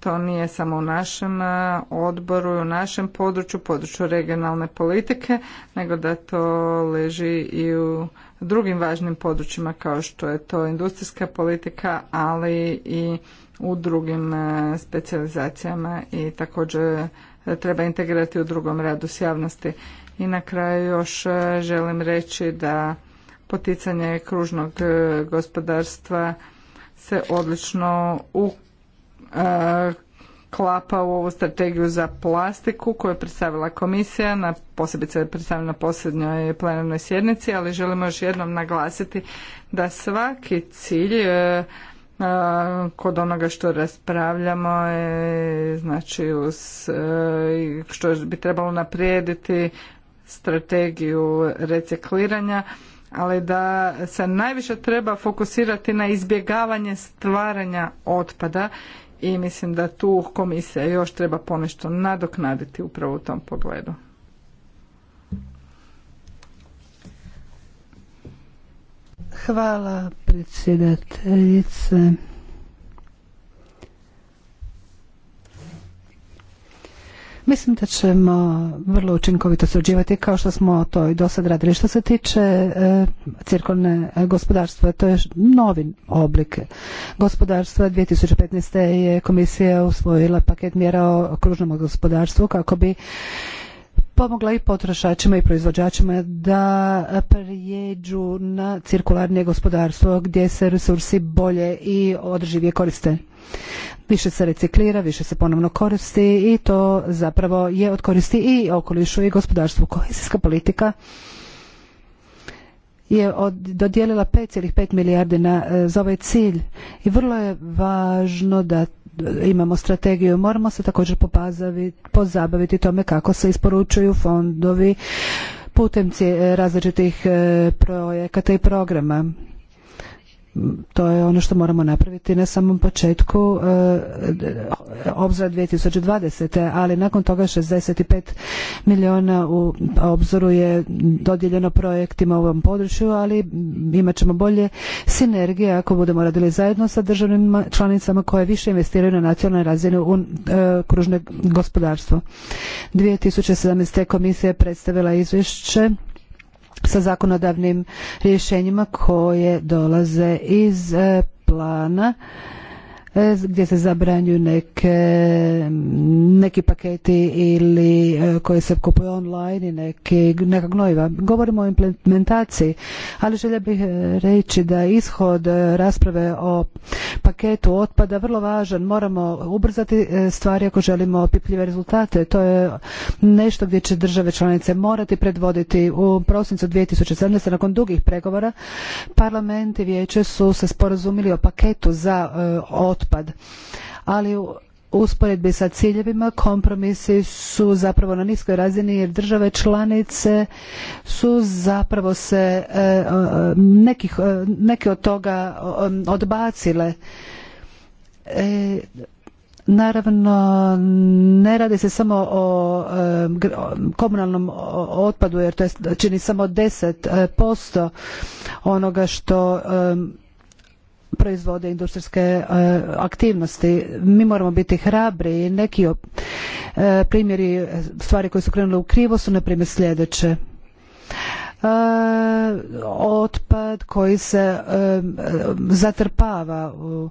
to nije samo u našem e, odboru i u našem području, području regionalne politike, nego da to leži i u drugim važnim područjima kao što je to industrijska politika, ali i u drugim e, specijalizacijama i također e, treba integrirati u drugom radu s javnosti. I na kraju još e, želim reći da poticanje kružnog gospodarstva se odlično uklapa u ovu strategiju za plastiku koju je predstavila komisija, na posebice je predstavljena na posljednjoj plenarnoj sjednici, ali želimo još jednom naglasiti da svaki cilj kod onoga što raspravljamo je, znači uz, e, što bi trebalo naprijediti strategiju recikliranja ali da se najviše treba fokusirati na izbjegavanje stvaranja otpada i mislim da tu komisija još treba ponešto nadoknaditi upravo u tom pogledu. Hvala predsjedateljice. Mislim da ćemo vrlo učinkovito surađivati kao što smo to i do sad radili. Što se tiče e, cirkulne e, gospodarstva, to je novi oblik gospodarstva. 2015. je komisija usvojila paket mjera o kružnom gospodarstvu kako bi pomogla i potrošačima i proizvođačima da prijeđu na cirkularnije gospodarstvo gdje se resursi bolje i održivije koriste. Više se reciklira, više se ponovno koristi i to zapravo je od koristi i okolišu i gospodarstvu. Kohezijska politika je od, dodijelila 5,5 milijardi na, e, za ovaj cilj i vrlo je važno da imamo strategiju, moramo se također pozabaviti tome kako se isporučuju fondovi putem različitih e, projekata i programa to je ono što moramo napraviti na samom početku e, obzora 2020. ali nakon toga 65 milijuna u obzoru je dodijeljeno projektima u ovom području, ali imat ćemo bolje sinergije ako budemo radili zajedno sa državnim članicama koje više investiraju na nacionalnoj razini u e, kružno gospodarstvo. 2017. komisija je predstavila izvješće sa zakonodavnim rješenjima koje dolaze iz eh, plana E, gdje se zabranjuju neke, neki paketi ili e, koji se kupuju online i neki, neka gnojiva. Govorimo o implementaciji, ali želja bih e, reći da ishod rasprave o paketu otpada vrlo važan. Moramo ubrzati stvari ako želimo opipljive rezultate. To je nešto gdje će države članice morati predvoditi u prosincu 2017. nakon dugih pregovora parlament i vijeće su se sporazumili o paketu za otpad otpad. Ali u usporedbi sa ciljevima kompromisi su zapravo na niskoj razini jer države članice su zapravo se e, e, nekih, e, neke od toga odbacile. E, Naravno, ne radi se samo o komunalnom otpadu jer to čini samo 10% onoga što proizvode industrijske e, aktivnosti. Mi moramo biti hrabri i neki e, primjeri e, stvari koje su krenule u krivo su na primjer sljedeće. Otpad koji se zatrpava u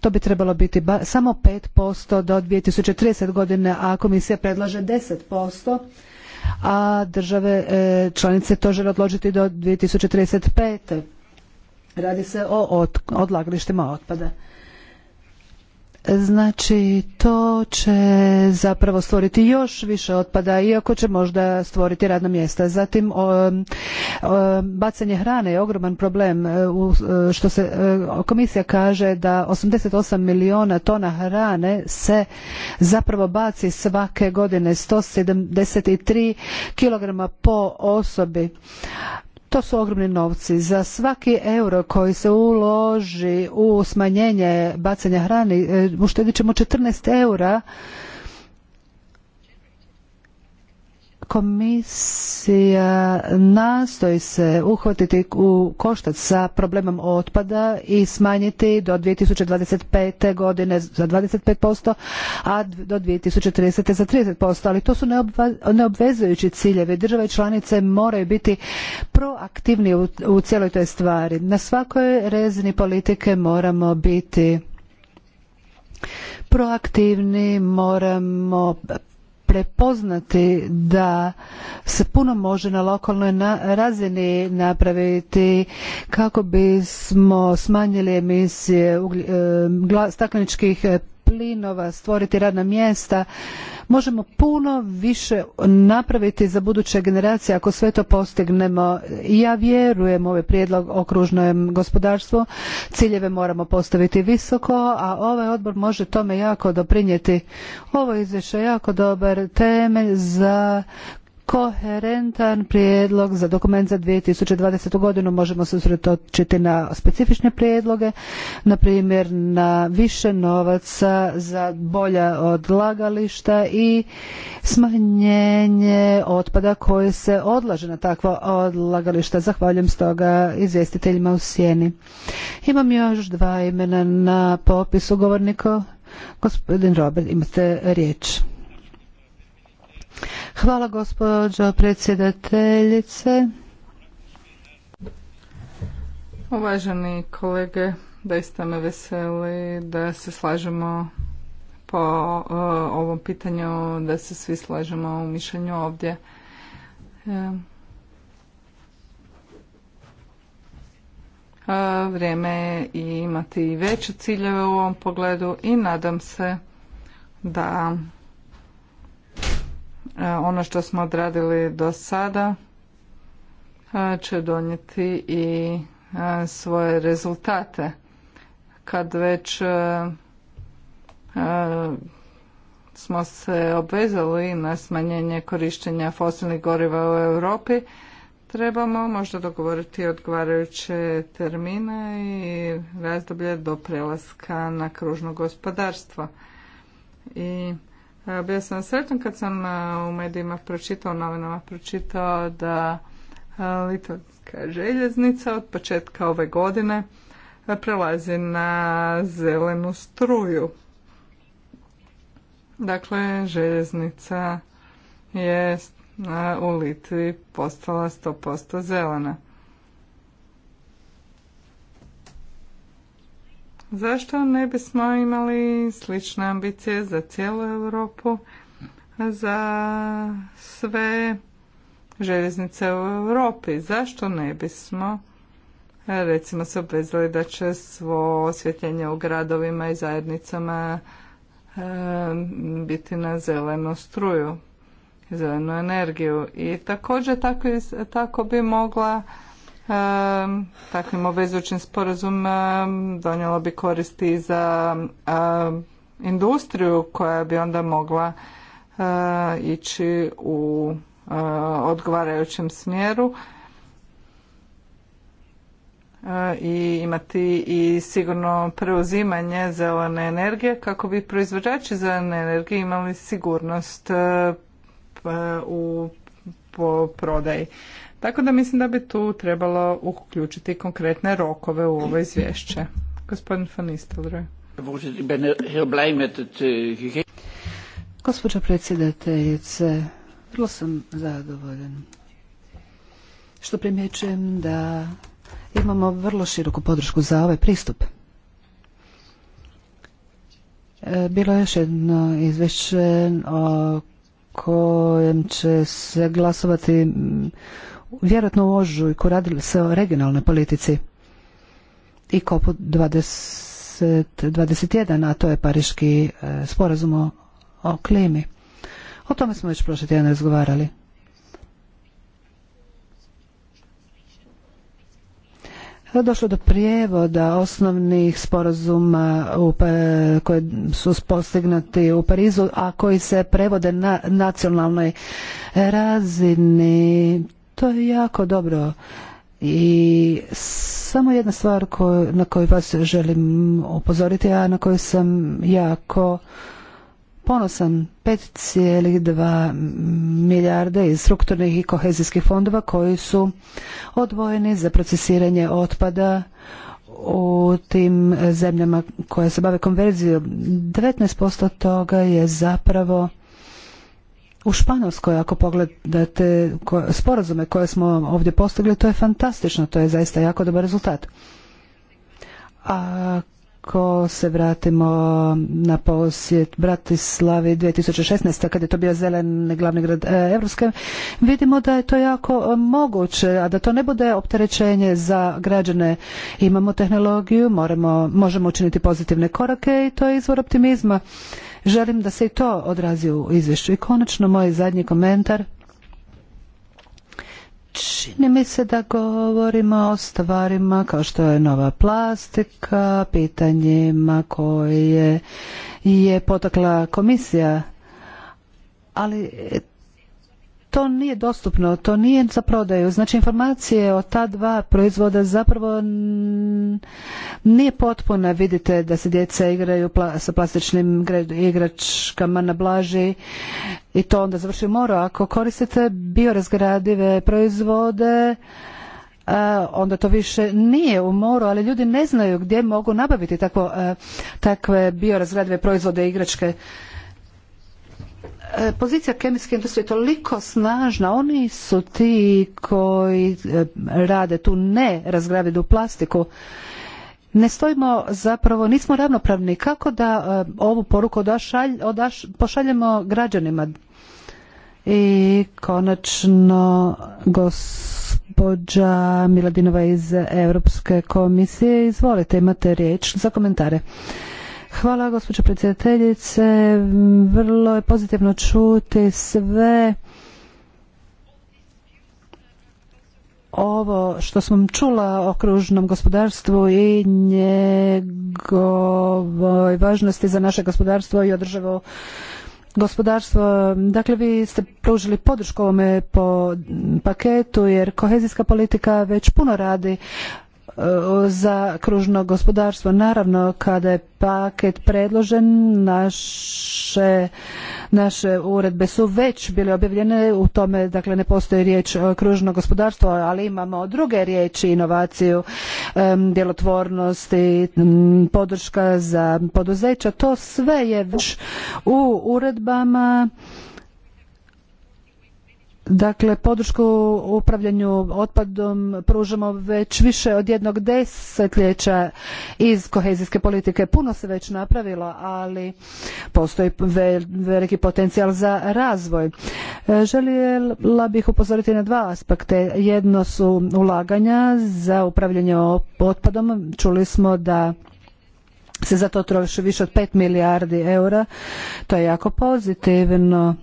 to bi trebalo biti samo 5% do 2030. godine, a komisija predlaže 10%, a države članice to žele odložiti do 2035. Radi se o odlagalištima otpada. Znači, to će zapravo stvoriti još više otpada, iako će možda stvoriti radna mjesta. Zatim, bacanje hrane je ogroman problem. E, e, što se, e, komisija kaže da 88 miliona tona hrane se zapravo baci svake godine, 173 kilograma po osobi. To su ogromni novci. Za svaki euro koji se uloži u smanjenje bacanja hrane e, uštedit ćemo 14 eura Komisija nastoji se uhvatiti u koštac sa problemom otpada i smanjiti do 2025. godine za 25%, a do 2030. za 30%, ali to su neobvezujući ciljevi. Države članice moraju biti proaktivni u, cijeloj toj stvari. Na svakoj rezni politike moramo biti proaktivni, moramo prepoznati da se puno može na lokalnoj razini napraviti kako bismo smanjili emisije e, stakleničkih plinova, stvoriti radna mjesta Možemo puno više napraviti za buduće generacije ako sve to postignemo. Ja vjerujem u ovaj prijedlog o gospodarstvu. Ciljeve moramo postaviti visoko, a ovaj odbor može tome jako doprinijeti. Ovo izvješće jako dobar temelj za koherentan prijedlog za dokument za 2020. godinu možemo se usredotočiti na specifične prijedloge, na primjer na više novaca za bolja odlagališta i smanjenje otpada koje se odlaže na takva odlagališta. Zahvaljujem stoga izvjestiteljima u sjeni. Imam još dva imena na popisu govornika. Gospodin Robert, imate riječ. Hvala gospođo predsjedateljice. Uvaženi kolege, doista me veseli da se slažemo po ovom pitanju, da se svi slažemo u mišljenju ovdje. E, vrijeme je i imati veće ciljeve u ovom pogledu i nadam se da E, ono što smo odradili do sada e, će donijeti i e, svoje rezultate. Kad već smo se obvezali na smanjenje korištenja fosilnih goriva u Europi, trebamo možda dogovoriti odgovarajuće termine i razdoblje do prelaska na kružno gospodarstvo. I E, bio sam sretan kad sam e, u medijima pročitao, u novinama pročitao da e, Litovska željeznica od početka ove godine prelazi na zelenu struju. Dakle, željeznica je u Litvi postala 100% zelena. Zašto ne bismo imali slične ambicije za cijelu Europu, za sve željeznice u Europi? Zašto ne bismo recimo se obvezali da će svo osvjetljenje u gradovima i zajednicama biti na zelenu struju, zelenu energiju. I također tako, tako bi mogla takvim obvezujućim sporazum donijelo bi koristi za industriju koja bi onda mogla eh, ići u eh, odgovarajućem smjeru eh, i imati i sigurno preuzimanje zelene energije kako bi proizvođači zelene energije imali sigurnost u po prodaji. Tako da mislim da bi tu trebalo uključiti konkretne rokove u ovo izvješće. Gospodin Van Istelroj. Er eh, Gospođo predsjedateljice, vrlo sam zadovoljan što primjećujem da imamo vrlo široku podršku za ovaj pristup. E, bilo je još jedno izvješće o kojem će se glasovati vjerojatno u ožujku radili se o regionalnoj politici i kopu dvadeset 21, a to je pariški e, sporazum o, klimi. O tome smo već prošli tjedan razgovarali. došlo do prijevoda osnovnih sporazuma pa, koje su postignuti u Parizu, a koji se prevode na nacionalnoj razini. To je jako dobro. I samo jedna stvar na koju vas želim upozoriti, a na koju sam jako ponosan 5,2 milijarde iz strukturnih i kohezijskih fondova koji su odvojeni za procesiranje otpada u tim zemljama koje se bave konverzijom. 19% toga je zapravo u Španjolskoj, ako pogledate sporazume koje smo ovdje postigli, to je fantastično, to je zaista jako dobar rezultat. Ako se vratimo na posjet Bratislavi 2016. kad je to bio zeleni glavni grad e, Evropske, vidimo da je to jako e, moguće, a da to ne bude opterećenje za građane. Imamo tehnologiju, možemo učiniti pozitivne korake i to je izvor optimizma. Želim da se i to odrazi u izvješću. I konačno moj zadnji komentar. Čini mi se da govorimo o stvarima kao što je nova plastika, pitanjima koje je potakla komisija, ali to nije dostupno, to nije za prodaju. Znači informacije o ta dva proizvoda zapravo nije potpuna. Vidite da se djeca igraju sa plastičnim igračkama na blaži i to onda završi moro. Ako koristite biorazgradive proizvode, onda to više nije u moru, ali ljudi ne znaju gdje mogu nabaviti takve biorazgradive proizvode igračke. E, pozicija kemijske industrije je toliko snažna, oni su ti koji e, rade tu ne razgravidu plastiku. Ne stojimo zapravo, nismo ravnopravni. Kako da e, ovu poruku pošaljemo građanima? I konačno gospođa Miladinova iz Europske komisije, izvolite, imate riječ za komentare. Hvala gospođo predsjedateljice. Vrlo je pozitivno čuti sve ovo što sam čula o kružnom gospodarstvu i njegovoj važnosti za naše gospodarstvo i održavo gospodarstvo. Dakle, vi ste pružili podršku ovome po paketu jer kohezijska politika već puno radi za kružno gospodarstvo. Naravno, kada je paket predložen, naše, naše uredbe su već bile objavljene, u tome dakle ne postoji riječ e, kružno gospodarstvo, ali imamo druge riječi, inovaciju, e, djelotvornost i podrška za poduzeća. To sve je već u uredbama Dakle, podršku upravljanju otpadom pružamo već više od jednog desetljeća iz kohezijske politike. Puno se već napravilo, ali postoji veliki potencijal za razvoj. E, željela bih upozoriti na dva aspekte. Jedno su ulaganja za upravljanje otpadom. Čuli smo da se za to troši više od 5 milijardi eura. To je jako pozitivno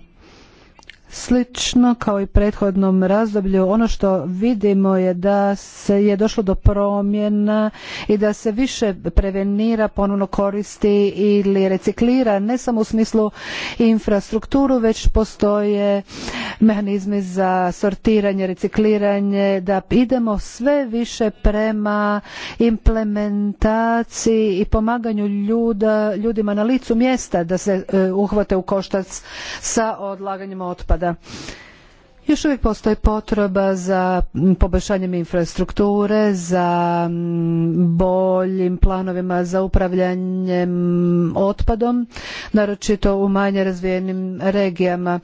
Slično kao i prethodnom razdoblju, ono što vidimo je da se je došlo do promjena i da se više prevenira, ponovno koristi ili reciklira, ne samo u smislu infrastrukturu, već postoje mehanizmi za sortiranje, recikliranje, da idemo sve više prema implementaciji i pomaganju ljuda, ljudima na licu mjesta da se e, uhvate u koštac sa odlaganjem otpada otpada. Još uvijek postoji potreba za poboljšanjem infrastrukture, za boljim planovima za upravljanjem otpadom, naročito u manje razvijenim regijama.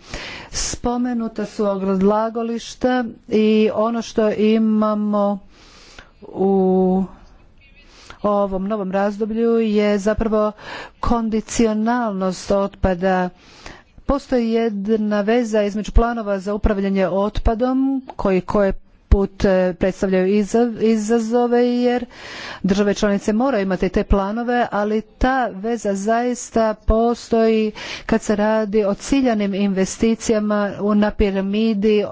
Spomenuta su odlagališta i ono što imamo u ovom novom razdoblju je zapravo kondicionalnost otpada Postoji jedna veza između planova za upravljanje otpadom koji koje put e, predstavljaju izazove jer države članice moraju imati te planove, ali ta veza zaista postoji kad se radi o ciljanim investicijama na piramidi e,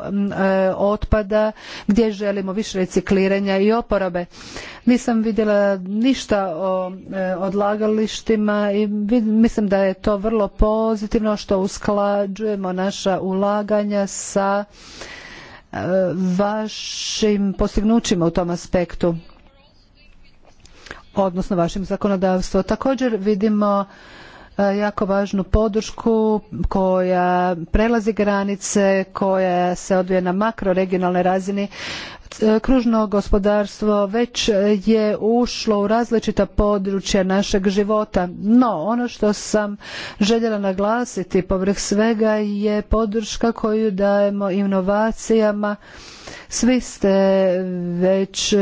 otpada gdje želimo više recikliranja i oporabe. Nisam vidjela ništa o e, odlagalištima i mislim da je to vrlo pozitivno što usklađujemo naša ulaganja sa vašim postignućima u tom aspektu odnosno vašim zakonodavstvom. Također vidimo E, jako važnu podršku koja prelazi granice, koja se odvija na makroregionalnoj razini e, kružno gospodarstvo već je ušlo u različita područja našeg života no ono što sam željela naglasiti povrh svega je podrška koju dajemo inovacijama svi ste već e,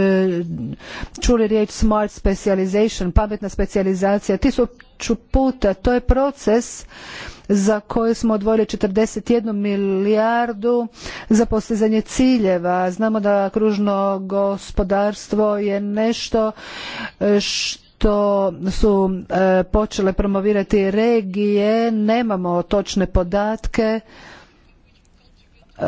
čuli riječ smart specialization, pametna specijalizacija. Tisuću puta to je proces za koju smo odvojili 41 milijardu za postizanje ciljeva. Znamo da kružno gospodarstvo je nešto e, što to su e, počele promovirati regije nemamo točne podatke e,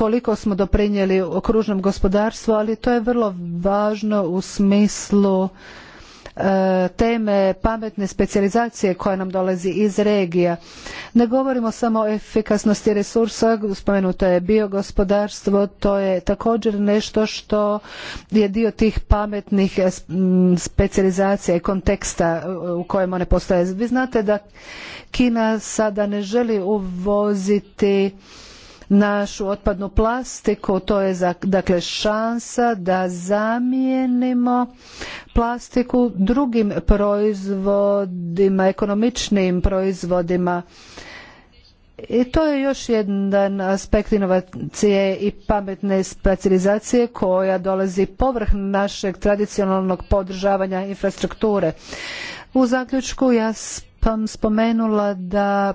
koliko smo doprinijeli okružnom kružnom gospodarstvu, ali to je vrlo važno u smislu e, teme pametne specijalizacije koja nam dolazi iz regija. Ne govorimo samo o efikasnosti resursa, spomenuto je biogospodarstvo, to je također nešto što je dio tih pametnih e, specijalizacija i konteksta e, u kojem one postoje. Vi znate da Kina sada ne želi uvoziti našu otpadnu plastiku. To je dakle šansa da zamijenimo plastiku drugim proizvodima, ekonomičnim proizvodima. I to je još jedan aspekt inovacije i pametne specializacije koja dolazi povrh našeg tradicionalnog podržavanja infrastrukture. U zaključku ja sam spomenula da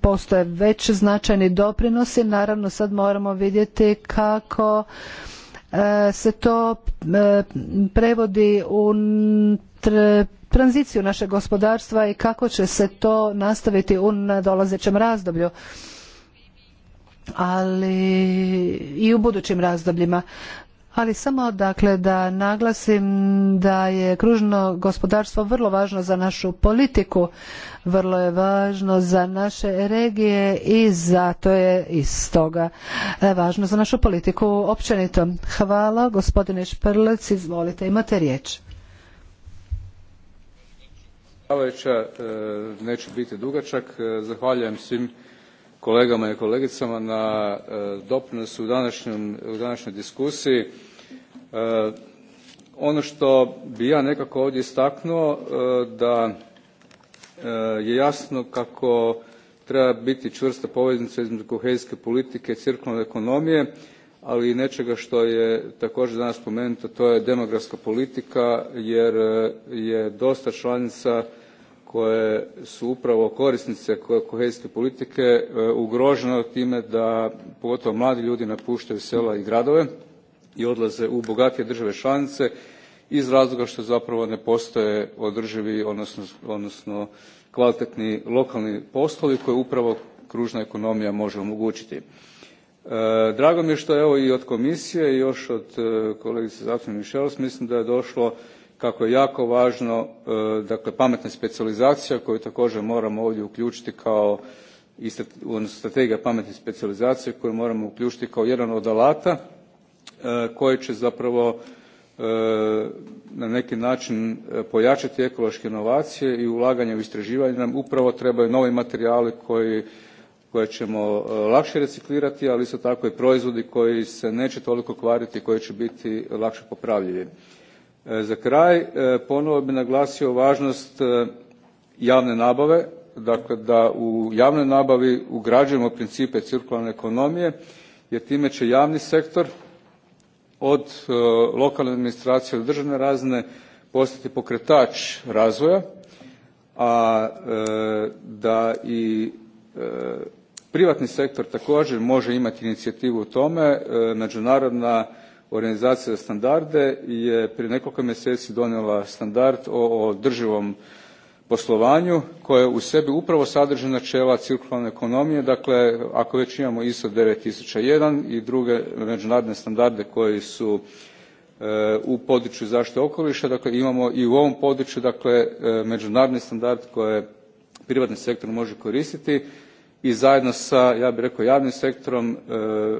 postoje već značajni doprinosi. Naravno sad moramo vidjeti kako e, se to e, prevodi u tranziciju našeg gospodarstva i kako će se to nastaviti u nadolazećem razdoblju ali i u budućim razdobljima ali samo dakle da naglasim da je kružno gospodarstvo vrlo važno za našu politiku, vrlo je važno za naše regije i zato je i stoga e, važno za našu politiku općenito. Hvala gospodine Šprlec, izvolite, imate riječ. Hvala e, neću biti dugačak. E, zahvaljujem svim kolegama i kolegicama na e, doprinosu u, današnjoj diskusiji. E, ono što bi ja nekako ovdje istaknuo e, da je jasno kako treba biti čvrsta poveznica između kohezijske politike i cirkularne ekonomije, ali i nečega što je također danas spomenuto, to je demografska politika jer je dosta članica koje su upravo korisnice kohezijske politike e, ugroženo time da pogotovo mladi ljudi napuštaju sela i gradove i odlaze u bogatije države članice iz razloga što zapravo ne postoje održivi odnosno, kvalitetni lokalni poslovi koje upravo kružna ekonomija može omogućiti. E, drago mi je što evo i od komisije i još od e, kolegice zastupnice Michels mislim da je došlo kako je jako važno e, dakle pametna specijalizacija koju također moramo ovdje uključiti kao ono, strategija pametne specijalizacije koju moramo uključiti kao jedan od alata e, koji će zapravo e, na neki način pojačati ekološke inovacije i ulaganje u istraživanje nam upravo trebaju novi materijali koji koje ćemo lakše reciklirati, ali isto tako i proizvodi koji se neće toliko kvariti, koji će biti lakše popravljivi. E, za kraj e, ponovo bih naglasio važnost e, javne nabave, dakle da u javnoj nabavi ugrađujemo principe cirkularne ekonomije jer time će javni sektor od lokalne administracije do državne razine postati pokretač razvoja, a da i privatni sektor također može imati inicijativu u tome. Međunarodna organizacija za standarde je prije nekoliko mjeseci donijela standard o održivom poslovanju koje u sebi upravo sadrži načela cirkularne ekonomije. Dakle, ako već imamo ISO 9001 i druge međunarodne standarde koji su e, u području zaštite okoliša, dakle imamo i u ovom području dakle e, međunarodni standard koje privatni sektor može koristiti i zajedno sa ja bih rekao javnim sektorom e,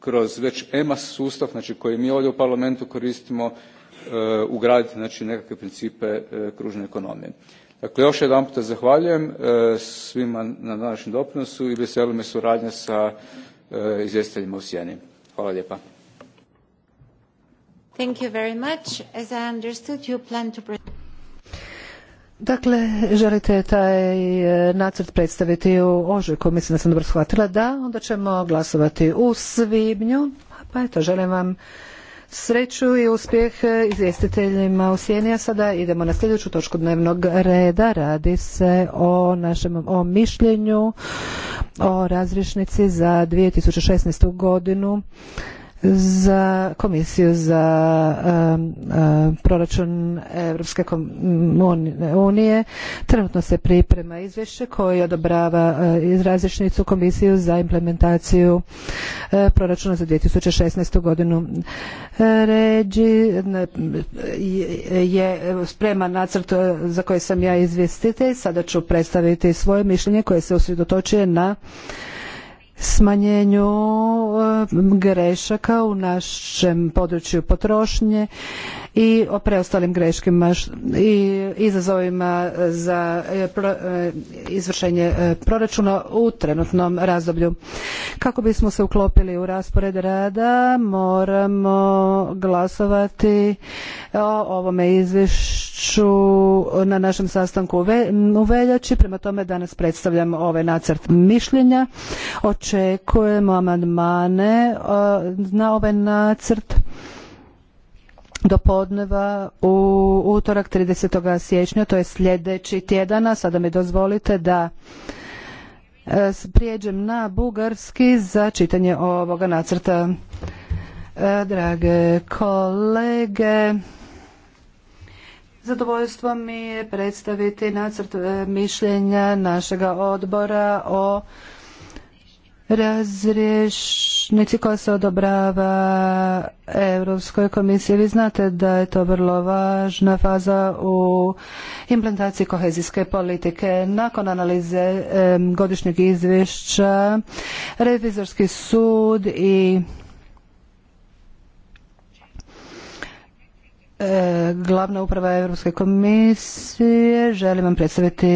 kroz već emas sustav znači koji mi ovdje u parlamentu koristimo e, ugraditi znači nekakve principe e, kružne ekonomije. Dakle, još jedanput zahvaljujem e, svima na današnjem doprinosu i veseli me suradnja sa izvjestiteljima u sjeni. Hvala lijepa. to... Dakle, želite taj e, nacrt predstaviti u ožujku, mislim da sam dobro shvatila, da, onda ćemo glasovati u svibnju, pa eto, želim vam sreću i uspjeh e, izvjestiteljima u Sjeni, a sada idemo na sljedeću točku dnevnog reda, radi se o našem o mišljenju o razrišnici za 2016. godinu za komisiju za um, um, proračun Europske unije. Trenutno se priprema izvješće koje odobrava uh, izrazišnicu komisiju za implementaciju uh, proračuna za 2016. godinu. Uh, ređi je spreman nacrt za koji sam ja izvjestitelj. Sada ću predstaviti svoje mišljenje koje se usredotočuje na smanjenju e, grešaka u našem području potrošnje i o preostalim greškama i izazovima za e, e, izvršenje e, proračuna u trenutnom razdoblju. Kako bismo se uklopili u raspored rada moramo glasovati o ovome izvješću na našem sastanku u veljači, prema tome danas predstavljam ovaj nacrt mišljenja. Očekujemo amandmane na ovaj nacrt do podneva u utorak 30. siječnja, to je sljedeći tjedan. Sada mi dozvolite da e, prijeđem na bugarski za čitanje ovoga nacrta. E, drage kolege, zadovoljstvo mi je predstaviti nacrt e, mišljenja našega odbora o razriješnici koja se odobrava Europskoj komisiji. Vi znate da je to vrlo važna faza u implementaciji kohezijske politike. Nakon analize godišnjeg izvješća, revizorski sud i e, glavna uprava Europske komisije. Želim vam predstaviti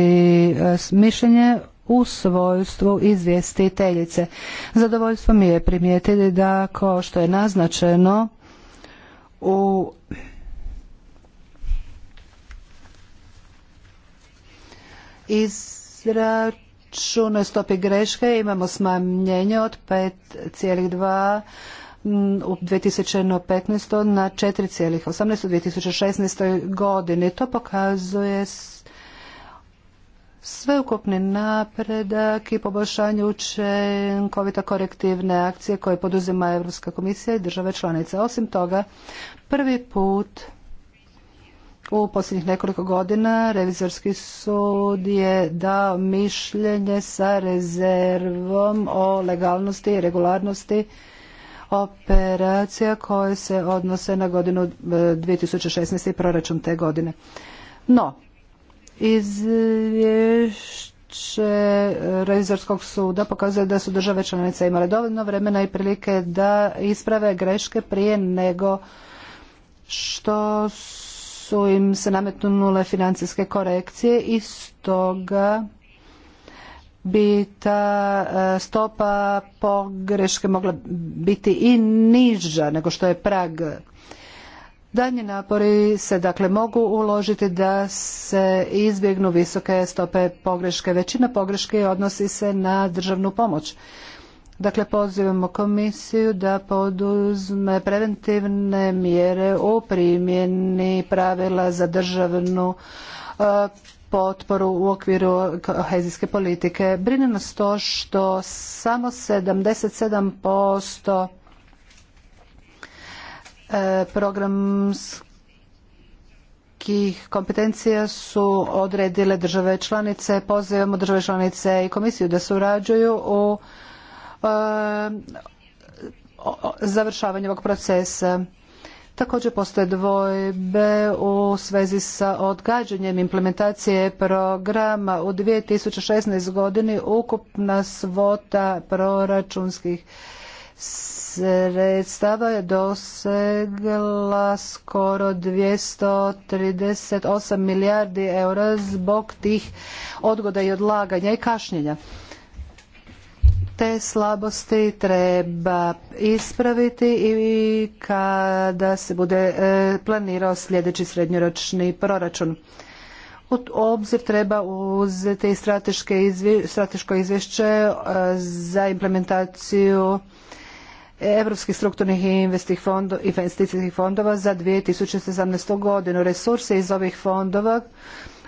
e, mišljenje u svojstvu izvjestiteljice. Zadovoljstvo mi je primijetiti da, kao što je naznačeno u izračunoj stopi greške imamo smanjenje od 5,2 u 2015. na 4,18 u 2016. godini. To pokazuje Sveukupni napredak i poboljšanje učinkovita korektivne akcije koje poduzima Europska komisija i države članice. Osim toga, prvi put u posljednjih nekoliko godina revizorski sud je dao mišljenje sa rezervom o legalnosti i regularnosti operacija koje se odnose na godinu 2016. E, i proračun te godine. No, Izvješće revizorskog suda pokazuje da su države članice imale dovoljno vremena i prilike da isprave greške prije nego što su im se nametnule financijske korekcije i stoga bi ta e, stopa pogreške mogla biti i niža nego što je prag Daljnji napori se dakle mogu uložiti da se izbjegnu visoke stope pogreške. Većina pogreške odnosi se na državnu pomoć. Dakle, pozivamo komisiju da poduzme preventivne mjere u primjeni pravila za državnu e, potporu u okviru kohezijske politike. Brine nas to što samo 77% E, programskih kompetencija su odredile države članice. Pozivamo države članice i komisiju da surađuju u e, završavanju ovog procesa. Također postoje dvojbe u svezi sa odgađanjem implementacije programa u 2016. godini ukupna svota proračunskih sredstava je dosegla skoro 238 milijardi eura zbog tih odgoda i odlaganja i kašnjenja. Te slabosti treba ispraviti i kada se bude e, planirao sljedeći srednjoročni proračun. U obzir treba uzeti strateško izvješće e, za implementaciju europskih strukturnih i investicijskih fondova za 2017. godinu. Resurse iz ovih fondova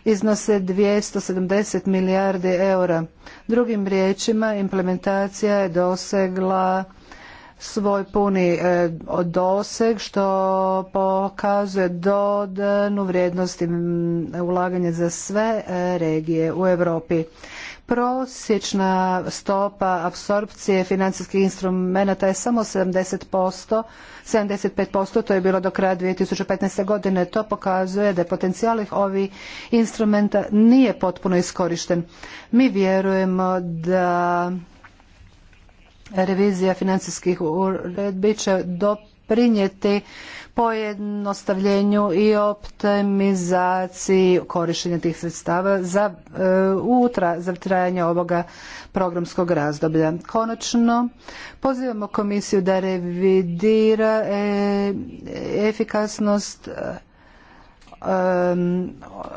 iznose 270 milijardi eura. Drugim riječima, implementacija je dosegla svoj puni e, doseg što pokazuje dodanu vrijednost mm, ulaganja za sve e, regije u Europi prosječna stopa apsorpcije financijskih instrumenata je samo 70%, 75%, to je bilo do kraja 2015. godine. To pokazuje da je potencijal ovih instrumenta nije potpuno iskorišten. Mi vjerujemo da revizija financijskih uredbi će doprinijeti pojednostavljenju i optimizaciji korištenja tih sredstava za, e, utra, za trajanje ovoga programskog razdoblja. Konačno, pozivamo komisiju da revidira e, efikasnost e,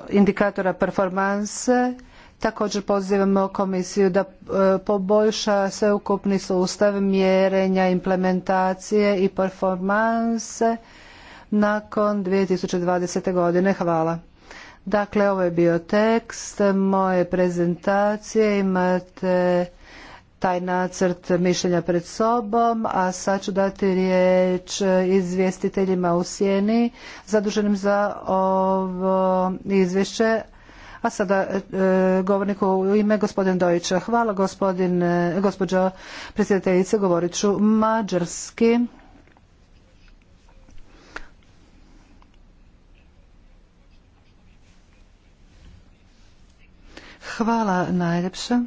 indikatora performanse Također pozivamo komisiju da poboljša sveukupni sustav mjerenja, implementacije i performanse nakon 2020. godine. Hvala. Dakle, ovo je bio tekst moje prezentacije. Imate taj nacrt mišljenja pred sobom, a sad ću dati riječ izvjestiteljima u sjeni zaduženim za ovo izvješće. A sada e, govorniku u ime gospodin Dojića. Hvala gospodin, gospođo predsjedateljice, govorit ću mađarski. Hvala najljepša.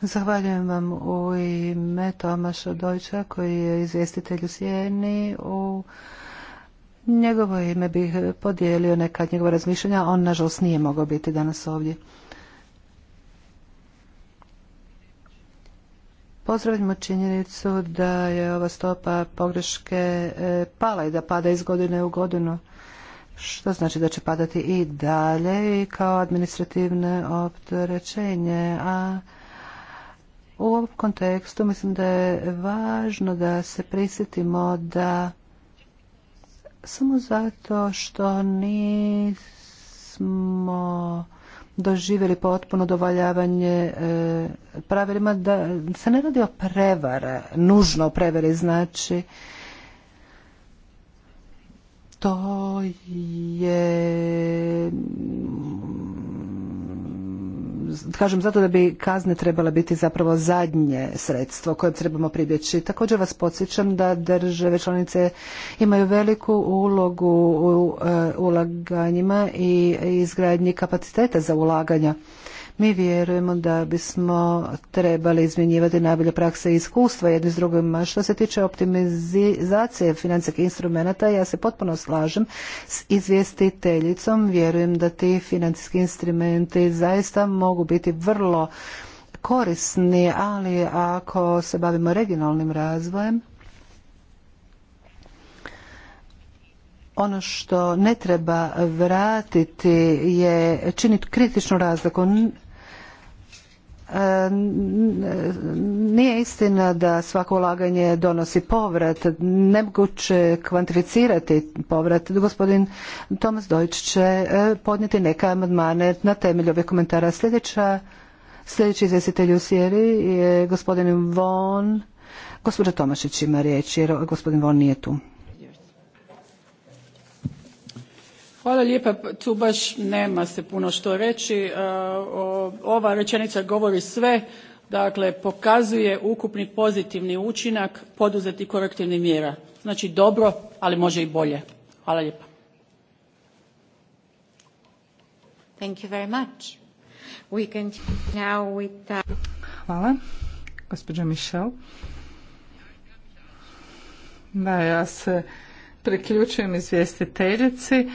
Zahvaljujem vam u ime Tomaša Dojča koji je izvjestitelj u Sjeni. U njegovo ime bih podijelio neka njegova razmišljanja. On nažalost nije mogao biti danas ovdje. Pozdravljamo činjenicu da je ova stopa pogreške e, pala i da pada iz godine u godinu što znači da će padati i dalje kao administrativne opterećenje, a u ovom kontekstu mislim da je važno da se prisjetimo da samo zato što nismo doživjeli potpuno dovoljavanje e, pravilima da se ne radi o prevare, nužno o prevari, znači je, kažem zato da bi kazne trebala biti zapravo zadnje sredstvo kojem trebamo pribjeći. Također vas podsjećam da države članice imaju veliku ulogu u e, ulaganjima i izgradnji kapaciteta za ulaganja. Mi vjerujemo da bismo trebali izmjenjivati najbolje prakse i iskustva jedni s drugima. Što se tiče optimizacije financijskih instrumenata, ja se potpuno slažem s izvjestiteljicom. Vjerujem da ti financijski instrumenti zaista mogu biti vrlo korisni, ali ako se bavimo regionalnim razvojem, ono što ne treba vratiti je činiti kritičnu razliku nije istina da svako ulaganje donosi povrat. Nemoguće kvantificirati povrat. Gospodin Tomas Dojč će e, podnijeti neke amandmane na temelju ovih komentara. Sljedeća, sljedeći izvjestitelj u sjeri je gospodin Von. Gospodin Tomašić ima riječ jer gospodin Von nije tu. Hvala lijepa. Tu baš nema se puno što reći. E, ova rečenica govori sve. Dakle, pokazuje ukupni pozitivni učinak poduzeti korektivni mjera. Znači dobro, ali može i bolje. Hvala lijepa. Thank you very much. We now with Hvala. Gospođa Mišel. Da, ja se priključujem izvjestiteljici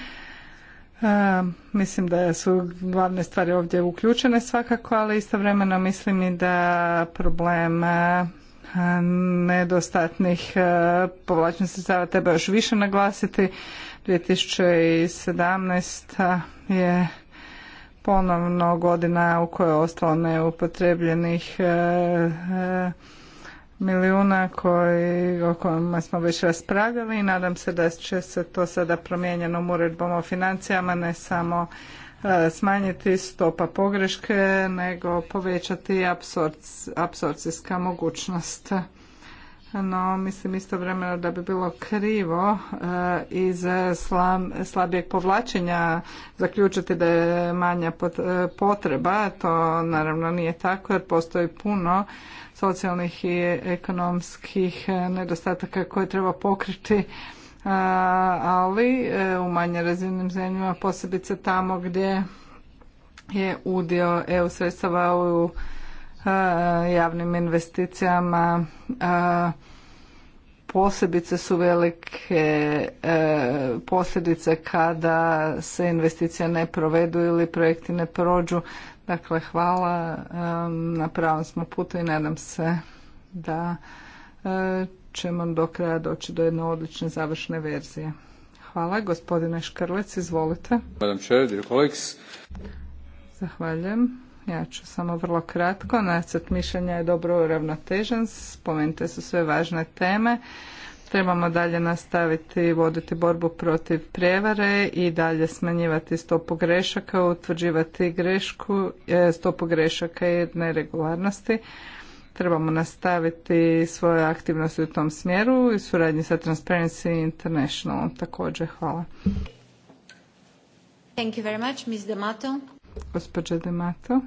mislim da su glavne stvari ovdje uključene svakako, ali istovremeno mislim i da problem nedostatnih povlačenja sredstava treba još više naglasiti. 2017. je ponovno godina u kojoj je ostalo neupotrebljenih milijuna koji, o kojima smo već raspravljali i nadam se da će se to sada promijenjenom uredbom o financijama ne samo e, smanjiti stopa pogreške nego povećati apsorcijska mogućnost. No, mislim istovremeno da bi bilo krivo e, iz slabijeg povlačenja zaključiti da je manja e, potreba. To naravno nije tako jer postoji puno socijalnih i ekonomskih e, nedostataka koje treba pokriti e, ali e, u manje razvijenim zemljama posebice tamo gdje je udio EU sredstava u javnim investicijama posebice su velike posljedice kada se investicije ne provedu ili projekti ne prođu Dakle, hvala, na pravom smo putu i nadam se da e, ćemo do kraja doći do jedne odlične završne verzije. Hvala, gospodine Škrlec, izvolite. Madam Zahvaljujem. Ja ću samo vrlo kratko. Nacrt mišljenja je dobro uravnotežen, spomenute su sve važne teme trebamo dalje nastaviti voditi borbu protiv prevare i dalje smanjivati stopu grešaka, utvrđivati grešku, e, stopu grešaka i neregularnosti. Trebamo nastaviti svoje aktivnosti u tom smjeru i suradnji sa Transparency Internationalom također. Hvala. Thank you very much, Ms. D'Amato. Gospođa D'Amato.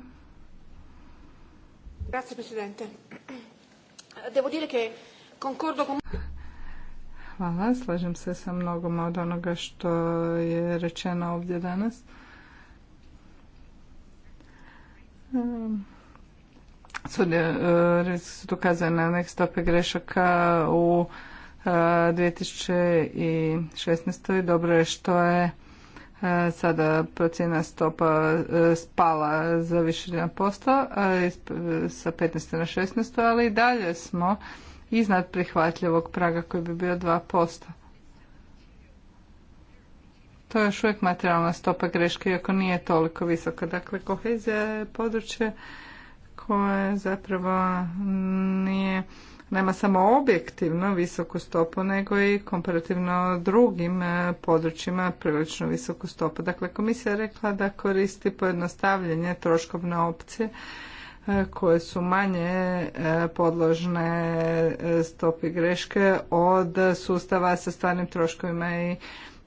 Grazie, Presidente. Devo dire che concordo con... Hvala, slažem se sa mnogom od onoga što je rečeno ovdje danas. su e, dokazane na nek stope grešaka u 2016. E, Dobro je što je e, sada procjena stopa spala za više na posto sa 15. na 16. ali i dalje smo iznad prihvatljivog praga koji bi bio 2%. To je još uvijek materijalna stopa greške, iako nije toliko visoka. Dakle, kohezija je područje koje zapravo nije, nema samo objektivno visoku stopu, nego i komparativno drugim e, područjima prilično visoku stopu. Dakle, komisija je rekla da koristi pojednostavljanje troškovne opcije koje su manje e, podložne e, stopi greške od sustava sa stvarnim troškovima i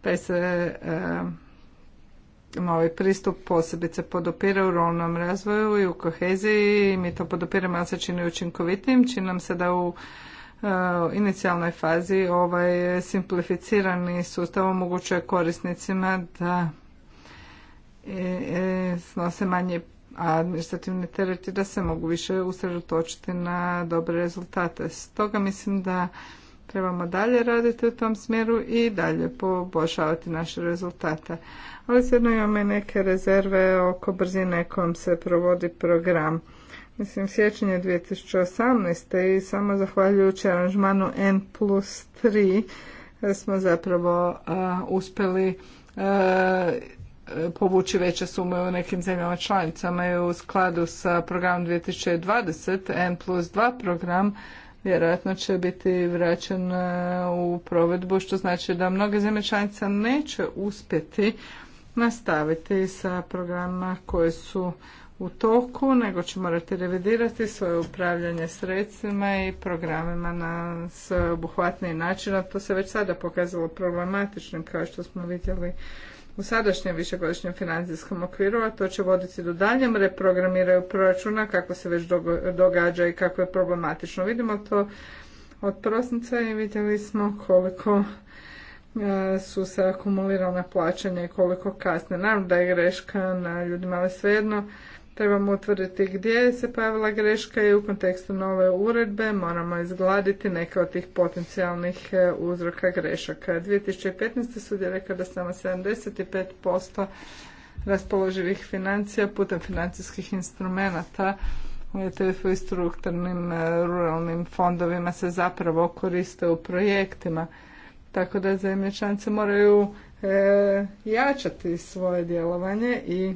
taj se e, novi pristup posebice podopira u rolnom razvoju i u koheziji mi to podopiramo ali se čini učinkovitim. Čini nam se da u inicijalnoj fazi ovaj simplificirani sustav omogućuje korisnicima da snose manje administrativni tereti da se mogu više usredotočiti na dobre rezultate. Stoga mislim da trebamo dalje raditi u tom smjeru i dalje poboljšavati naše rezultate. Ali svejedno imamo i neke rezerve oko brzine kojom se provodi program. Mislim, sjećanje 2018. i samo zahvaljujući aranžmanu N plus 3 smo zapravo uspjeli povući veće sume u nekim zemljama članicama i u skladu sa programom 2020 N plus 2 program vjerojatno će biti vraćen e, u provedbu što znači da mnoge zemlje članice neće uspjeti nastaviti sa programima koje su u toku, nego će morati revidirati svoje upravljanje sredstvima i programima na sveobuhvatniji način, a to se već sada pokazalo problematičnim kao što smo vidjeli u sadašnjem višegodišnjem financijskom okviru, a to će voditi do daljem reprogramiraju proračuna kako se već događa i kako je problematično. Vidimo to od prosinca i vidjeli smo koliko e, su se na plaćanje i koliko kasne. Naravno da je greška na ljudima, ali svejedno Trebamo utvrditi gdje se pojavila greška i u kontekstu nove uredbe moramo izgladiti neke od tih potencijalnih e, uzroka grešaka. 2015. sud je rekao da samo 75% raspoloživih financija putem financijskih instrumenata u ETF-u i strukturnim e, ruralnim fondovima se zapravo koriste u projektima. Tako da zemlje moraju e, jačati svoje djelovanje i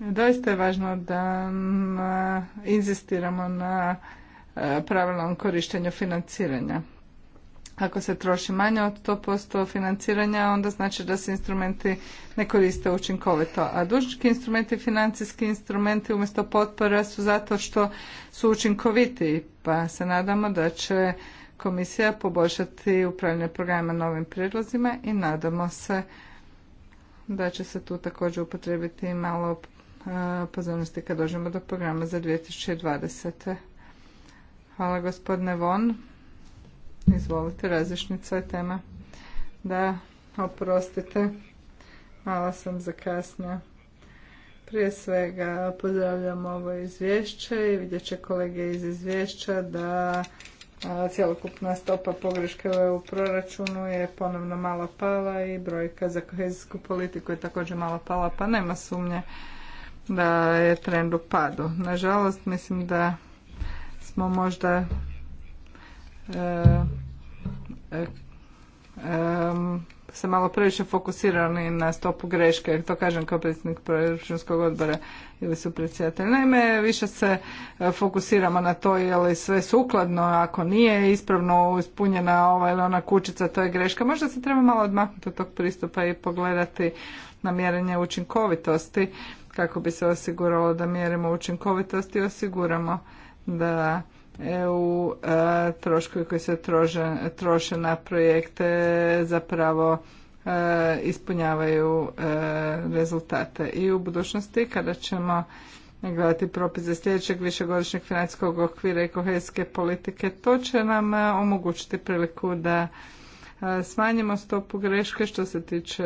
Doista je važno da mm, inzistiramo na e, pravilnom korištenju financiranja. Ako se troši manje od posto financiranja, onda znači da se instrumenti ne koriste učinkovito. A dužnički instrumenti, financijski instrumenti umjesto potpora su zato što su učinkoviti, pa se nadamo da će komisija poboljšati upravljanje programa novim prijedlozima i nadamo se da će se tu također upotrijebiti malo pozornosti kad dođemo do programa za 2020. Hvala gospodine Von. Izvolite, različnica je tema. Da, oprostite, mala sam za zakasnja. Prije svega pozdravljam ovo izvješće i vidjet će kolege iz izvješća da cjelokupna stopa pogreške u proračunu je ponovno malo pala i brojka za kohezijsku politiku je također malo pala, pa nema sumnje da je trend u padu. Nažalost, mislim da smo možda e, e, se malo previše fokusirani na stopu greške, to kažem kao predsjednik proračunskog odbora ili su predsjedatelj. Naime, više se e, fokusiramo na to je li sve sukladno, ako nije ispravno ispunjena ova ili ona kućica, to je greška. Možda se treba malo odmaknuti od tog pristupa i pogledati na mjerenje učinkovitosti kako bi se osiguralo da mjerimo učinkovitost i osiguramo da EU e, troškovi koji se troše na projekte zapravo e, ispunjavaju e, rezultate. I u budućnosti kada ćemo gledati propise sljedećeg višegodišnjeg financijskog okvira i kohezijske politike, to će nam omogućiti priliku da smanjimo stopu greške što se tiče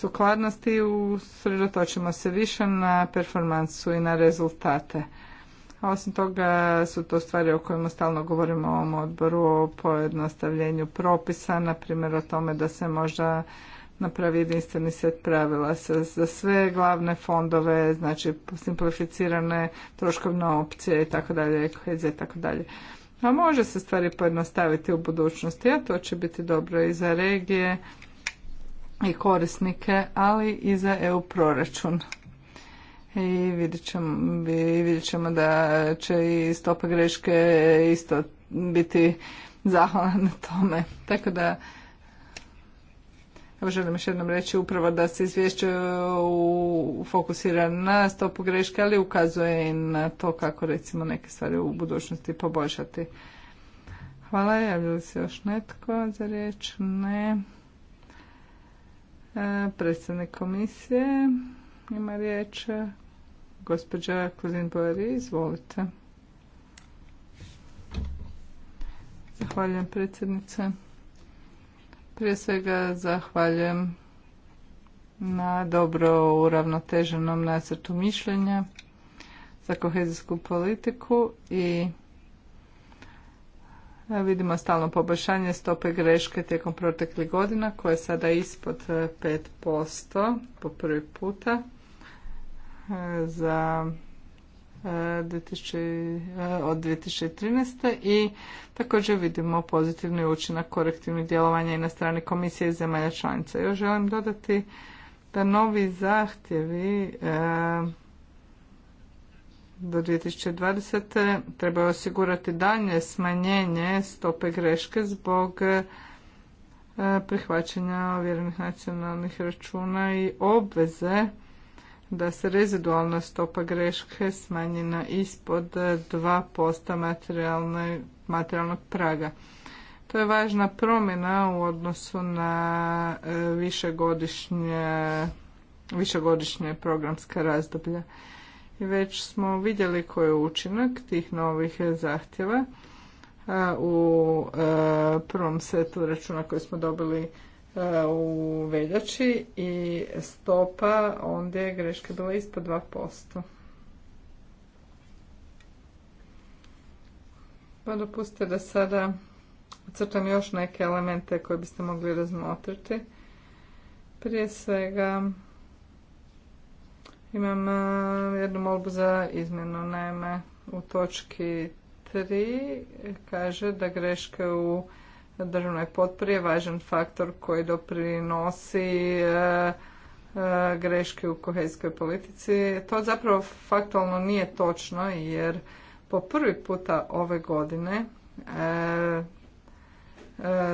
sukladnosti usredotočimo se više na performansu i na rezultate. osim toga su to stvari o kojima stalno govorimo u ovom odboru, o pojednostavljenju propisa, na primjer o tome da se možda napravi jedinstveni set pravila za sve glavne fondove, znači simplificirane troškovne opcije i tako dalje, i tako dalje. A može se stvari pojednostaviti u budućnosti, a to će biti dobro i za regije i korisnike, ali i za EU proračun. I vidjet ćemo, da će i stopa greške isto biti zahvalna na tome. Tako da Evo želim još jednom reći upravo da se izvješće fokusira na stopu greške, ali ukazuje i na to kako recimo neke stvari u budućnosti poboljšati. Hvala, javljali se još netko za riječ? Ne. E, predstavnik komisije ima riječ. Gospođa kuzin Bojeri, izvolite. Zahvaljujem predsjednice. Prije svega zahvaljujem na dobro uravnoteženom nacrtu mišljenja za kohezijsku politiku i E, vidimo stalno poboljšanje stope greške tijekom proteklih godina koja je sada ispod 5% e, po prvi puta e, za od 2013. i također vidimo pozitivni učinak korektivnih djelovanja i na strani komisije i zemalja članica. Još želim dodati da novi zahtjevi do 2020. treba osigurati daljnje smanjenje stope greške zbog e, prihvaćanja ovjerenih nacionalnih računa i obveze da se rezidualna stopa greške smanji na ispod 2% materijalnog praga. To je važna promjena u odnosu na e, višegodišnje, višegodišnje programska razdoblja već smo vidjeli koji je učinak tih novih zahtjeva u e, prvom setu računa koji smo dobili e, u veljači i stopa ondje je greška bila ispod 2%. Pa dopustite da sada crtam još neke elemente koje biste mogli razmotriti. Prije svega, imam e, jednu molbu za izmjenu. Naime, u točki 3 kaže da greške u državnoj potpori je važan faktor koji doprinosi e, e, greške u kohezijskoj politici. To zapravo faktualno nije točno jer po prvi puta ove godine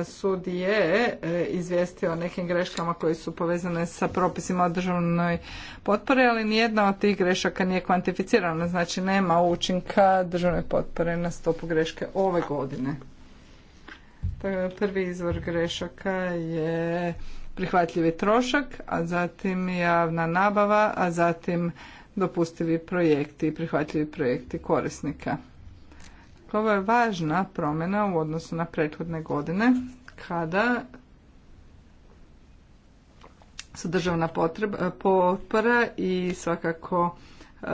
sud je e, izvijestio o nekim greškama koje su povezane sa propisima o državnoj potpore, ali nijedna od tih grešaka nije kvantificirana, znači nema učinka državne potpore na stopu greške ove godine. Prvi izvor grešaka je prihvatljivi trošak, a zatim javna nabava, a zatim dopustivi projekti i prihvatljivi projekti korisnika. Ovo je važna promjena u odnosu na prethodne godine kada su državna e, potpora i svakako e,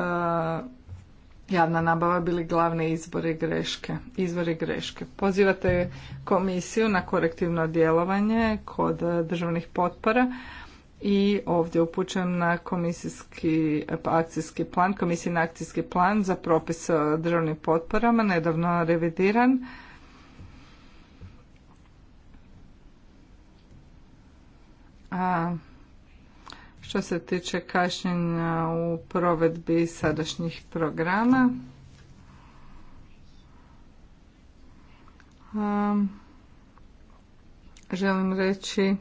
javna nabava bili glavni izbori greške, izvori greške. Pozivate komisiju na korektivno djelovanje kod državnih potpora, i ovdje upućujem na komisijski e, pa, akcijski plan, komisijski akcijski plan za propis o e, državnim potporama, nedavno revidiran. A što se tiče kašnjenja u provedbi sadašnjih programa, želim reći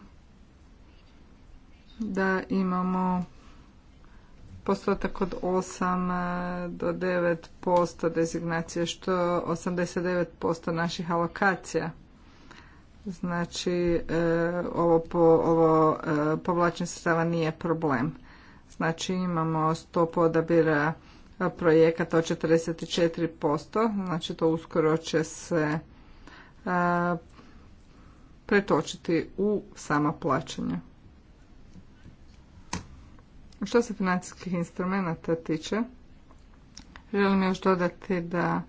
da imamo postotak od 8 e, do 9% dezignacije, što je 89% naših alokacija. Znači, e, ovo, po, ovo e, povlačenje sredstava nije problem. Znači, imamo stopu odabira projekata od 44%, znači to uskoro će se pretočiti u sama plaćanja. Što se financijskih instrumenta tiče, želim još dodati da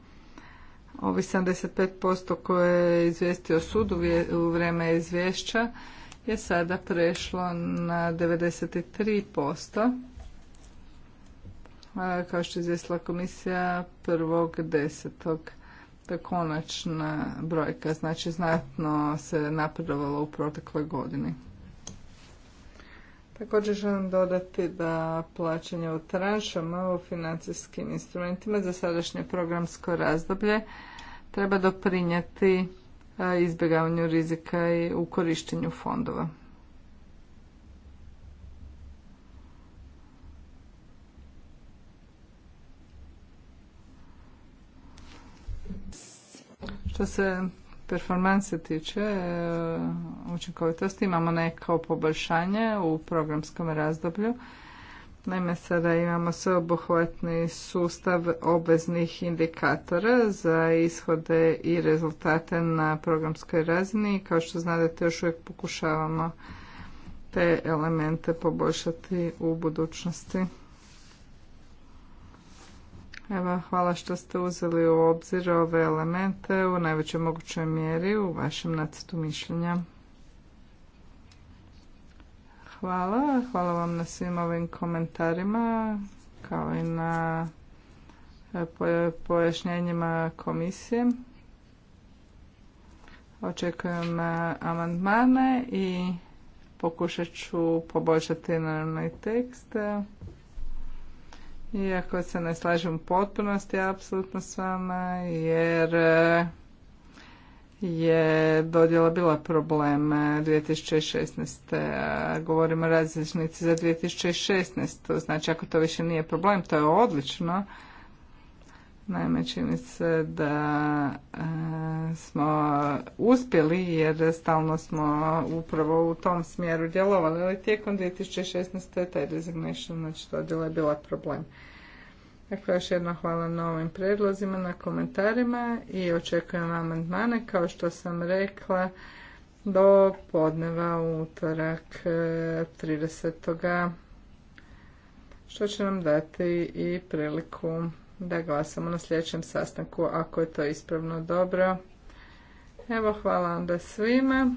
ovi 75% koje je izvijestio sud u vrijeme izvješća je sada prešlo na 93%. Kao što je izvijestila komisija 1.10. To je konačna brojka, znači znatno se napredovalo u protekloj godini. Također želim dodati da plaćanje u tranšama u financijskim instrumentima za sadašnje programsko razdoblje treba doprinijeti izbjegavanju rizika i u korištenju fondova. Što se performanse tiče e, učinkovitosti, imamo neko poboljšanje u programskom razdoblju. Naime, sada imamo sveobuhvatni sustav obveznih indikatora za ishode i rezultate na programskoj razini. Kao što znate, još uvijek pokušavamo te elemente poboljšati u budućnosti. Evo, hvala što ste uzeli u obzir ove elemente u najvećoj mogućoj mjeri u vašem nacrtu mišljenja. Hvala, hvala vam na svim ovim komentarima kao i na e, pojašnjenjima komisije. Očekujem e, amandmane i pokušat ću poboljšati naravno i tekst. Iako se ne slažem u potpunosti, apsolutno s vama, jer e, je dodjela bila problem 2016. Govorimo o različnici za 2016. Znači, ako to više nije problem, to je odlično. Naime, čini se da e, smo uspjeli jer stalno smo upravo u tom smjeru djelovali, ali tijekom 2016. taj designation, znači to djelo je bila problem. Dakle, još jedno hvala na ovim predlozima, na komentarima i očekujem amandmane. Kao što sam rekla, do podneva utorak 30. E, što će nam dati i priliku da glasamo na sljedećem sastanku ako je to ispravno dobro. Evo, hvala onda svima.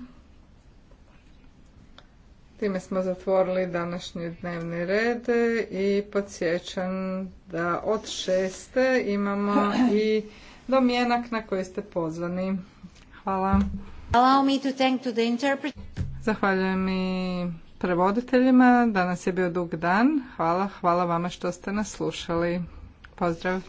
Time smo zatvorili današnji dnevni red i podsjećam da od šeste imamo i domjenak na koji ste pozvani. Hvala. Zahvaljujem i prevoditeljima. Danas je bio dug dan. Hvala, hvala vama što ste nas slušali. Pozdrav.